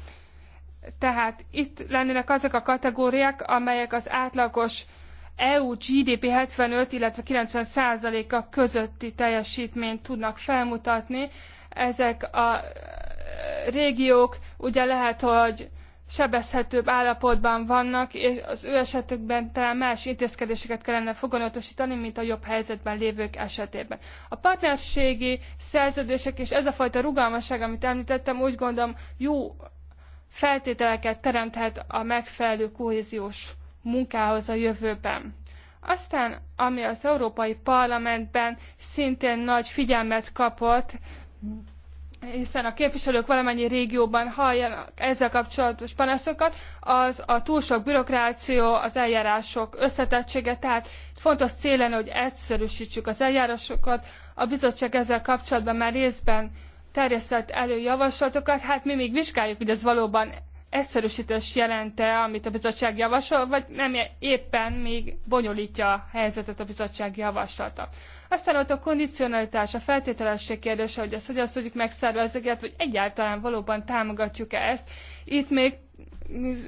Tehát itt lennének azok a kategóriák, amelyek az átlagos EU GDP 75, illetve 90 százaléka közötti teljesítményt tudnak felmutatni. Ezek a e, régiók ugye lehet, hogy sebezhetőbb állapotban vannak, és az ő esetükben talán más intézkedéseket kellene foganatosítani, mint a jobb helyzetben lévők esetében. A partnerségi szerződések és ez a fajta rugalmasság, amit említettem, úgy gondolom jó feltételeket teremthet a megfelelő kohéziós munkához a jövőben. Aztán, ami az Európai Parlamentben szintén nagy figyelmet kapott, hiszen a képviselők valamennyi régióban halljanak ezzel kapcsolatos panaszokat, az a túl sok bürokráció, az eljárások összetettsége, tehát fontos cél lenne, hogy egyszerűsítsük az eljárásokat. A bizottság ezzel kapcsolatban már részben terjesztett elő javaslatokat, hát mi még vizsgáljuk, hogy ez valóban egyszerűsítés jelente, amit a bizottság javasol, vagy nem éppen még bonyolítja a helyzetet a bizottság javaslata. Aztán ott a kondicionalitás, a feltételesség kérdése, hogy ezt hogyan tudjuk megszervezni, vagy egyáltalán valóban támogatjuk-e ezt. Itt még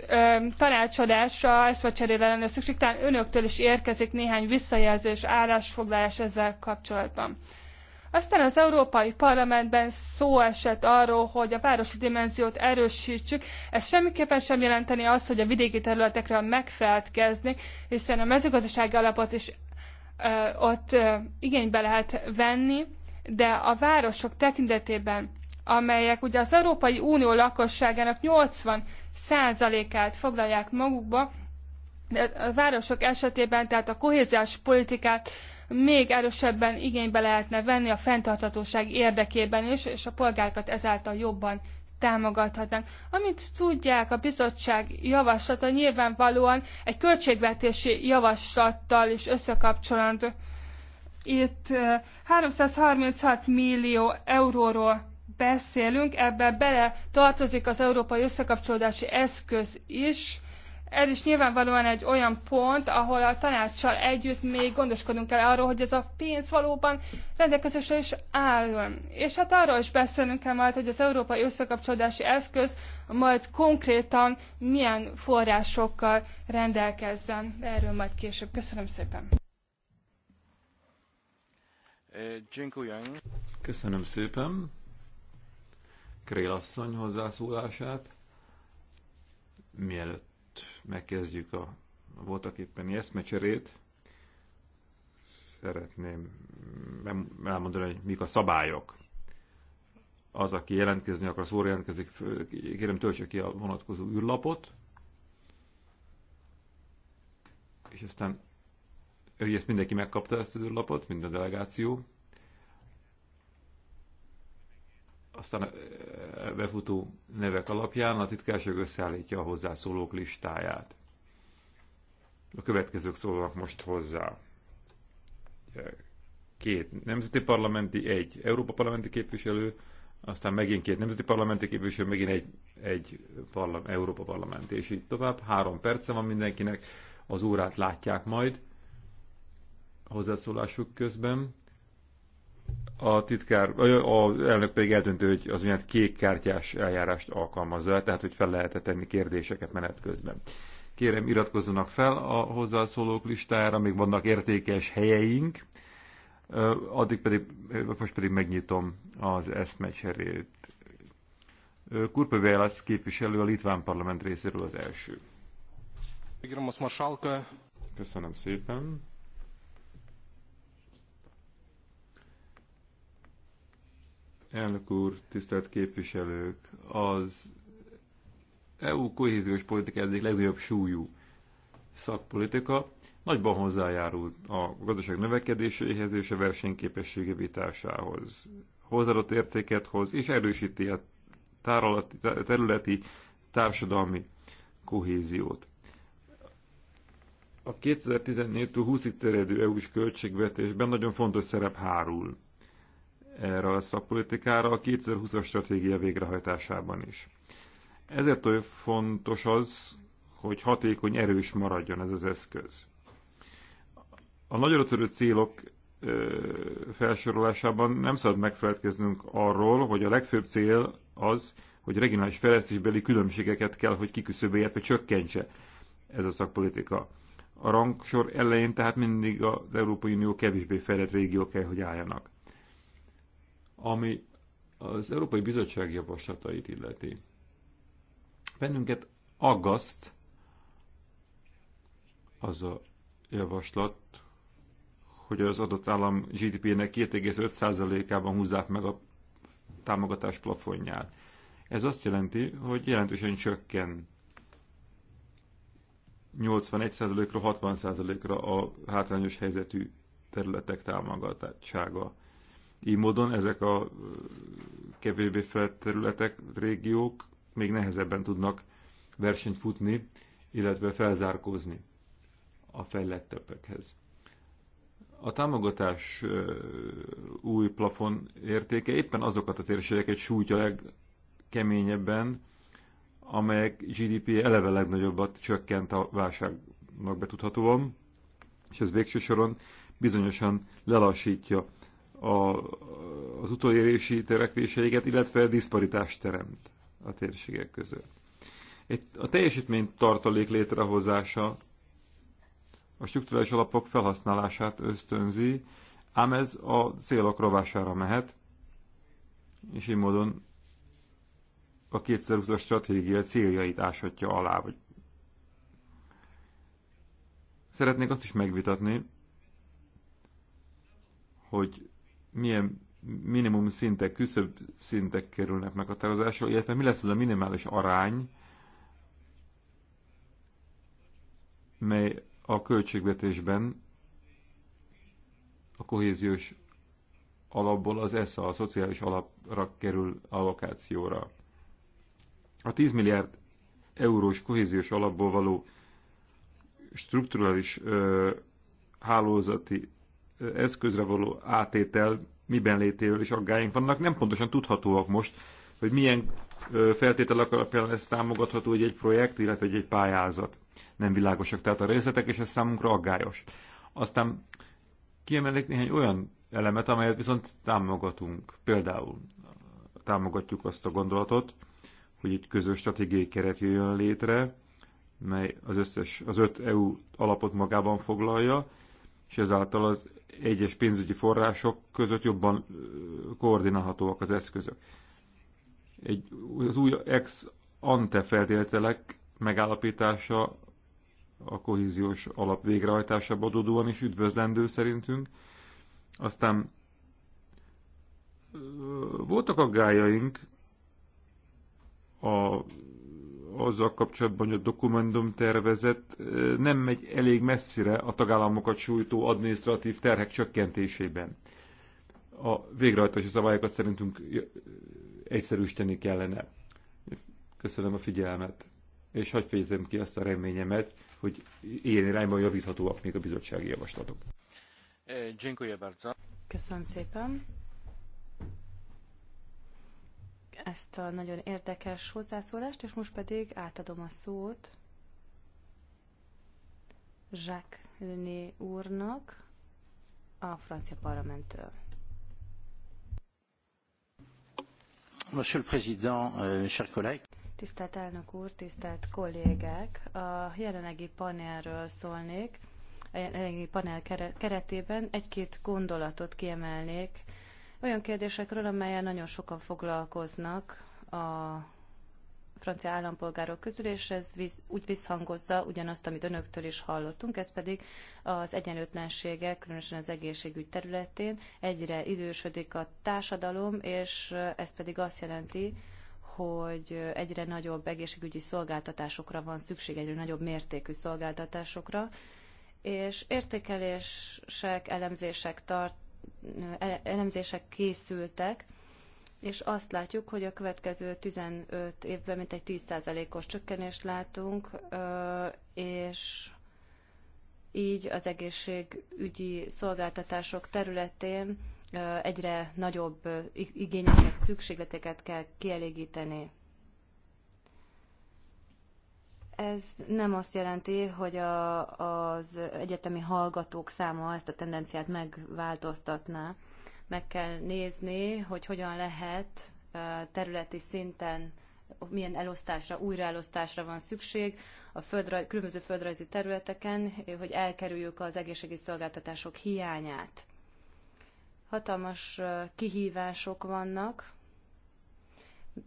ö, tanácsadásra, cserére lenne szükség, talán önöktől is érkezik néhány visszajelzés, állásfoglalás ezzel kapcsolatban. Aztán az Európai Parlamentben szó esett arról, hogy a városi dimenziót erősítsük. Ez semmiképpen sem jelenteni azt, hogy a vidéki területekről megfeledkezni, hiszen a mezőgazdasági alapot is ö, ott ö, igénybe lehet venni, de a városok tekintetében, amelyek ugye az Európai Unió lakosságának 80 százalékát foglalják magukba, de a városok esetében, tehát a kohéziás politikát még erősebben igénybe lehetne venni a fenntarthatóság érdekében is, és a polgárokat ezáltal jobban támogathatnánk. Amit tudják, a bizottság javaslata nyilvánvalóan egy költségvetési javaslattal is összekapcsolandó. Itt 336 millió euróról beszélünk, ebbe bele tartozik az európai összekapcsolódási eszköz is, ez is nyilvánvalóan egy olyan pont, ahol a tanácssal együtt még gondoskodunk kell arról, hogy ez a pénz valóban rendelkezésre is álljon. És hát arról is beszélnünk kell majd, hogy az európai összekapcsolódási eszköz majd konkrétan milyen forrásokkal rendelkezzen. Erről majd később. Köszönöm szépen. Köszönöm szépen. Krél asszony hozzászólását. Mielőtt megkezdjük a voltak éppen eszmecserét. Szeretném elmondani, hogy mik a szabályok. Az, aki jelentkezni akar, szóra jelentkezik, kérem töltse ki a vonatkozó űrlapot, és aztán hogy ezt mindenki megkapta ezt az űrlapot, mind a delegáció, aztán befutó nevek alapján a titkárság összeállítja a hozzászólók listáját. A következők szólnak most hozzá. Két nemzeti parlamenti, egy Európa parlamenti képviselő, aztán megint két nemzeti parlamenti képviselő, megint egy, egy parlam, Európa parlamenti, és így tovább. Három perce van mindenkinek, az órát látják majd a hozzászólásuk közben a titkár, az elnök pedig eltöntő, hogy az olyan kék kártyás eljárást alkalmazza, tehát hogy fel lehet tenni kérdéseket menet közben. Kérem, iratkozzanak fel a hozzászólók listájára, még vannak értékes helyeink, addig pedig, most pedig megnyitom az eszmecserét. Kurpa Vélac képviselő a Litván parlament részéről az első. Köszönöm szépen. Elnök úr, tisztelt képviselők, az EU kohéziós politika egyik legnagyobb súlyú szakpolitika nagyban hozzájárul a gazdaság növekedéséhez és a versenyképesség javításához. Hozzáadott értéket hoz és erősíti a tárolati, területi társadalmi kohéziót. A 2014-20-ig terjedő EU-s költségvetésben nagyon fontos szerep hárul erre a szakpolitikára a 2020-as stratégia végrehajtásában is. Ezért olyan fontos az, hogy hatékony, erős maradjon ez az eszköz. A nagyra törő célok felsorolásában nem szabad megfeledkeznünk arról, hogy a legfőbb cél az, hogy regionális fejlesztésbeli különbségeket kell, hogy kiküszöbölje, vagy csökkentse ez a szakpolitika. A rangsor elején tehát mindig az Európai Unió kevésbé fejlett régiók kell, hogy álljanak ami az Európai Bizottság javaslatait illeti. Bennünket aggaszt az a javaslat, hogy az adott állam GDP-nek 2,5%-ában húzzák meg a támogatás plafonját. Ez azt jelenti, hogy jelentősen csökken 81%-ra, 60%-ra a hátrányos helyzetű területek támogatásága. Így módon ezek a kevésbé felett területek, régiók még nehezebben tudnak versenyt futni, illetve felzárkózni a fejlettebbekhez. A támogatás új plafon értéke éppen azokat a térségeket sújtja legkeményebben, amelyek GDP eleve legnagyobbat csökkent a válságnak betudhatóan, és ez végső soron bizonyosan lelassítja a, az utolérési törekvéseiket, illetve a diszparitást teremt a térségek között. Egy, a teljesítmény tartalék létrehozása a struktúrális alapok felhasználását ösztönzi, ám ez a célok rovására mehet, és így módon a 2020-as stratégia céljait áshatja alá. Vagy... Szeretnék azt is megvitatni, hogy milyen minimum szintek, küszöbb szintek kerülnek meghatározásra, illetve mi lesz az a minimális arány, mely a költségvetésben a kohéziós alapból az ESZA, a szociális alapra kerül allokációra. A 10 milliárd eurós kohéziós alapból való strukturális ö, hálózati eszközre való átétel miben létéről is aggáink vannak, nem pontosan tudhatóak most, hogy milyen feltétel alapján lesz támogatható hogy egy projekt, illetve egy pályázat. Nem világosak tehát a részletek, és ez számunkra aggályos. Aztán kiemelnék néhány olyan elemet, amelyet viszont támogatunk. Például támogatjuk azt a gondolatot, hogy egy közös stratégiai keret jöjjön létre, mely az összes, az öt EU alapot magában foglalja, és ezáltal az egyes pénzügyi források között jobban koordinálhatóak az eszközök. Egy, az új ex ante feltételek megállapítása a kohéziós alap végrehajtásába adódóan is üdvözlendő szerintünk. Aztán voltak aggájaink a azzal kapcsolatban, hogy a dokumentum tervezet nem megy elég messzire a tagállamokat sújtó adminisztratív terhek csökkentésében. A végrehajtási szabályokat szerintünk egyszerűsíteni kellene. Köszönöm a figyelmet, és hagyj fejezem ki azt a reményemet, hogy ilyen irányban javíthatóak még a bizottsági javaslatok. Köszönöm szépen ezt a nagyon érdekes hozzászólást, és most pedig átadom a szót Jacques Lenné úrnak a francia parlamenttől. Monsieur le Président, euh, chers collègues. Tisztelt elnök úr, tisztelt kollégák! A jelenlegi panelről szólnék. A jelenlegi panel keretében egy-két gondolatot kiemelnék olyan kérdésekről, amelyen nagyon sokan foglalkoznak a francia állampolgárok közül, és ez víz, úgy visszhangozza ugyanazt, amit önöktől is hallottunk, ez pedig az egyenlőtlensége, különösen az egészségügy területén egyre idősödik a társadalom, és ez pedig azt jelenti, hogy egyre nagyobb egészségügyi szolgáltatásokra van szükség, egyre nagyobb mértékű szolgáltatásokra, és értékelések, elemzések tart, elemzések készültek, és azt látjuk, hogy a következő 15 évben mintegy 10%-os csökkenést látunk, és így az egészségügyi szolgáltatások területén egyre nagyobb igényeket, szükségleteket kell kielégíteni. Ez nem azt jelenti, hogy a, az egyetemi hallgatók száma ezt a tendenciát megváltoztatná. Meg kell nézni, hogy hogyan lehet területi szinten milyen elosztásra, újraelosztásra van szükség a földraj, különböző földrajzi területeken, hogy elkerüljük az egészségügyi szolgáltatások hiányát. Hatalmas kihívások vannak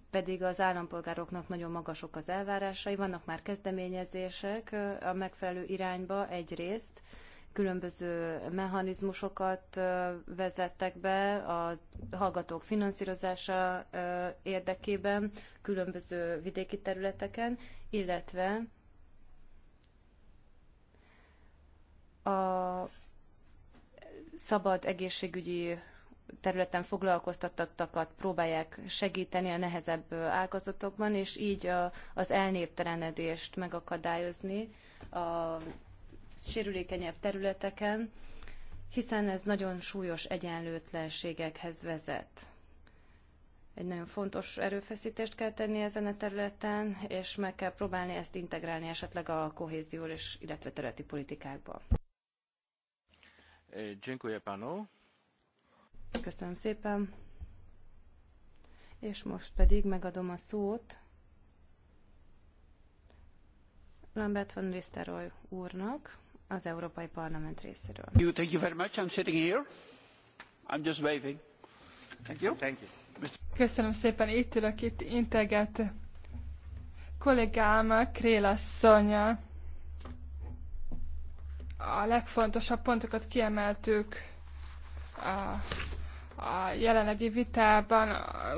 pedig az állampolgároknak nagyon magasok az elvárásai, vannak már kezdeményezések a megfelelő irányba egyrészt, különböző mechanizmusokat vezettek be a hallgatók finanszírozása érdekében, különböző vidéki területeken, illetve a szabad egészségügyi területen foglalkoztatottakat próbálják segíteni a nehezebb ágazatokban, és így a, az elnéptelenedést megakadályozni a sérülékenyebb területeken, hiszen ez nagyon súlyos egyenlőtlenségekhez vezet. Egy nagyon fontos erőfeszítést kell tenni ezen a területen, és meg kell próbálni ezt integrálni esetleg a kohéziós, illetve területi politikákba. Dziękuję panu. Köszönöm szépen. És most pedig megadom a szót Lambert van Listeroy úrnak az Európai Parlament részéről. Thank you, thank you very much. I'm sitting here. I'm just waving. Thank you. Thank you. Köszönöm szépen, itt ülök, itt integet kollégám, Kréla Szonya. A legfontosabb pontokat kiemeltük a, a jelenlegi vitában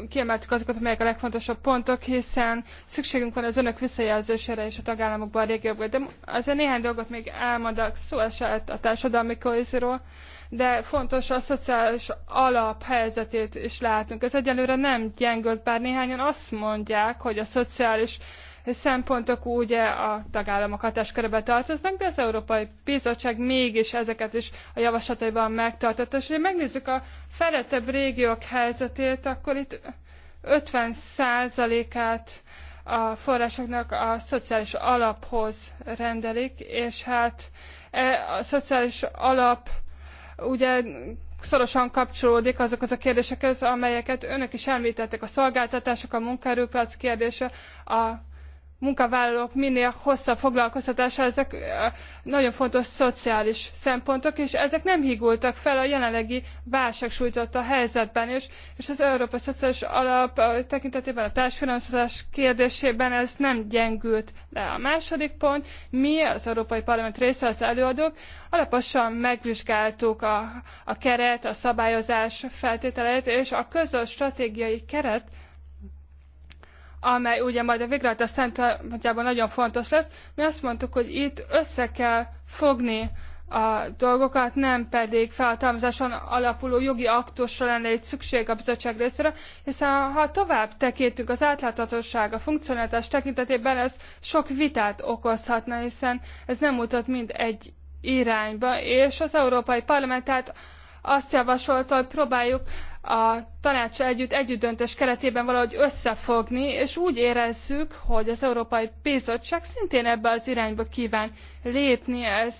kiemeltük azokat, amelyek a legfontosabb pontok, hiszen szükségünk van az önök visszajelzésére és a tagállamokban, a régióban. De azért néhány dolgot még elmondok, szó esett a társadalmi kohézióról, de fontos a szociális alap helyzetét is látnunk. Ez egyelőre nem gyengült, bár néhányan azt mondják, hogy a szociális szempontok ugye a tagállamok hatáskörébe tartoznak, de az Európai Bizottság mégis ezeket is a javaslataiban megtartott. És hogy megnézzük a felettebb régiók helyzetét, akkor itt 50%-át a forrásoknak a szociális alaphoz rendelik, és hát e, a szociális alap ugye szorosan kapcsolódik azokhoz a kérdésekhez, amelyeket önök is említettek, a szolgáltatások, a munkaerőpiac kérdése, a munkavállalók minél hosszabb foglalkoztatása, ezek nagyon fontos szociális szempontok, és ezek nem higultak fel a jelenlegi válság sújtotta helyzetben, és, és az Európai Szociális Alap tekintetében a társfinanszírozás kérdésében ez nem gyengült le. A második pont, mi az Európai Parlament része az előadók, alaposan megvizsgáltuk a, a keret, a szabályozás feltételeit, és a közös stratégiai keret amely ugye majd a végrehajtó szempontjából nagyon fontos lesz. Mi azt mondtuk, hogy itt össze kell fogni a dolgokat, nem pedig feltalmazáson alapuló jogi aktusra lenne itt szükség a bizottság részéről, hiszen ha tovább tekintünk az átláthatóság, a funkcionalitás tekintetében ez sok vitát okozhatna, hiszen ez nem mutat mind egy irányba, és az Európai Parlament tehát azt javasolta, hogy próbáljuk a tanácsa együtt együttdöntés keretében valahogy összefogni, és úgy érezzük, hogy az Európai Bizottság szintén ebbe az irányba kíván lépni, ez,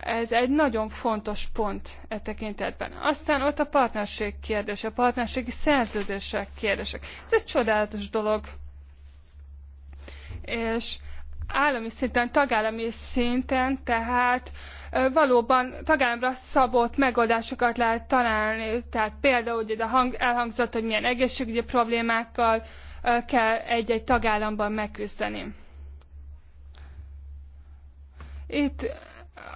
ez egy nagyon fontos pont e tekintetben. Aztán ott a partnerség kérdése, a partnerségi szerződések kérdések. Ez egy csodálatos dolog. És állami szinten, tagállami szinten, tehát valóban tagállamra szabott megoldásokat lehet találni, tehát például ugye de hang, elhangzott, hogy milyen egészségügyi problémákkal kell egy-egy tagállamban megküzdeni. Itt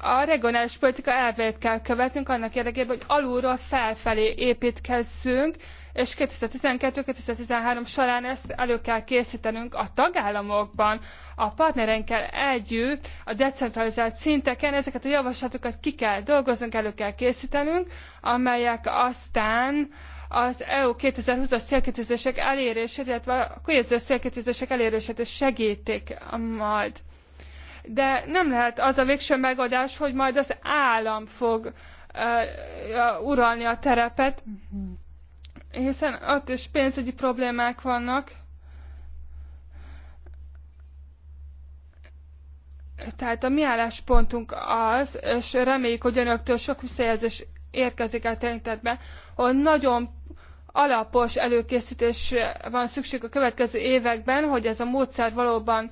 a regionális politika elveit kell követnünk annak érdekében, hogy alulról felfelé építkezzünk, és 2012-2013 során ezt elő kell készítenünk a tagállamokban, a partnereinkkel együtt, a decentralizált szinteken ezeket a javaslatokat ki kell dolgoznunk, elő kell készítenünk, amelyek aztán az EU 2020-as célkitűzések elérését, illetve a kohéziós célkitűzések elérését is segítik majd. De nem lehet az a végső megoldás, hogy majd az állam fog uh, uh, uralni a terepet. Mm-hmm hiszen ott is pénzügyi problémák vannak. Tehát a mi álláspontunk az, és reméljük, hogy önöktől sok visszajelzés érkezik a tekintetben, hogy nagyon alapos előkészítés van szükség a következő években, hogy ez a módszer valóban uh,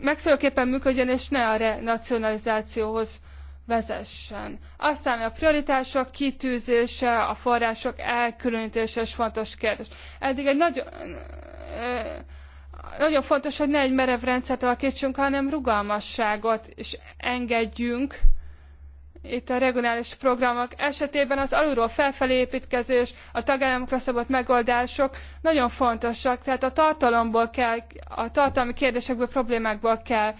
megfelelőképpen működjön, és ne a renacionalizációhoz vezessen. Aztán a prioritások kitűzése, a források elkülönítése és fontos kérdés. Eddig egy nagyon, nagyon fontos, hogy ne egy merev rendszert alakítsunk, hanem rugalmasságot is engedjünk itt a regionális programok esetében az alulról felfelé építkezés, a tagállamokra szabott megoldások nagyon fontosak, tehát a tartalomból kell, a tartalmi kérdésekből, problémákból kell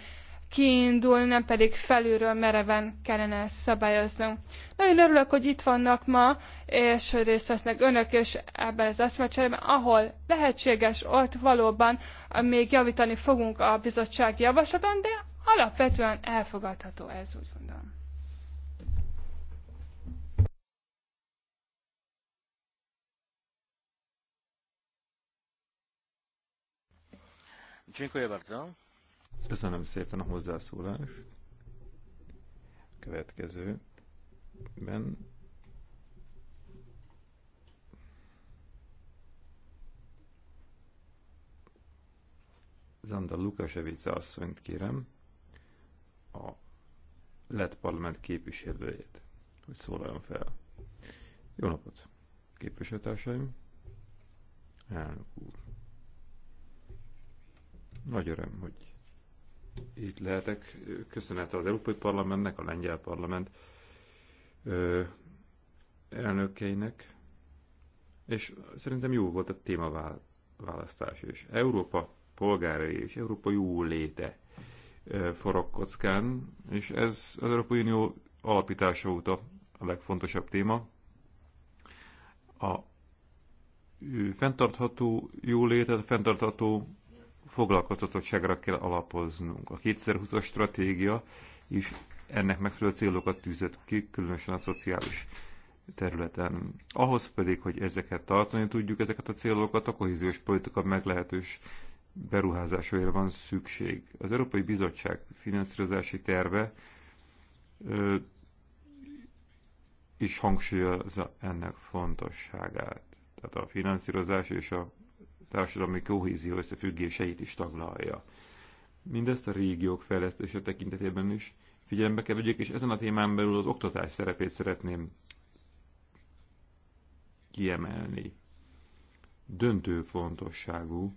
kiindul, nem pedig felülről mereven kellene ezt szabályoznunk. Nagyon örülök, hogy itt vannak ma, és részt vesznek önök is ebben az eszmecserében, ahol lehetséges, ott valóban még javítani fogunk a bizottság javaslaton, de alapvetően elfogadható ez, úgy gondolom. Dziękuję bardzo. Köszönöm szépen a hozzászólást. Következőben Zanda Lukasevice asszonyt kérem, a lett parlament képviselőjét, hogy szólaljon fel. Jó napot, képviselőtársaim! Elnök úr! Nagy öröm, hogy itt lehetek. Köszönet az Európai Parlamentnek, a Lengyel Parlament ö, elnökeinek, és szerintem jó volt a témaválasztás is. Európa polgárai és Európa jó léte forog kockán, és ez az Európai Unió alapítása óta a legfontosabb téma. A fenntartható jólétet, a fenntartható foglalkoztatottságra kell alapoznunk. A 2020-as stratégia is ennek megfelelő célokat tűzött ki, különösen a szociális területen. Ahhoz pedig, hogy ezeket tartani tudjuk, ezeket a célokat, a kohéziós politika meglehetős beruházásaira van szükség. Az Európai Bizottság finanszírozási terve ö, is hangsúlyozza ennek fontosságát. Tehát a finanszírozás és a társadalmi kohézió összefüggéseit is taglalja. Mindezt a régiók fejlesztése tekintetében is figyelembe kell vegyük, és ezen a témán belül az oktatás szerepét szeretném kiemelni. Döntő fontosságú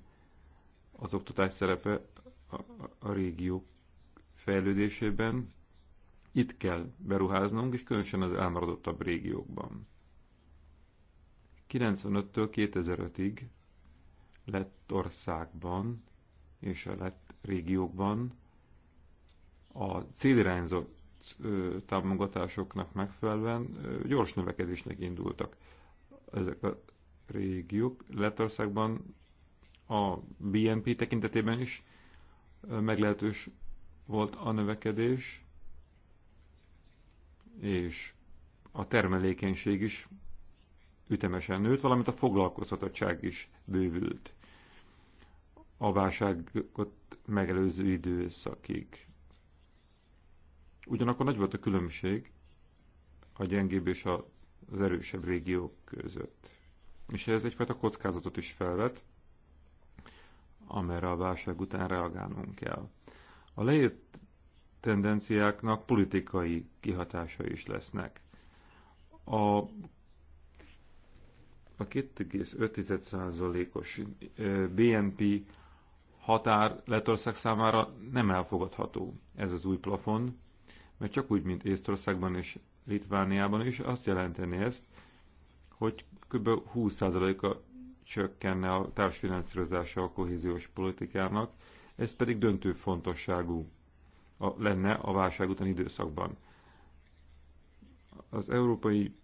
az oktatás szerepe a, a régió fejlődésében. Itt kell beruháznunk, és különösen az elmaradottabb régiókban. 95-től 2005-ig lett országban és a lett régiókban a célirányzott támogatásoknak megfelelően gyors növekedésnek indultak ezek a régiók. Lettországban a BNP tekintetében is meglehetős volt a növekedés, és a termelékenység is ütemesen nőtt, valamint a foglalkoztatottság is bővült a válságot megelőző időszakig. Ugyanakkor nagy volt a különbség a gyengébb és az erősebb régiók között. És ez egyfajta kockázatot is felvet, amerre a válság után reagálnunk kell. A leírt tendenciáknak politikai kihatása is lesznek. A, a 2,5%-os BNP határ Lettország számára nem elfogadható ez az új plafon, mert csak úgy, mint Észtországban és Litvániában is, azt jelenteni ezt, hogy kb. 20%-a csökkenne a társfinanszírozása a kohéziós politikának, ez pedig döntő fontosságú a, lenne a válság utáni időszakban. Az Európai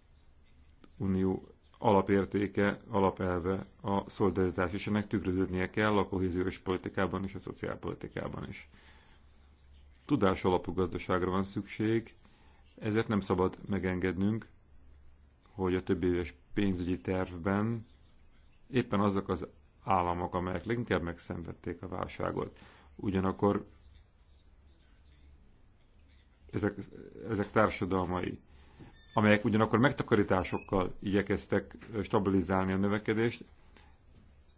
Unió alapértéke, alapelve a szolidaritás, és ennek tükröződnie kell a kohéziós politikában és a szociálpolitikában is. Tudás alapú gazdaságra van szükség, ezért nem szabad megengednünk, hogy a több éves pénzügyi tervben éppen azok az államok, amelyek leginkább megszenvedték a válságot. Ugyanakkor ezek, ezek társadalmai amelyek ugyanakkor megtakarításokkal igyekeztek stabilizálni a növekedést,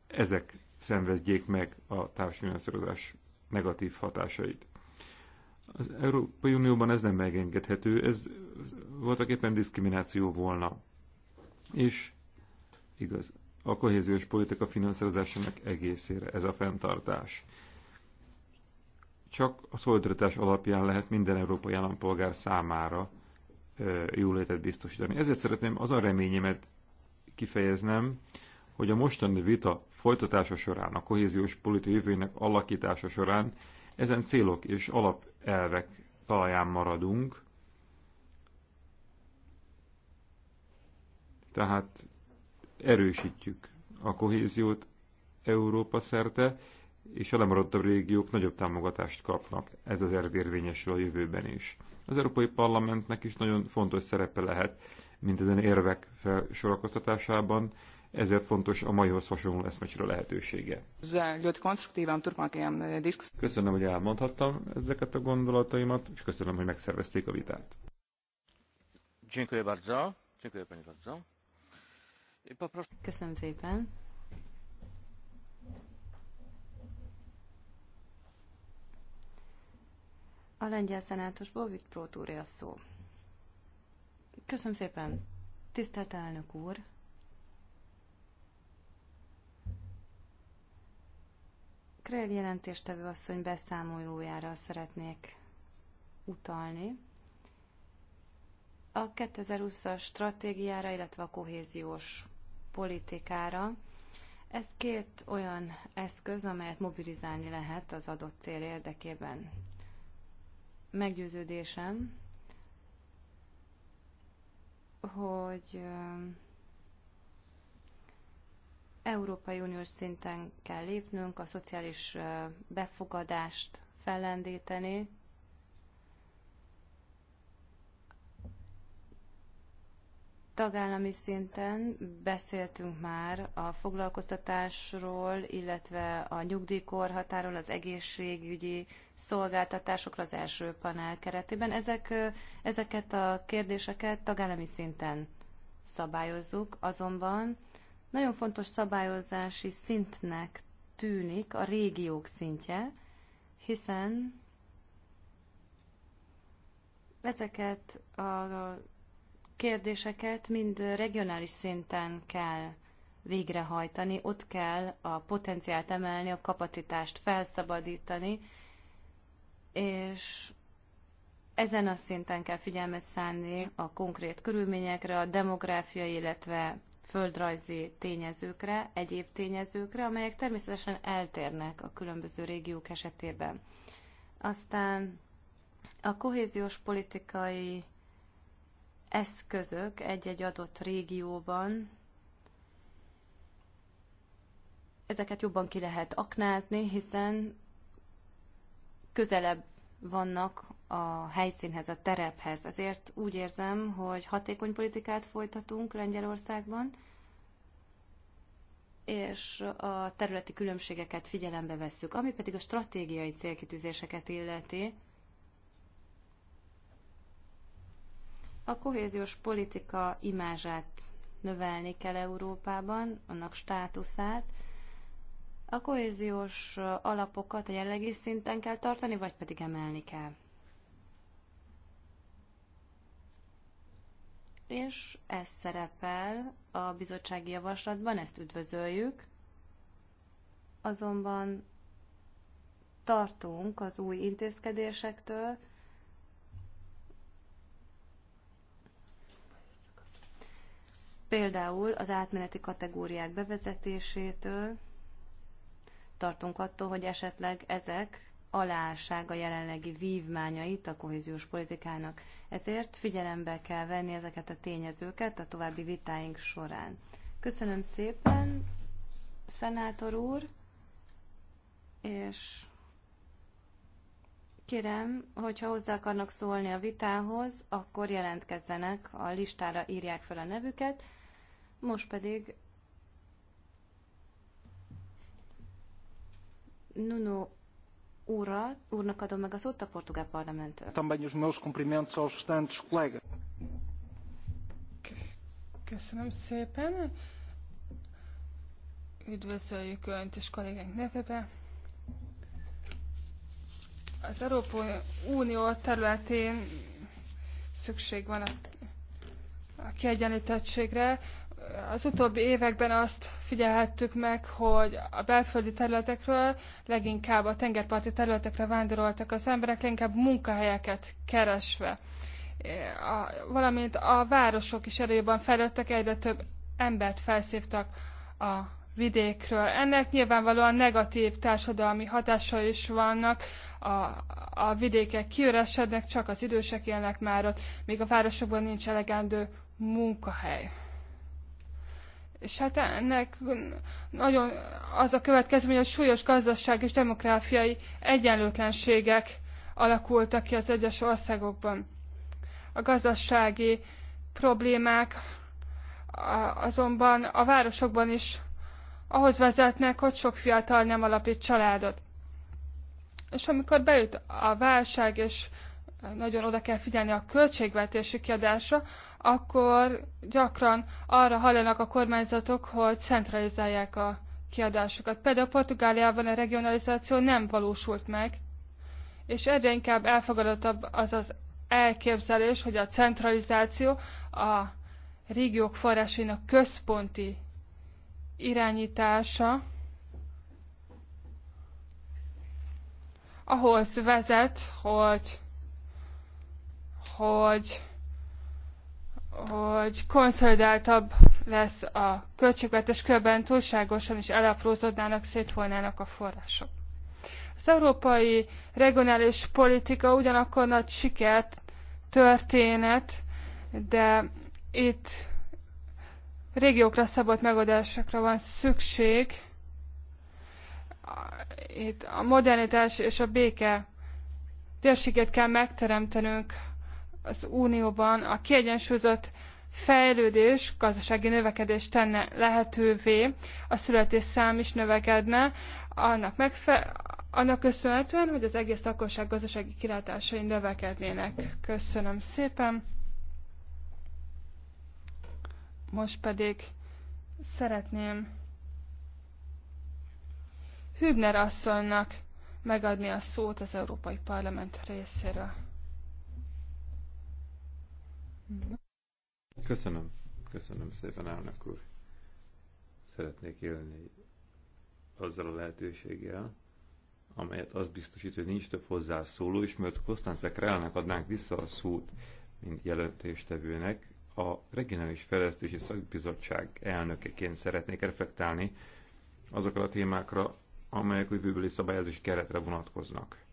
ezek szenvedjék meg a társfinanszírozás negatív hatásait. Az Európai Unióban ez nem megengedhető, ez voltak éppen diszkrimináció volna. És igaz, a kohéziós politika finanszírozásának egészére ez a fenntartás. Csak a szolidaritás alapján lehet minden európai állampolgár számára jólétet biztosítani. Ezért szeretném az a reményemet kifejeznem, hogy a mostani vita folytatása során, a kohéziós politikai jövőjének alakítása során ezen célok és alapelvek talaján maradunk, tehát erősítjük a kohéziót Európa szerte, és a lemaradottabb régiók nagyobb támogatást kapnak. Ez az érvényesül a jövőben is. Az Európai Parlamentnek is nagyon fontos szerepe lehet, mint ezen érvek felsorakoztatásában, ezért fontos a maihoz hasonló eszmecsre lehetősége. Köszönöm, hogy elmondhattam ezeket a gondolataimat, és köszönöm, hogy megszervezték a vitát. Köszönöm szépen. A lengyel szenátusból Viktor úré a szó. Köszönöm szépen. Tisztelt elnök úr! Krell jelentéstevő asszony beszámolójára szeretnék utalni. A 2020-as stratégiára, illetve a kohéziós politikára. Ez két olyan eszköz, amelyet mobilizálni lehet az adott cél érdekében meggyőződésem, hogy Európai Uniós szinten kell lépnünk, a szociális befogadást fellendíteni, Tagállami szinten beszéltünk már a foglalkoztatásról, illetve a nyugdíjkorhatáról, az egészségügyi szolgáltatásokra az első panel keretében. Ezek, ezeket a kérdéseket tagállami szinten szabályozzuk, azonban nagyon fontos szabályozási szintnek tűnik a régiók szintje, hiszen ezeket a kérdéseket mind regionális szinten kell végrehajtani, ott kell a potenciált emelni, a kapacitást felszabadítani, és ezen a szinten kell figyelmet szánni a konkrét körülményekre, a demográfiai, illetve földrajzi tényezőkre, egyéb tényezőkre, amelyek természetesen eltérnek a különböző régiók esetében. Aztán a kohéziós politikai eszközök egy-egy adott régióban, ezeket jobban ki lehet aknázni, hiszen közelebb vannak a helyszínhez, a terephez. Ezért úgy érzem, hogy hatékony politikát folytatunk Lengyelországban, és a területi különbségeket figyelembe vesszük. Ami pedig a stratégiai célkitűzéseket illeti, A kohéziós politika imázsát növelni kell Európában, annak státuszát. A kohéziós alapokat a jellegi szinten kell tartani, vagy pedig emelni kell. És ez szerepel a bizottsági javaslatban, ezt üdvözöljük. Azonban tartunk az új intézkedésektől, Például az átmeneti kategóriák bevezetésétől tartunk attól, hogy esetleg ezek aláássák a jelenlegi vívmányait a kohéziós politikának. Ezért figyelembe kell venni ezeket a tényezőket a további vitáink során. Köszönöm szépen, szenátor úr, és kérem, hogyha hozzá akarnak szólni a vitához, akkor jelentkezzenek, a listára írják fel a nevüket, most pedig Nuno Ura, úrnak adom meg a szót a portugál parlamenttől. Também os meus cumprimentos aos restantes colegas. Köszönöm szépen. Üdvözöljük Önt és kollégánk nevebe. Az Európai Unió területén szükség van a, a kiegyenlítettségre az utóbbi években azt figyelhettük meg, hogy a belföldi területekről leginkább a tengerparti területekre vándoroltak az emberek, leginkább munkahelyeket keresve. A, valamint a városok is erőben fejlődtek, egyre több embert felszívtak a vidékről. Ennek nyilvánvalóan negatív társadalmi hatása is vannak, a, a vidékek kiüresednek, csak az idősek élnek már ott, míg a városokban nincs elegendő munkahely és hát ennek nagyon az a következmény, hogy a súlyos gazdaság és demográfiai egyenlőtlenségek alakultak ki az egyes országokban. A gazdasági problémák azonban a városokban is ahhoz vezetnek, hogy sok fiatal nem alapít családot. És amikor bejött a válság és nagyon oda kell figyelni a költségvetési kiadásra, akkor gyakran arra hajlanak a kormányzatok, hogy centralizálják a kiadásokat. Például Portugáliában a regionalizáció nem valósult meg, és egyre inkább elfogadottabb az az elképzelés, hogy a centralizáció a régiók forrásainak központi irányítása ahhoz vezet, hogy hogy, hogy konszolidáltabb lesz a költségvetés, körben túlságosan is elaprózódnának, szétvolnának a források. Az európai regionális politika ugyanakkor nagy sikert, történet, de itt régiókra szabott megoldásokra van szükség. Itt a modernitás és a béke térséget kell megteremtenünk az Unióban a kiegyensúlyozott fejlődés, gazdasági növekedés tenne lehetővé, a születésszám is növekedne, annak, megfe- annak köszönhetően, hogy az egész lakosság gazdasági kilátásai növekednének. Köszönöm szépen. Most pedig szeretném Hübner asszonynak megadni a szót az Európai Parlament részéről. Köszönöm. Köszönöm szépen, elnök úr. Szeretnék élni azzal a lehetőséggel, amelyet az biztosít, hogy nincs több hozzászóló, és mert Kostanze Rálnak adnánk vissza a szót, mint jelentéstevőnek, a Regionális Fejlesztési Szakbizottság elnökeként szeretnék reflektálni azokra a témákra, amelyek új jövőbeli szabályozási keretre vonatkoznak.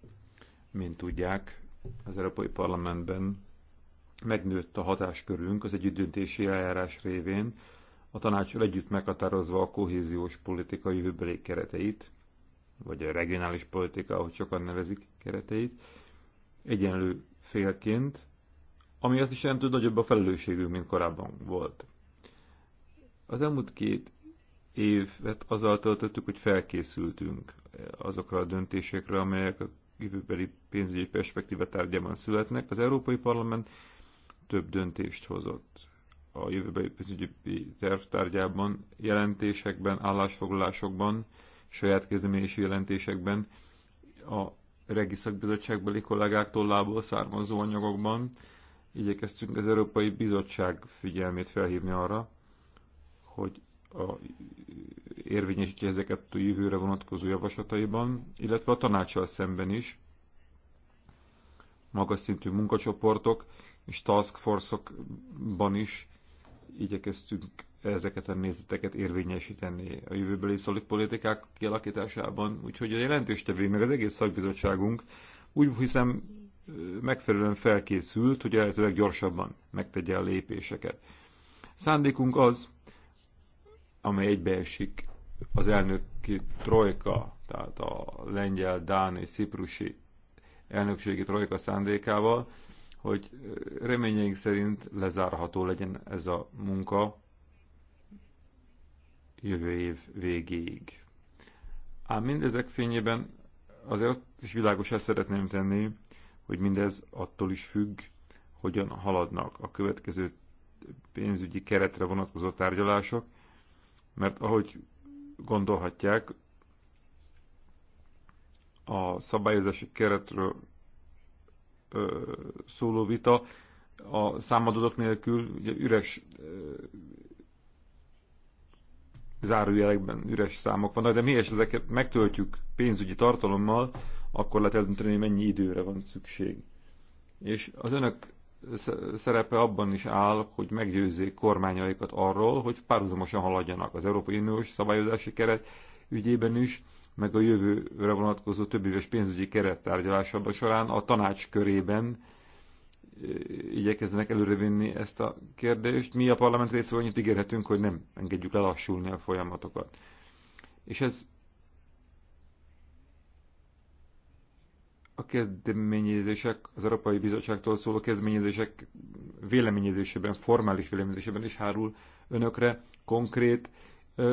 Mint tudják, az Európai Parlamentben megnőtt a hatáskörünk az együttdöntési eljárás révén, a tanácsal együtt meghatározva a kohéziós politika jövőbeli kereteit, vagy a regionális politika, ahogy sokan nevezik kereteit, egyenlő félként, ami azt is jelenti, hogy nagyobb a felelősségünk, mint korábban volt. Az elmúlt két évet azzal töltöttük, hogy felkészültünk azokra a döntésekre, amelyek a jövőbeli pénzügyi perspektíva tárgyában születnek. Az Európai Parlament több döntést hozott a jövőbeli pénzügyi tervtárgyában, jelentésekben, állásfoglalásokban, saját kezdeményezési jelentésekben, a regi szakbizottságbeli kollégák származó anyagokban igyekeztünk az Európai Bizottság figyelmét felhívni arra, hogy a, érvényesítje ezeket a jövőre vonatkozó javaslataiban, illetve a tanácssal szemben is magas szintű munkacsoportok és task force-okban is igyekeztünk ezeket a nézeteket érvényesíteni a jövőbeli szolid politikák kialakításában. Úgyhogy a jelentéstevő, meg az egész szakbizottságunk úgy hiszem megfelelően felkészült, hogy lehetőleg gyorsabban megtegye a lépéseket. Szándékunk az, amely egybeesik az elnöki trojka, tehát a lengyel, dán és ciprusi elnökségi trojka szándékával, hogy reményeink szerint lezárható legyen ez a munka jövő év végéig. Ám mindezek fényében azért azt is ezt szeretném tenni, hogy mindez attól is függ, hogyan haladnak a következő pénzügyi keretre vonatkozó tárgyalások, mert ahogy gondolhatják, a szabályozási keretről szóló vita a számadatok nélkül ugye üres zárójelekben üres számok vannak, de mi és ezeket megtöltjük pénzügyi tartalommal, akkor lehet eldönteni, hogy mennyi időre van szükség. És az önök szerepe abban is áll, hogy meggyőzzék kormányaikat arról, hogy párhuzamosan haladjanak az Európai Uniós szabályozási keret ügyében is, meg a jövőre vonatkozó éves pénzügyi keret során a tanács körében igyekeznek előrevinni ezt a kérdést. Mi a parlament részéről annyit ígérhetünk, hogy nem engedjük lelassulni a folyamatokat. És ez a kezdeményezések, az Európai Bizottságtól szóló kezdeményezések véleményezésében, formális véleményezésében is hárul önökre konkrét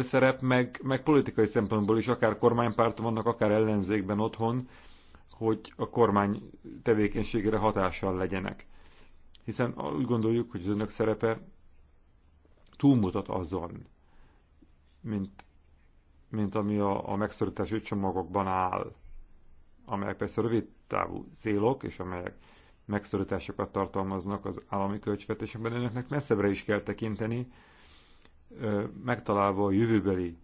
szerep, meg, meg politikai szempontból is, akár kormánypárton vannak, akár ellenzékben otthon, hogy a kormány tevékenységére hatással legyenek. Hiszen úgy gondoljuk, hogy az önök szerepe túlmutat azon, mint, mint ami a, a megszorítási csomagokban áll, amelyek persze rövid távú célok, és amelyek megszorításokat tartalmaznak az állami költségvetésekben, önöknek messzebbre is kell tekinteni, megtalálva a jövőbeli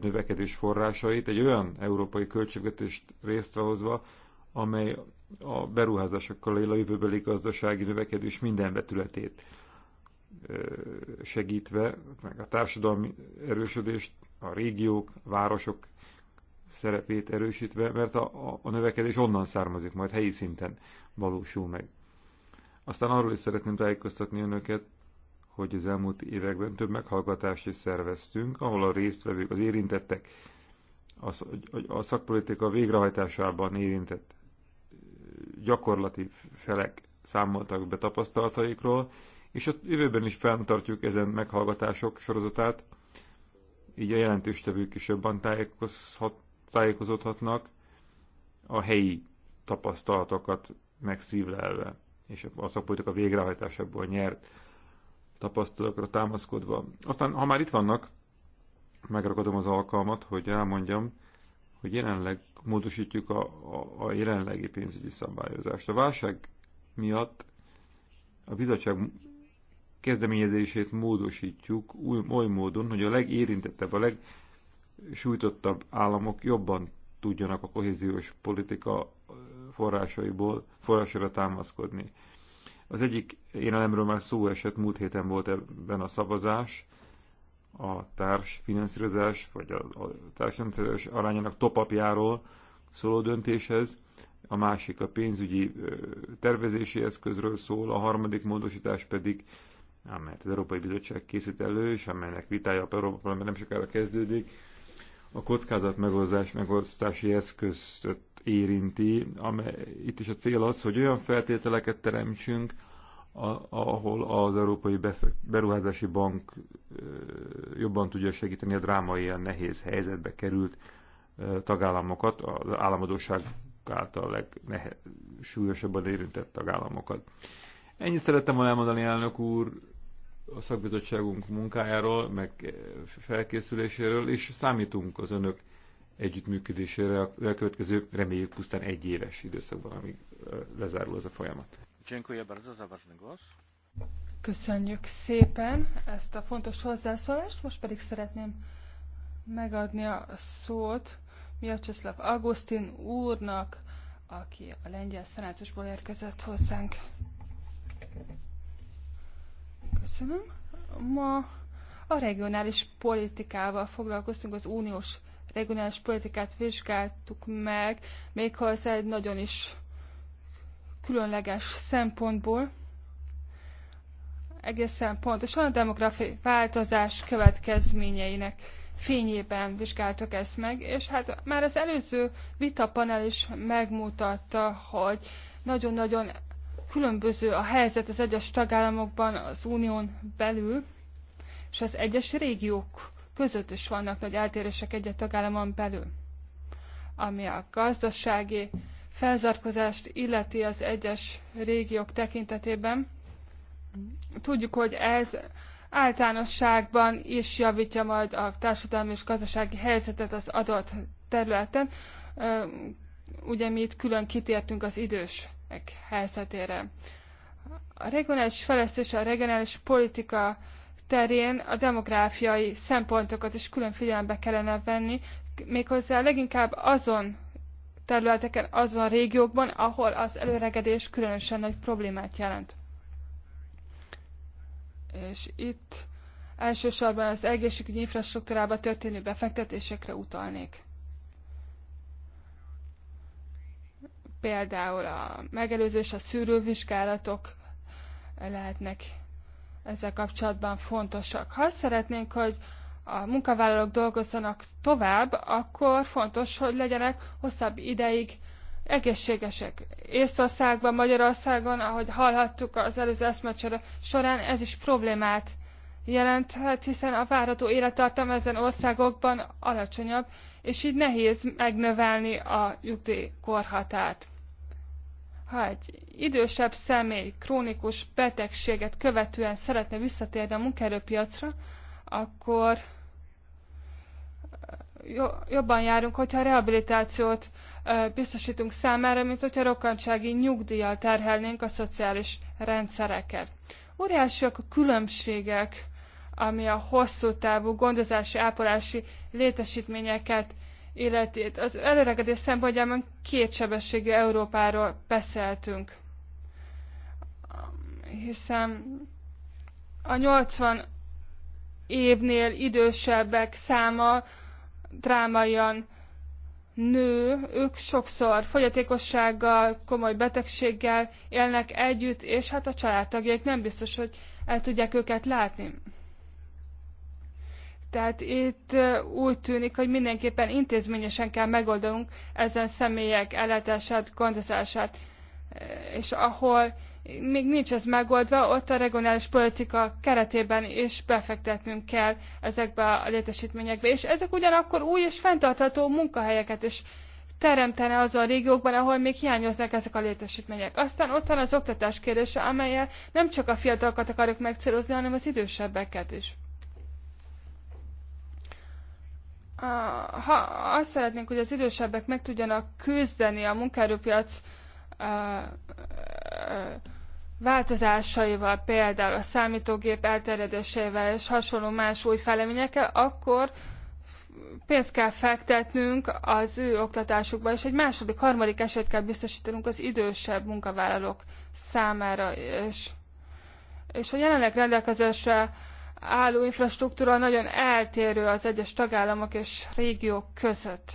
növekedés forrásait, egy olyan európai költségvetést résztvehozva, amely a beruházásokkal él a jövőbeli gazdasági növekedés minden betületét segítve, meg a társadalmi erősödést, a régiók, a városok szerepét erősítve, mert a, a, a növekedés onnan származik, majd helyi szinten valósul meg. Aztán arról is szeretném tájékoztatni önöket, hogy az elmúlt években több meghallgatást is szerveztünk, ahol a résztvevők, az érintettek, az, a szakpolitika végrehajtásában érintett gyakorlati felek számoltak be tapasztalataikról, és a jövőben is felmutatjuk ezen meghallgatások sorozatát, így a jelentéstevők is jobban tájékozhat, tájékozódhatnak a helyi tapasztalatokat megszívlelve, és a szakpolitika végrehajtásából nyert tapasztalatokra támaszkodva. Aztán, ha már itt vannak, megragadom az alkalmat, hogy elmondjam, hogy jelenleg módosítjuk a, a, a jelenlegi pénzügyi szabályozást. A válság miatt a bizottság kezdeményezését módosítjuk új, oly módon, hogy a legérintettebb, a legsújtottabb államok jobban tudjanak a kohéziós politika forrásaiból, forrására támaszkodni. Az egyik élelemről már szó esett, múlt héten volt ebben a szavazás, a társfinanszírozás, vagy a, a társfinanszírozás arányának topapjáról szóló döntéshez, a másik a pénzügyi tervezési eszközről szól, a harmadik módosítás pedig, amelyet az Európai Bizottság készít elő, és amelynek vitája a Parlamentben nem sokára kezdődik, a kockázat megosztási eszközt érinti. Amely, itt is a cél az, hogy olyan feltételeket teremtsünk, a, ahol az Európai Beruházási Bank jobban tudja segíteni a drámai, ilyen nehéz helyzetbe került tagállamokat, az államadóság által legsúlyosabban érintett tagállamokat. Ennyit szerettem volna elmondani, elnök úr, a szakbizottságunk munkájáról, meg felkészüléséről, és számítunk az önök együttműködésére a következő, reméljük pusztán egy éves időszakban, amíg lezárul ez a folyamat. Köszönjük szépen ezt a fontos hozzászólást, most pedig szeretném megadni a szót Miacseszlav Augustin úrnak, aki a lengyel szenátusból érkezett hozzánk. Köszönöm. Ma a regionális politikával foglalkoztunk az uniós regionális politikát vizsgáltuk meg, méghozzá egy nagyon is különleges szempontból. Egészen pontosan a demográfiai változás következményeinek fényében vizsgáltuk ezt meg, és hát már az előző vitapanel is megmutatta, hogy nagyon-nagyon különböző a helyzet az egyes tagállamokban, az unión belül, és az egyes régiók között is vannak nagy eltérések egy tagállamon belül. Ami a gazdasági felzarkozást illeti az egyes régiók tekintetében, tudjuk, hogy ez általánosságban is javítja majd a társadalmi és gazdasági helyzetet az adott területen. Ugye mi itt külön kitértünk az idősek helyzetére. A regionális fejlesztés, a regionális politika terén a demográfiai szempontokat is külön figyelembe kellene venni, méghozzá leginkább azon területeken, azon régiókban, ahol az előregedés különösen nagy problémát jelent. És itt elsősorban az egészségügyi infrastruktúrába történő befektetésekre utalnék. Például a megelőzés, a szűrővizsgálatok lehetnek ezzel kapcsolatban fontosak. Ha szeretnénk, hogy a munkavállalók dolgozzanak tovább, akkor fontos, hogy legyenek hosszabb ideig egészségesek. Észországban, Magyarországon, ahogy hallhattuk az előző eszmecsere során, ez is problémát jelenthet, hiszen a várható élettartam ezen országokban alacsonyabb, és így nehéz megnövelni a nyugdíjkorhatárt ha egy idősebb személy krónikus betegséget követően szeretne visszatérni a munkaerőpiacra, akkor eh, jobban járunk, hogyha rehabilitációt eh, biztosítunk számára, mint hogyha rokkantsági nyugdíjjal terhelnénk a szociális rendszereket. Óriásiak a különbségek, ami a hosszú távú gondozási ápolási létesítményeket életét. Az előregedés szempontjában sebességű Európáról beszéltünk, hiszen a 80 évnél idősebbek száma drámaian nő, ők sokszor fogyatékossággal, komoly betegséggel élnek együtt, és hát a családtagjaik nem biztos, hogy el tudják őket látni. Tehát itt úgy tűnik, hogy mindenképpen intézményesen kell megoldanunk ezen személyek ellátását, gondozását. És ahol még nincs ez megoldva, ott a regionális politika keretében is befektetnünk kell ezekbe a létesítményekbe. És ezek ugyanakkor új és fenntartható munkahelyeket is teremtene az a régiókban, ahol még hiányoznak ezek a létesítmények. Aztán ott van az oktatás kérdése, amelyel nem csak a fiatalokat akarjuk megcélozni, hanem az idősebbeket is. ha azt szeretnénk, hogy az idősebbek meg tudjanak küzdeni a munkaerőpiac változásaival, például a számítógép elterjedésével és hasonló más új feleményekkel, akkor pénzt kell fektetnünk az ő oktatásukba, és egy második, harmadik esélyt kell biztosítanunk az idősebb munkavállalók számára, és, és a jelenleg rendelkezésre álló infrastruktúra nagyon eltérő az egyes tagállamok és régiók között.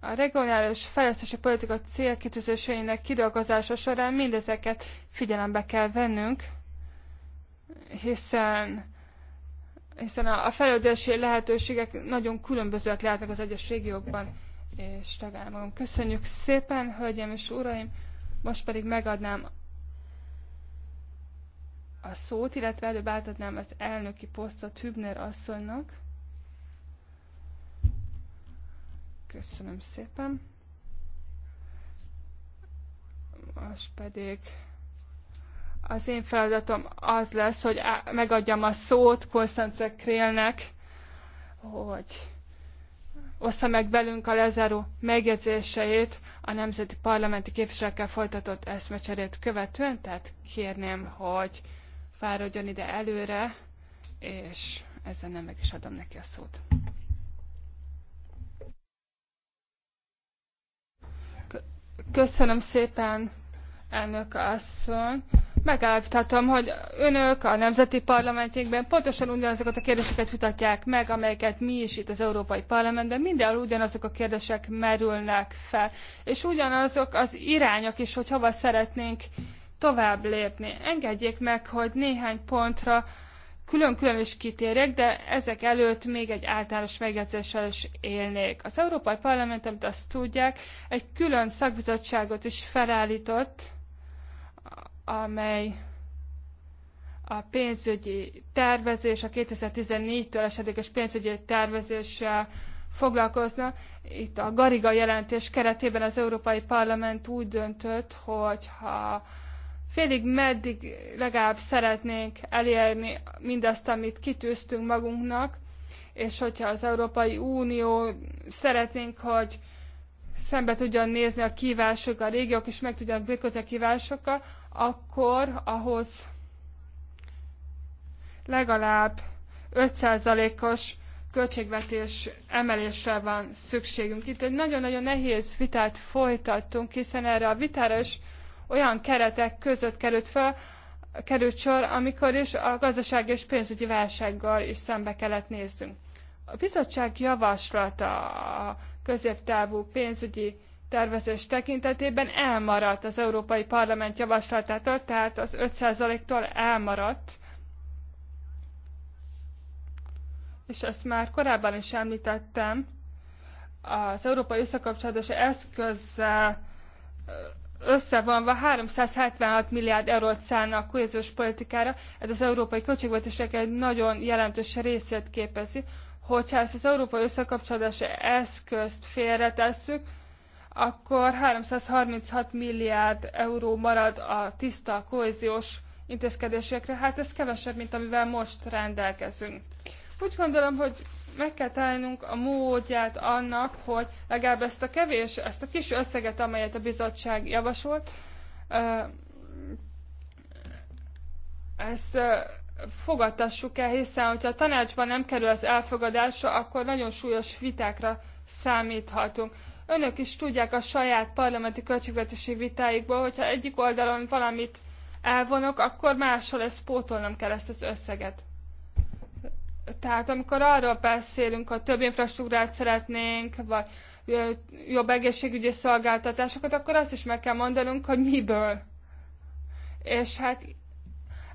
A regionális fejlesztési politika célkitűzéseinek kidolgozása során mindezeket figyelembe kell vennünk, hiszen, hiszen a, fejlődési lehetőségek nagyon különbözőek lehetnek az egyes régiókban és tagállamokban. Köszönjük szépen, hölgyeim és uraim! Most pedig megadnám a szót, illetve előbb átadnám az elnöki posztot Hübner asszonynak. Köszönöm szépen. Most pedig az én feladatom az lesz, hogy megadjam a szót Konstance Krélnek, hogy ossza meg velünk a lezáró megjegyzéseit a Nemzeti Parlamenti Képviselőkkel folytatott eszmecserét követően, tehát kérném, hogy fáradjon ide előre, és ezzel nem meg is adom neki a szót. Köszönöm szépen, elnök asszony. Megállapítatom, hogy önök a nemzeti parlamentjékben pontosan ugyanazokat a kérdéseket vitatják meg, amelyeket mi is itt az Európai Parlamentben. Mindenhol ugyanazok a kérdések merülnek fel. És ugyanazok az irányok is, hogy hova szeretnénk tovább lépni. Engedjék meg, hogy néhány pontra külön-külön is kitérjek, de ezek előtt még egy általános megjegyzéssel is élnék. Az Európai Parlament, amit azt tudják, egy külön szakbizottságot is felállított, amely a pénzügyi tervezés, a 2014-től esedékes pénzügyi tervezéssel foglalkozna. Itt a Gariga jelentés keretében az Európai Parlament úgy döntött, hogy ha félig meddig legalább szeretnénk elérni mindazt, amit kitűztünk magunknak, és hogyha az Európai Unió szeretnénk, hogy szembe tudjon nézni a kívások, a régiók is meg tudjanak bírkozni a kívásokkal, akkor ahhoz legalább 5%-os költségvetés emelésre van szükségünk. Itt egy nagyon-nagyon nehéz vitát folytattunk, hiszen erre a vitára is olyan keretek között került fel, került sor, amikor is a gazdasági és pénzügyi válsággal is szembe kellett néznünk. A bizottság javaslata a középtávú pénzügyi tervezés tekintetében elmaradt az Európai Parlament javaslatától, tehát az 5%-tól elmaradt. És ezt már korábban is említettem, az Európai Összekapcsolatos Eszköz összevonva 376 milliárd eurót szállna a kohéziós politikára, ez az európai költségvetésnek egy nagyon jelentős részét képezi. Hogyha ezt az európai összekapcsolódási eszközt félretesszük, akkor 336 milliárd euró marad a tiszta kohéziós intézkedésekre. Hát ez kevesebb, mint amivel most rendelkezünk. Úgy gondolom, hogy meg kell találnunk a módját annak, hogy legalább ezt a kevés, ezt a kis összeget, amelyet a bizottság javasolt, ezt fogadtassuk el, hiszen hogyha a tanácsban nem kerül az elfogadásra, akkor nagyon súlyos vitákra számíthatunk. Önök is tudják a saját parlamenti költségvetési vitáikból, hogyha egyik oldalon valamit elvonok, akkor máshol ezt pótolnom kell ezt az összeget. Tehát amikor arról beszélünk, hogy több infrastruktúrát szeretnénk, vagy jobb egészségügyi szolgáltatásokat, akkor azt is meg kell mondanunk, hogy miből. És hát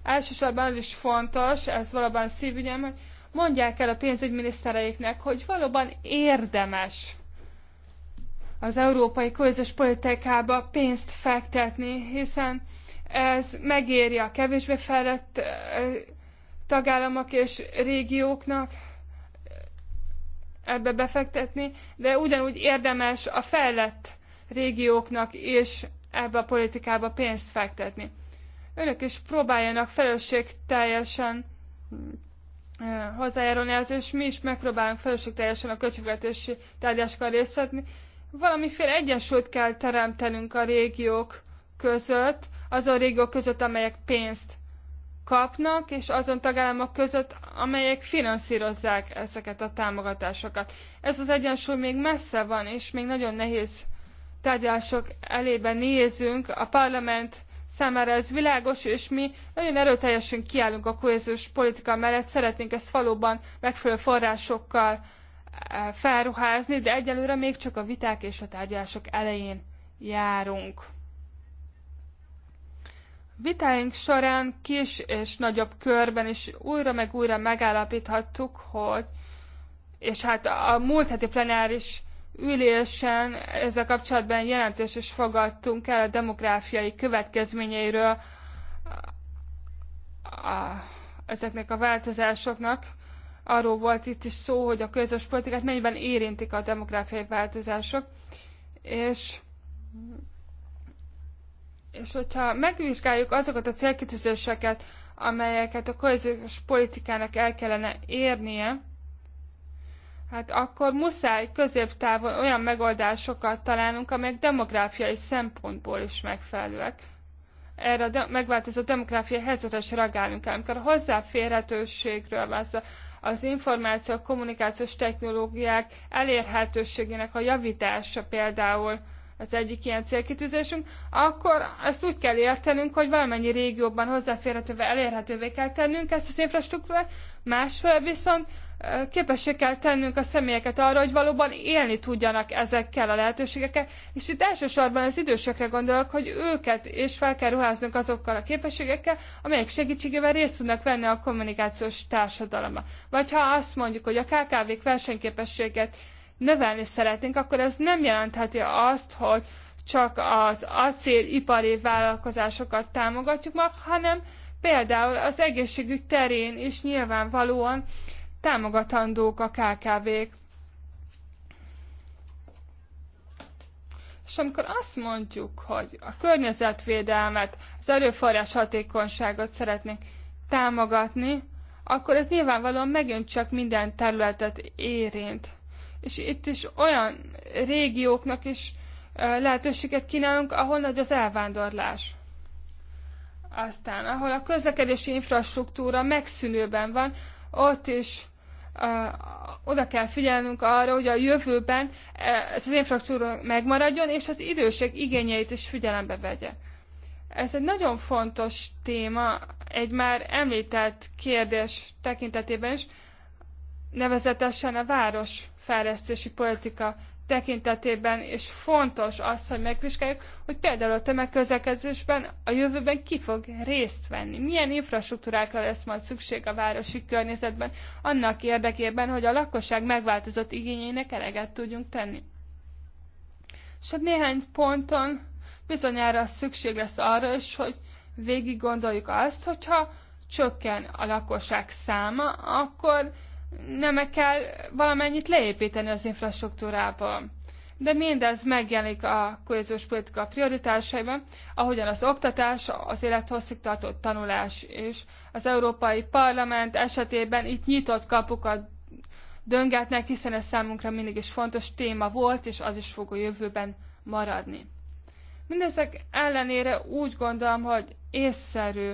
elsősorban az is fontos, ez valóban szívügyem, hogy mondják el a pénzügyminisztereiknek, hogy valóban érdemes az európai közös politikába pénzt fektetni, hiszen ez megéri a kevésbé fejlett tagállamok és régióknak ebbe befektetni, de ugyanúgy érdemes a fejlett régióknak is ebbe a politikába pénzt fektetni. Önök is próbáljanak felelősségteljesen teljesen hozzájárulni ez, és mi is megpróbálunk felelősségteljesen teljesen a költségvetési tárgyásokkal részt vetni. Valamiféle egyensúlyt kell teremtenünk a régiók között, azon régiók között, amelyek pénzt kapnak, és azon tagállamok között, amelyek finanszírozzák ezeket a támogatásokat. Ez az egyensúly még messze van, és még nagyon nehéz tárgyalások elébe nézünk. A parlament számára ez világos, és mi nagyon erőteljesen kiállunk a kohéziós politika mellett, szeretnénk ezt valóban megfelelő forrásokkal e, felruházni, de egyelőre még csak a viták és a tárgyalások elején járunk vitáink során kis és nagyobb körben is újra meg újra megállapíthattuk, hogy és hát a múlt heti plenáris ülésen ezzel kapcsolatban jelentős is fogadtunk el a demográfiai következményeiről a, a, ezeknek a változásoknak. Arról volt itt is szó, hogy a közös politikát mennyiben érintik a demográfiai változások, és és hogyha megvizsgáljuk azokat a célkitűzéseket, amelyeket a kohéziós politikának el kellene érnie, hát akkor muszáj középtávon olyan megoldásokat találnunk, amelyek demográfiai szempontból is megfelelőek. Erre a de- megváltozó demográfiai helyzetre is reagálnunk el. Amikor a hozzáférhetőségről van szó, az információ, kommunikációs technológiák elérhetőségének a javítása például az egyik ilyen célkitűzésünk, akkor ezt úgy kell értenünk, hogy valamennyi régióban hozzáférhetővé, elérhetővé kell tennünk ezt az infrastruktúrát, másfél viszont képessé kell tennünk a személyeket arra, hogy valóban élni tudjanak ezekkel a lehetőségekkel, és itt elsősorban az idősekre gondolok, hogy őket és fel kell ruháznunk azokkal a képességekkel, amelyek segítségével részt tudnak venni a kommunikációs társadalomba. Vagy ha azt mondjuk, hogy a KKV-k versenyképességet növelni szeretnénk, akkor ez nem jelentheti azt, hogy csak az acélipari vállalkozásokat támogatjuk meg, hanem például az egészségügy terén is nyilvánvalóan támogatandók a KKV-k. És amikor azt mondjuk, hogy a környezetvédelmet, az erőforrás hatékonyságot szeretnénk támogatni, akkor ez nyilvánvalóan megint csak minden területet érint és itt is olyan régióknak is lehetőséget kínálunk, ahol nagy az elvándorlás. Aztán, ahol a közlekedési infrastruktúra megszűnőben van, ott is oda kell figyelnünk arra, hogy a jövőben ez az infrastruktúra megmaradjon, és az időség igényeit is figyelembe vegye. Ez egy nagyon fontos téma, egy már említett kérdés tekintetében is, nevezetesen a város fejlesztési politika tekintetében, és fontos az, hogy megvizsgáljuk, hogy például a tömegközlekedésben a jövőben ki fog részt venni, milyen infrastruktúrákra lesz majd szükség a városi környezetben, annak érdekében, hogy a lakosság megváltozott igényének eleget tudjunk tenni. És hát néhány ponton bizonyára szükség lesz arra is, hogy végig gondoljuk azt, hogyha csökken a lakosság száma, akkor nem kell valamennyit leépíteni az infrastruktúrába. De mindez megjelenik a kohéziós politika prioritásaiban, ahogyan az oktatás, az élethosszig tartó tanulás és az Európai Parlament esetében itt nyitott kapukat döngetnek, hiszen ez számunkra mindig is fontos téma volt, és az is fog a jövőben maradni. Mindezek ellenére úgy gondolom, hogy észszerű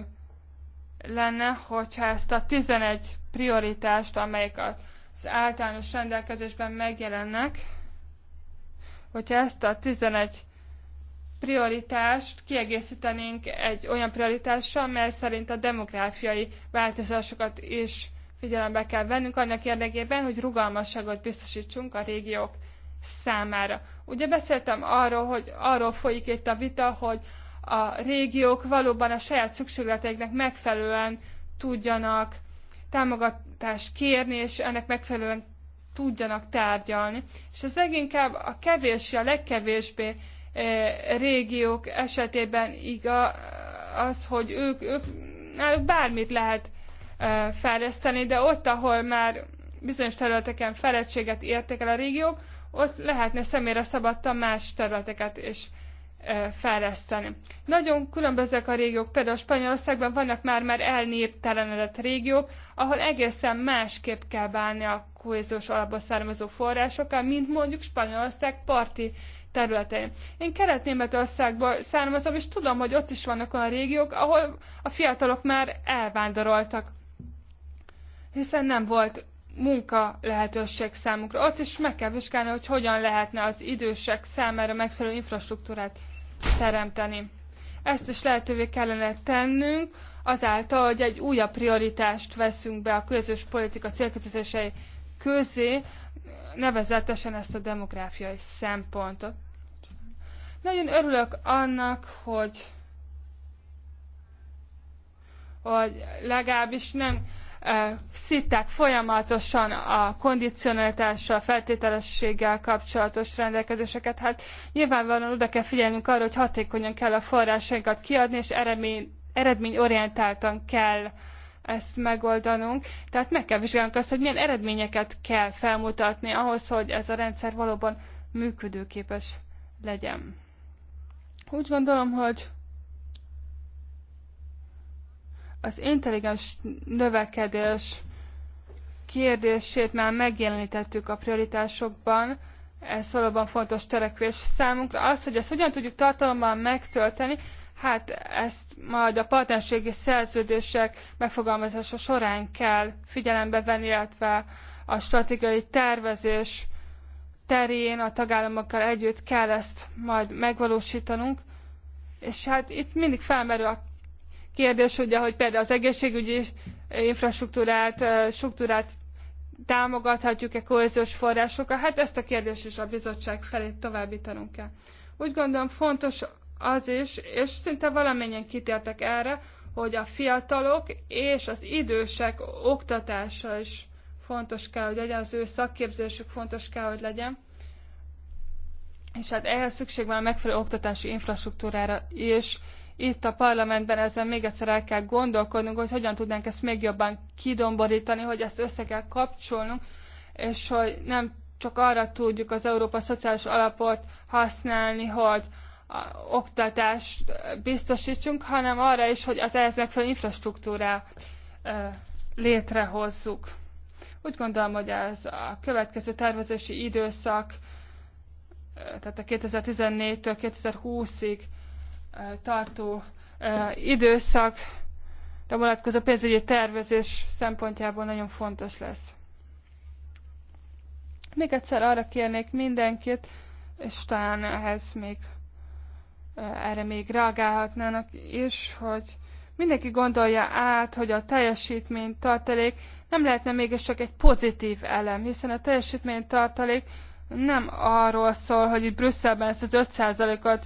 lenne, hogyha ezt a 11 prioritást, amelyek az általános rendelkezésben megjelennek, hogyha ezt a 11 prioritást kiegészítenénk egy olyan prioritással, mely szerint a demográfiai változásokat is figyelembe kell vennünk annak érdekében, hogy rugalmasságot biztosítsunk a régiók számára. Ugye beszéltem arról, hogy arról folyik itt a vita, hogy a régiók valóban a saját szükségleteiknek megfelelően tudjanak támogatást kérni, és ennek megfelelően tudjanak tárgyalni. És ez leginkább a kevés, a legkevésbé e, régiók esetében igaz, az, hogy ők, ők náluk bármit lehet e, fejleszteni, de ott, ahol már bizonyos területeken felettséget értek el a régiók, ott lehetne személyre szabadtan más területeket is fejleszteni. Nagyon különbözőek a régiók, például Spanyolországban vannak már már elnéptelenedett régiók, ahol egészen másképp kell bánni a kohéziós alapból származó forrásokkal, mint mondjuk Spanyolország parti területein. Én Kelet-Németországból származom, és tudom, hogy ott is vannak olyan régiók, ahol a fiatalok már elvándoroltak, hiszen nem volt munka lehetőség számukra. Ott is meg kell vizsgálni, hogy hogyan lehetne az idősek számára megfelelő infrastruktúrát teremteni. Ezt is lehetővé kellene tennünk, azáltal, hogy egy újabb prioritást veszünk be a közös politika célkötözései közé, nevezetesen ezt a demográfiai szempontot. Nagyon örülök annak, hogy, hogy legalábbis nem szitták folyamatosan a kondicionalitással, feltételességgel kapcsolatos rendelkezéseket. Hát nyilvánvalóan oda kell figyelnünk arra, hogy hatékonyan kell a forrásainkat kiadni, és eredmény, eredményorientáltan kell ezt megoldanunk. Tehát meg kell vizsgálnunk azt, hogy milyen eredményeket kell felmutatni ahhoz, hogy ez a rendszer valóban működőképes legyen. Úgy gondolom, hogy az intelligens növekedés kérdését már megjelenítettük a prioritásokban, ez valóban fontos törekvés számunkra. Az, hogy ezt hogyan tudjuk tartalommal megtölteni, hát ezt majd a partnerségi szerződések megfogalmazása során kell figyelembe venni, illetve a stratégiai tervezés terén a tagállamokkal együtt kell ezt majd megvalósítanunk. És hát itt mindig felmerül a kérdés, ugye, hogy például az egészségügyi infrastruktúrát, struktúrát támogathatjuk-e kohéziós forrásokkal? Hát ezt a kérdést is a bizottság felé továbbítanunk kell. Úgy gondolom fontos az is, és szinte valamennyien kitértek erre, hogy a fiatalok és az idősek oktatása is fontos kell, hogy legyen, az ő szakképzésük fontos kell, hogy legyen. És hát ehhez szükség van a megfelelő oktatási infrastruktúrára is, itt a parlamentben ezen még egyszer el kell gondolkodnunk, hogy hogyan tudnánk ezt még jobban kidomborítani, hogy ezt össze kell kapcsolnunk, és hogy nem csak arra tudjuk az Európa Szociális Alapot használni, hogy oktatást biztosítsunk, hanem arra is, hogy az ehhez megfelelő infrastruktúrát létrehozzuk. Úgy gondolom, hogy ez a következő tervezési időszak, tehát a 2014-től 2020-ig tartó időszakra vonatkozó pénzügyi tervezés szempontjából nagyon fontos lesz. Még egyszer arra kérnék mindenkit, és talán ehhez még erre még reagálhatnának is, hogy mindenki gondolja át, hogy a teljesítmény tartalék nem lehetne mégis csak egy pozitív elem, hiszen a teljesítmény tartalék nem arról szól, hogy itt Brüsszelben ezt az 5%-ot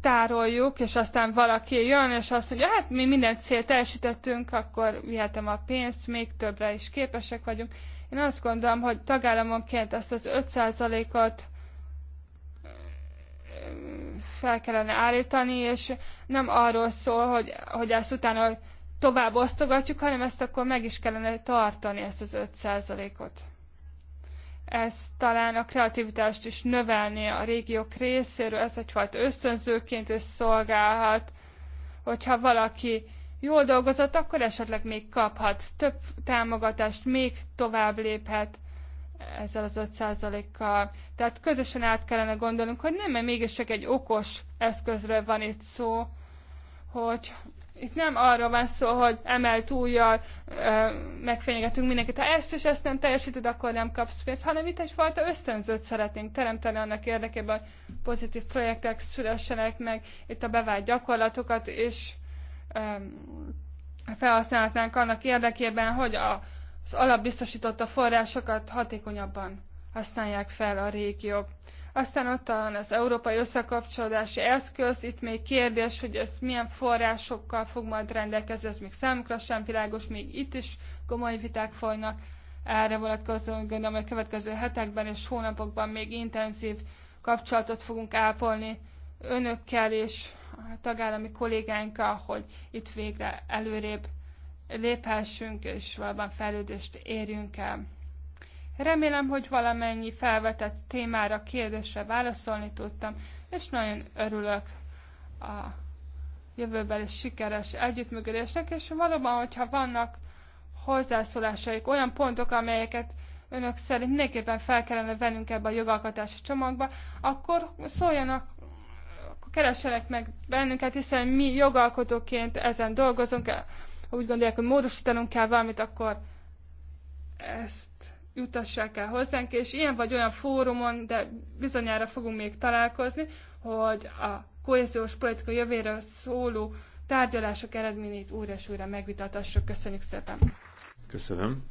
tároljuk, és aztán valaki jön, és azt mondja, hát mi minden célt teljesítettünk, akkor vihetem a pénzt, még többre is képesek vagyunk. Én azt gondolom, hogy tagállamonként azt az 5%-ot eh, fel kellene állítani, és nem arról szól, hogy, hogy ezt utána tovább osztogatjuk, hanem ezt akkor meg is kellene tartani, ezt az 5%-ot ez talán a kreativitást is növelni a régiók részéről, ez egyfajta ösztönzőként is szolgálhat, hogyha valaki jól dolgozott, akkor esetleg még kaphat több támogatást, még tovább léphet ezzel az 5%-kal. Tehát közösen át kellene gondolnunk, hogy nem, mert mégiscsak egy okos eszközről van itt szó, hogy itt nem arra van szó, hogy emelt újjal ö, megfenyegetünk mindenkit. Ha ezt és ezt nem teljesíted, akkor nem kapsz pénzt, hanem itt egyfajta ösztönzőt szeretnénk teremteni annak érdekében, hogy pozitív projektek szülessenek meg, itt a bevált gyakorlatokat és ö, felhasználhatnánk annak érdekében, hogy a, az alapbiztosította forrásokat hatékonyabban használják fel a régiók. Aztán ott van az európai összekapcsolódási eszköz, itt még kérdés, hogy ez milyen forrásokkal fog majd rendelkezni, ez még számukra sem világos, még itt is komoly viták folynak erre vonatkozóan, gondolom, hogy a következő hetekben és hónapokban még intenzív kapcsolatot fogunk ápolni önökkel és a tagállami kollégánkkal, hogy itt végre előrébb léphessünk, és valóban fejlődést érjünk el. Remélem, hogy valamennyi felvetett témára, kérdésre válaszolni tudtam, és nagyon örülök a jövőbeli sikeres együttműködésnek, és valóban, hogyha vannak hozzászólásaik, olyan pontok, amelyeket önök szerint mindenképpen fel kellene vennünk ebbe a jogalkotási csomagba, akkor szóljanak, akkor keresenek meg bennünket, hiszen mi jogalkotóként ezen dolgozunk, ha úgy gondolják, hogy módosítanunk kell valamit, akkor ezt jutassák el hozzánk, és ilyen vagy olyan fórumon, de bizonyára fogunk még találkozni, hogy a kohéziós politika jövőre szóló tárgyalások eredményét újra és újra megvitatassuk. Köszönjük szépen! Köszönöm!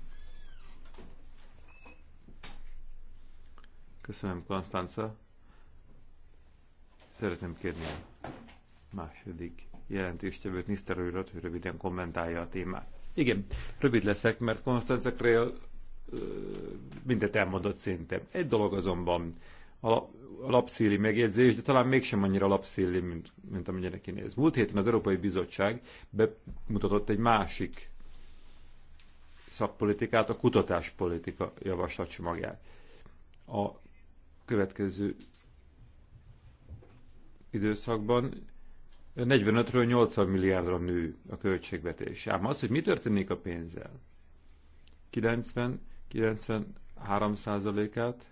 Köszönöm, Konstanca! Szeretném kérni a második jelentéstevőt, Nisztelőröt, hogy röviden kommentálja a témát. Igen, rövid leszek, mert Konstanza Krél mindent elmondott szinte. Egy dolog azonban a lapszíli megjegyzés, de talán mégsem annyira lapszíli, mint, mint amennyire kinéz. Múlt héten az Európai Bizottság bemutatott egy másik szakpolitikát, a kutatáspolitika javaslatcsomagját. A következő időszakban 45-ről 80 milliárdra nő a költségvetés. Ám az, hogy mi történik a pénzzel, 90 93%-át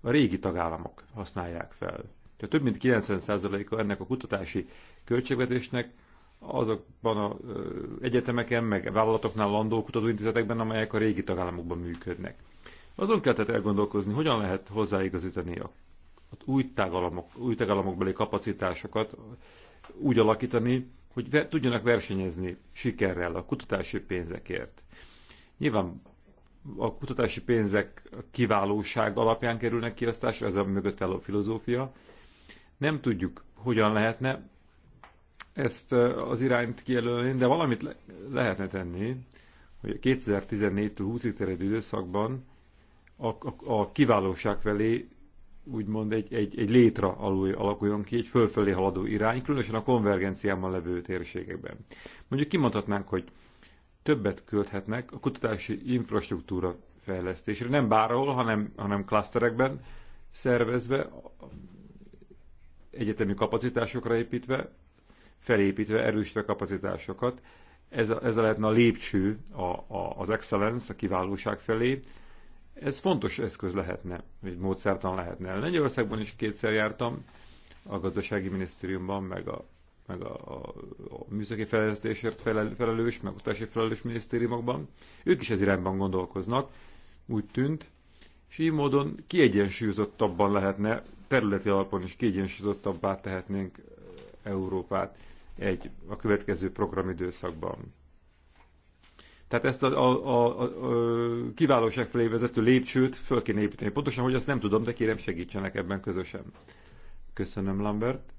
a régi tagállamok használják fel. Tehát több mint 90%-a ennek a kutatási költségvetésnek azokban a ö, egyetemeken, meg vállalatoknál landó kutatóintézetekben, amelyek a régi tagállamokban működnek. Azon kell tehát elgondolkozni, hogyan lehet hozzáigazítani a, a új, tagállamok, új tagállamokbeli kapacitásokat úgy alakítani, hogy ve, tudjanak versenyezni sikerrel a kutatási pénzekért. Nyilván a kutatási pénzek kiválóság alapján kerülnek kiasztásra, ez a mögött álló filozófia. Nem tudjuk, hogyan lehetne ezt az irányt kijelölni, de valamit le- lehetne tenni, hogy 2014-től 20-ig terjedő időszakban a, a, a kiválóság felé úgymond egy, egy, egy létra alul alakuljon ki, egy fölfelé haladó irány, különösen a konvergenciában levő térségekben. Mondjuk kimondhatnánk, hogy többet költhetnek a kutatási infrastruktúra fejlesztésre, nem bárhol, hanem, hanem klaszterekben szervezve, egyetemi kapacitásokra építve, felépítve, erősítve kapacitásokat. Ez, a, ez a lehetne a lépcső a, a, az excellence, a kiválóság felé. Ez fontos eszköz lehetne, vagy módszertan lehetne. Lengyelországban is kétszer jártam, a gazdasági minisztériumban, meg a meg a, a, a műszaki fejlesztésért felelős, meg utazási felelős minisztériumokban. Ők is ez irányban gondolkoznak, úgy tűnt, és így módon kiegyensúlyozottabban lehetne, területi alapon is kiegyensúlyozottabbá tehetnénk eh, Európát egy a következő programidőszakban. Tehát ezt a, a, a, a, a kiválóság felé vezető lépcsőt föl kéne építeni. Pontosan, hogy azt nem tudom, de kérem segítsenek ebben közösen. Köszönöm, Lambert.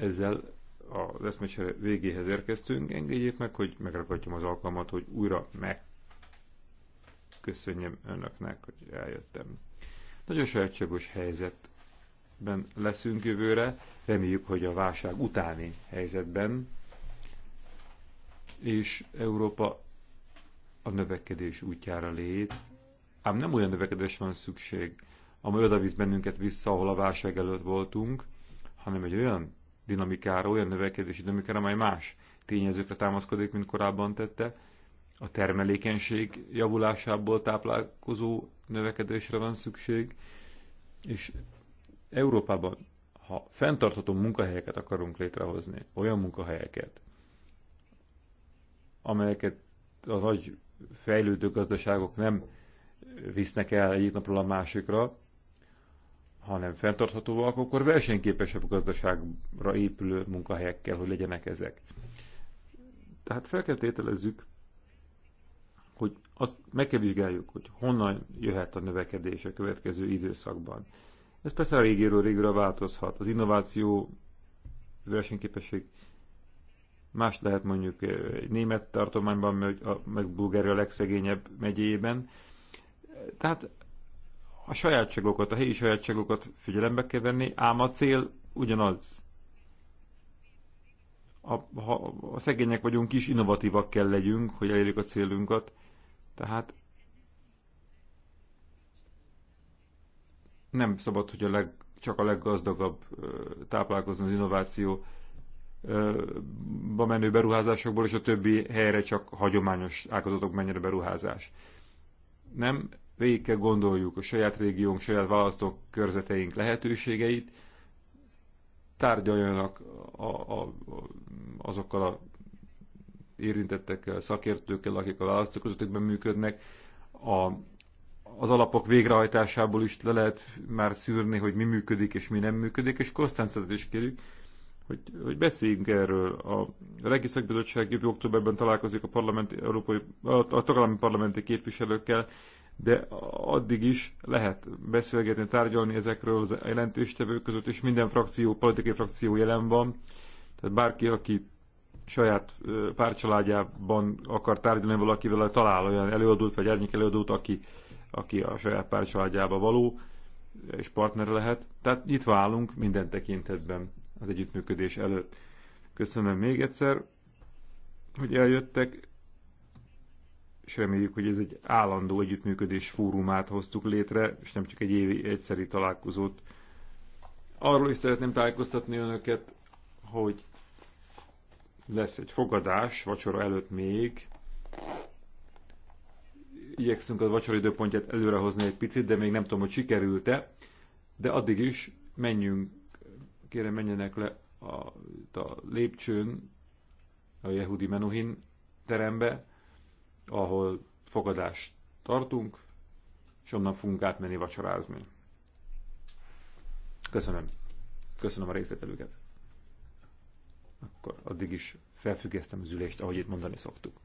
Ezzel az eszmecsere végéhez érkeztünk. Engedjék meg, hogy megragadjam az alkalmat, hogy újra megköszönjem önöknek, hogy eljöttem. Nagyon sajátságos helyzetben leszünk jövőre. Reméljük, hogy a válság utáni helyzetben és Európa a növekedés útjára lép, ám nem olyan növekedés van szükség, amely visz bennünket vissza, ahol a válság előtt voltunk, hanem egy olyan dinamikára, olyan növekedési dinamikára, amely más tényezőkre támaszkodik, mint korábban tette. A termelékenység javulásából táplálkozó növekedésre van szükség, és Európában, ha fenntartható munkahelyeket akarunk létrehozni, olyan munkahelyeket, amelyeket a nagy fejlődő gazdaságok nem visznek el egyik napról a másikra, hanem fenntarthatóak, akkor versenyképesebb gazdaságra épülő munkahelyek kell, hogy legyenek ezek. Tehát fel kell tételezzük, hogy azt meg kell vizsgáljuk, hogy honnan jöhet a növekedés a következő időszakban. Ez persze a régéről régre változhat. Az innováció, versenyképesség más lehet mondjuk egy német tartományban, meg, a, meg Bulgária legszegényebb megyében. Tehát a sajátságokat, a helyi sajátságokat figyelembe kell venni, ám a cél ugyanaz. A, ha a szegények vagyunk is, innovatívak kell legyünk, hogy elérjük a célunkat. Tehát nem szabad, hogy a leg, csak a leggazdagabb táplálkozni az innováció menő beruházásokból, és a többi helyre csak hagyományos ágazatok mennyire beruházás. Nem, végig kell gondoljuk a saját régiónk, saját választókörzeteink lehetőségeit, tárgyaljanak a, a, a, azokkal a érintettekkel, szakértőkkel, akik a választók választóközöttekben működnek. A, az alapok végrehajtásából is le lehet már szűrni, hogy mi működik és mi nem működik, és Kosztáncát is kérjük, hogy, hogy beszéljünk erről. A Regi jövő októberben találkozik a, parlament, európai, a, a tagállami parlamenti képviselőkkel, de addig is lehet beszélgetni, tárgyalni ezekről az jelentéstevők között, és minden frakció, politikai frakció jelen van, tehát bárki, aki saját párcsaládjában akar tárgyalni valakivel, talál olyan előadót, vagy árnyék előadót, aki, aki a saját párcsaládjába való, és partner lehet. Tehát itt válunk minden tekintetben az együttműködés előtt. Köszönöm még egyszer, hogy eljöttek, és reméljük, hogy ez egy állandó együttműködés fórumát hoztuk létre, és nem csak egy évi egyszeri találkozót. Arról is szeretném tájékoztatni önöket, hogy lesz egy fogadás vacsora előtt még. Igyekszünk a vacsora időpontját előrehozni egy picit, de még nem tudom, hogy sikerült-e. De addig is menjünk, kérem menjenek le a, a lépcsőn, a Yehudi Menuhin terembe, ahol fogadást tartunk, és onnan fogunk átmenni vacsorázni. Köszönöm. Köszönöm a részvételüket. Akkor addig is felfüggesztem az ülést, ahogy itt mondani szoktuk.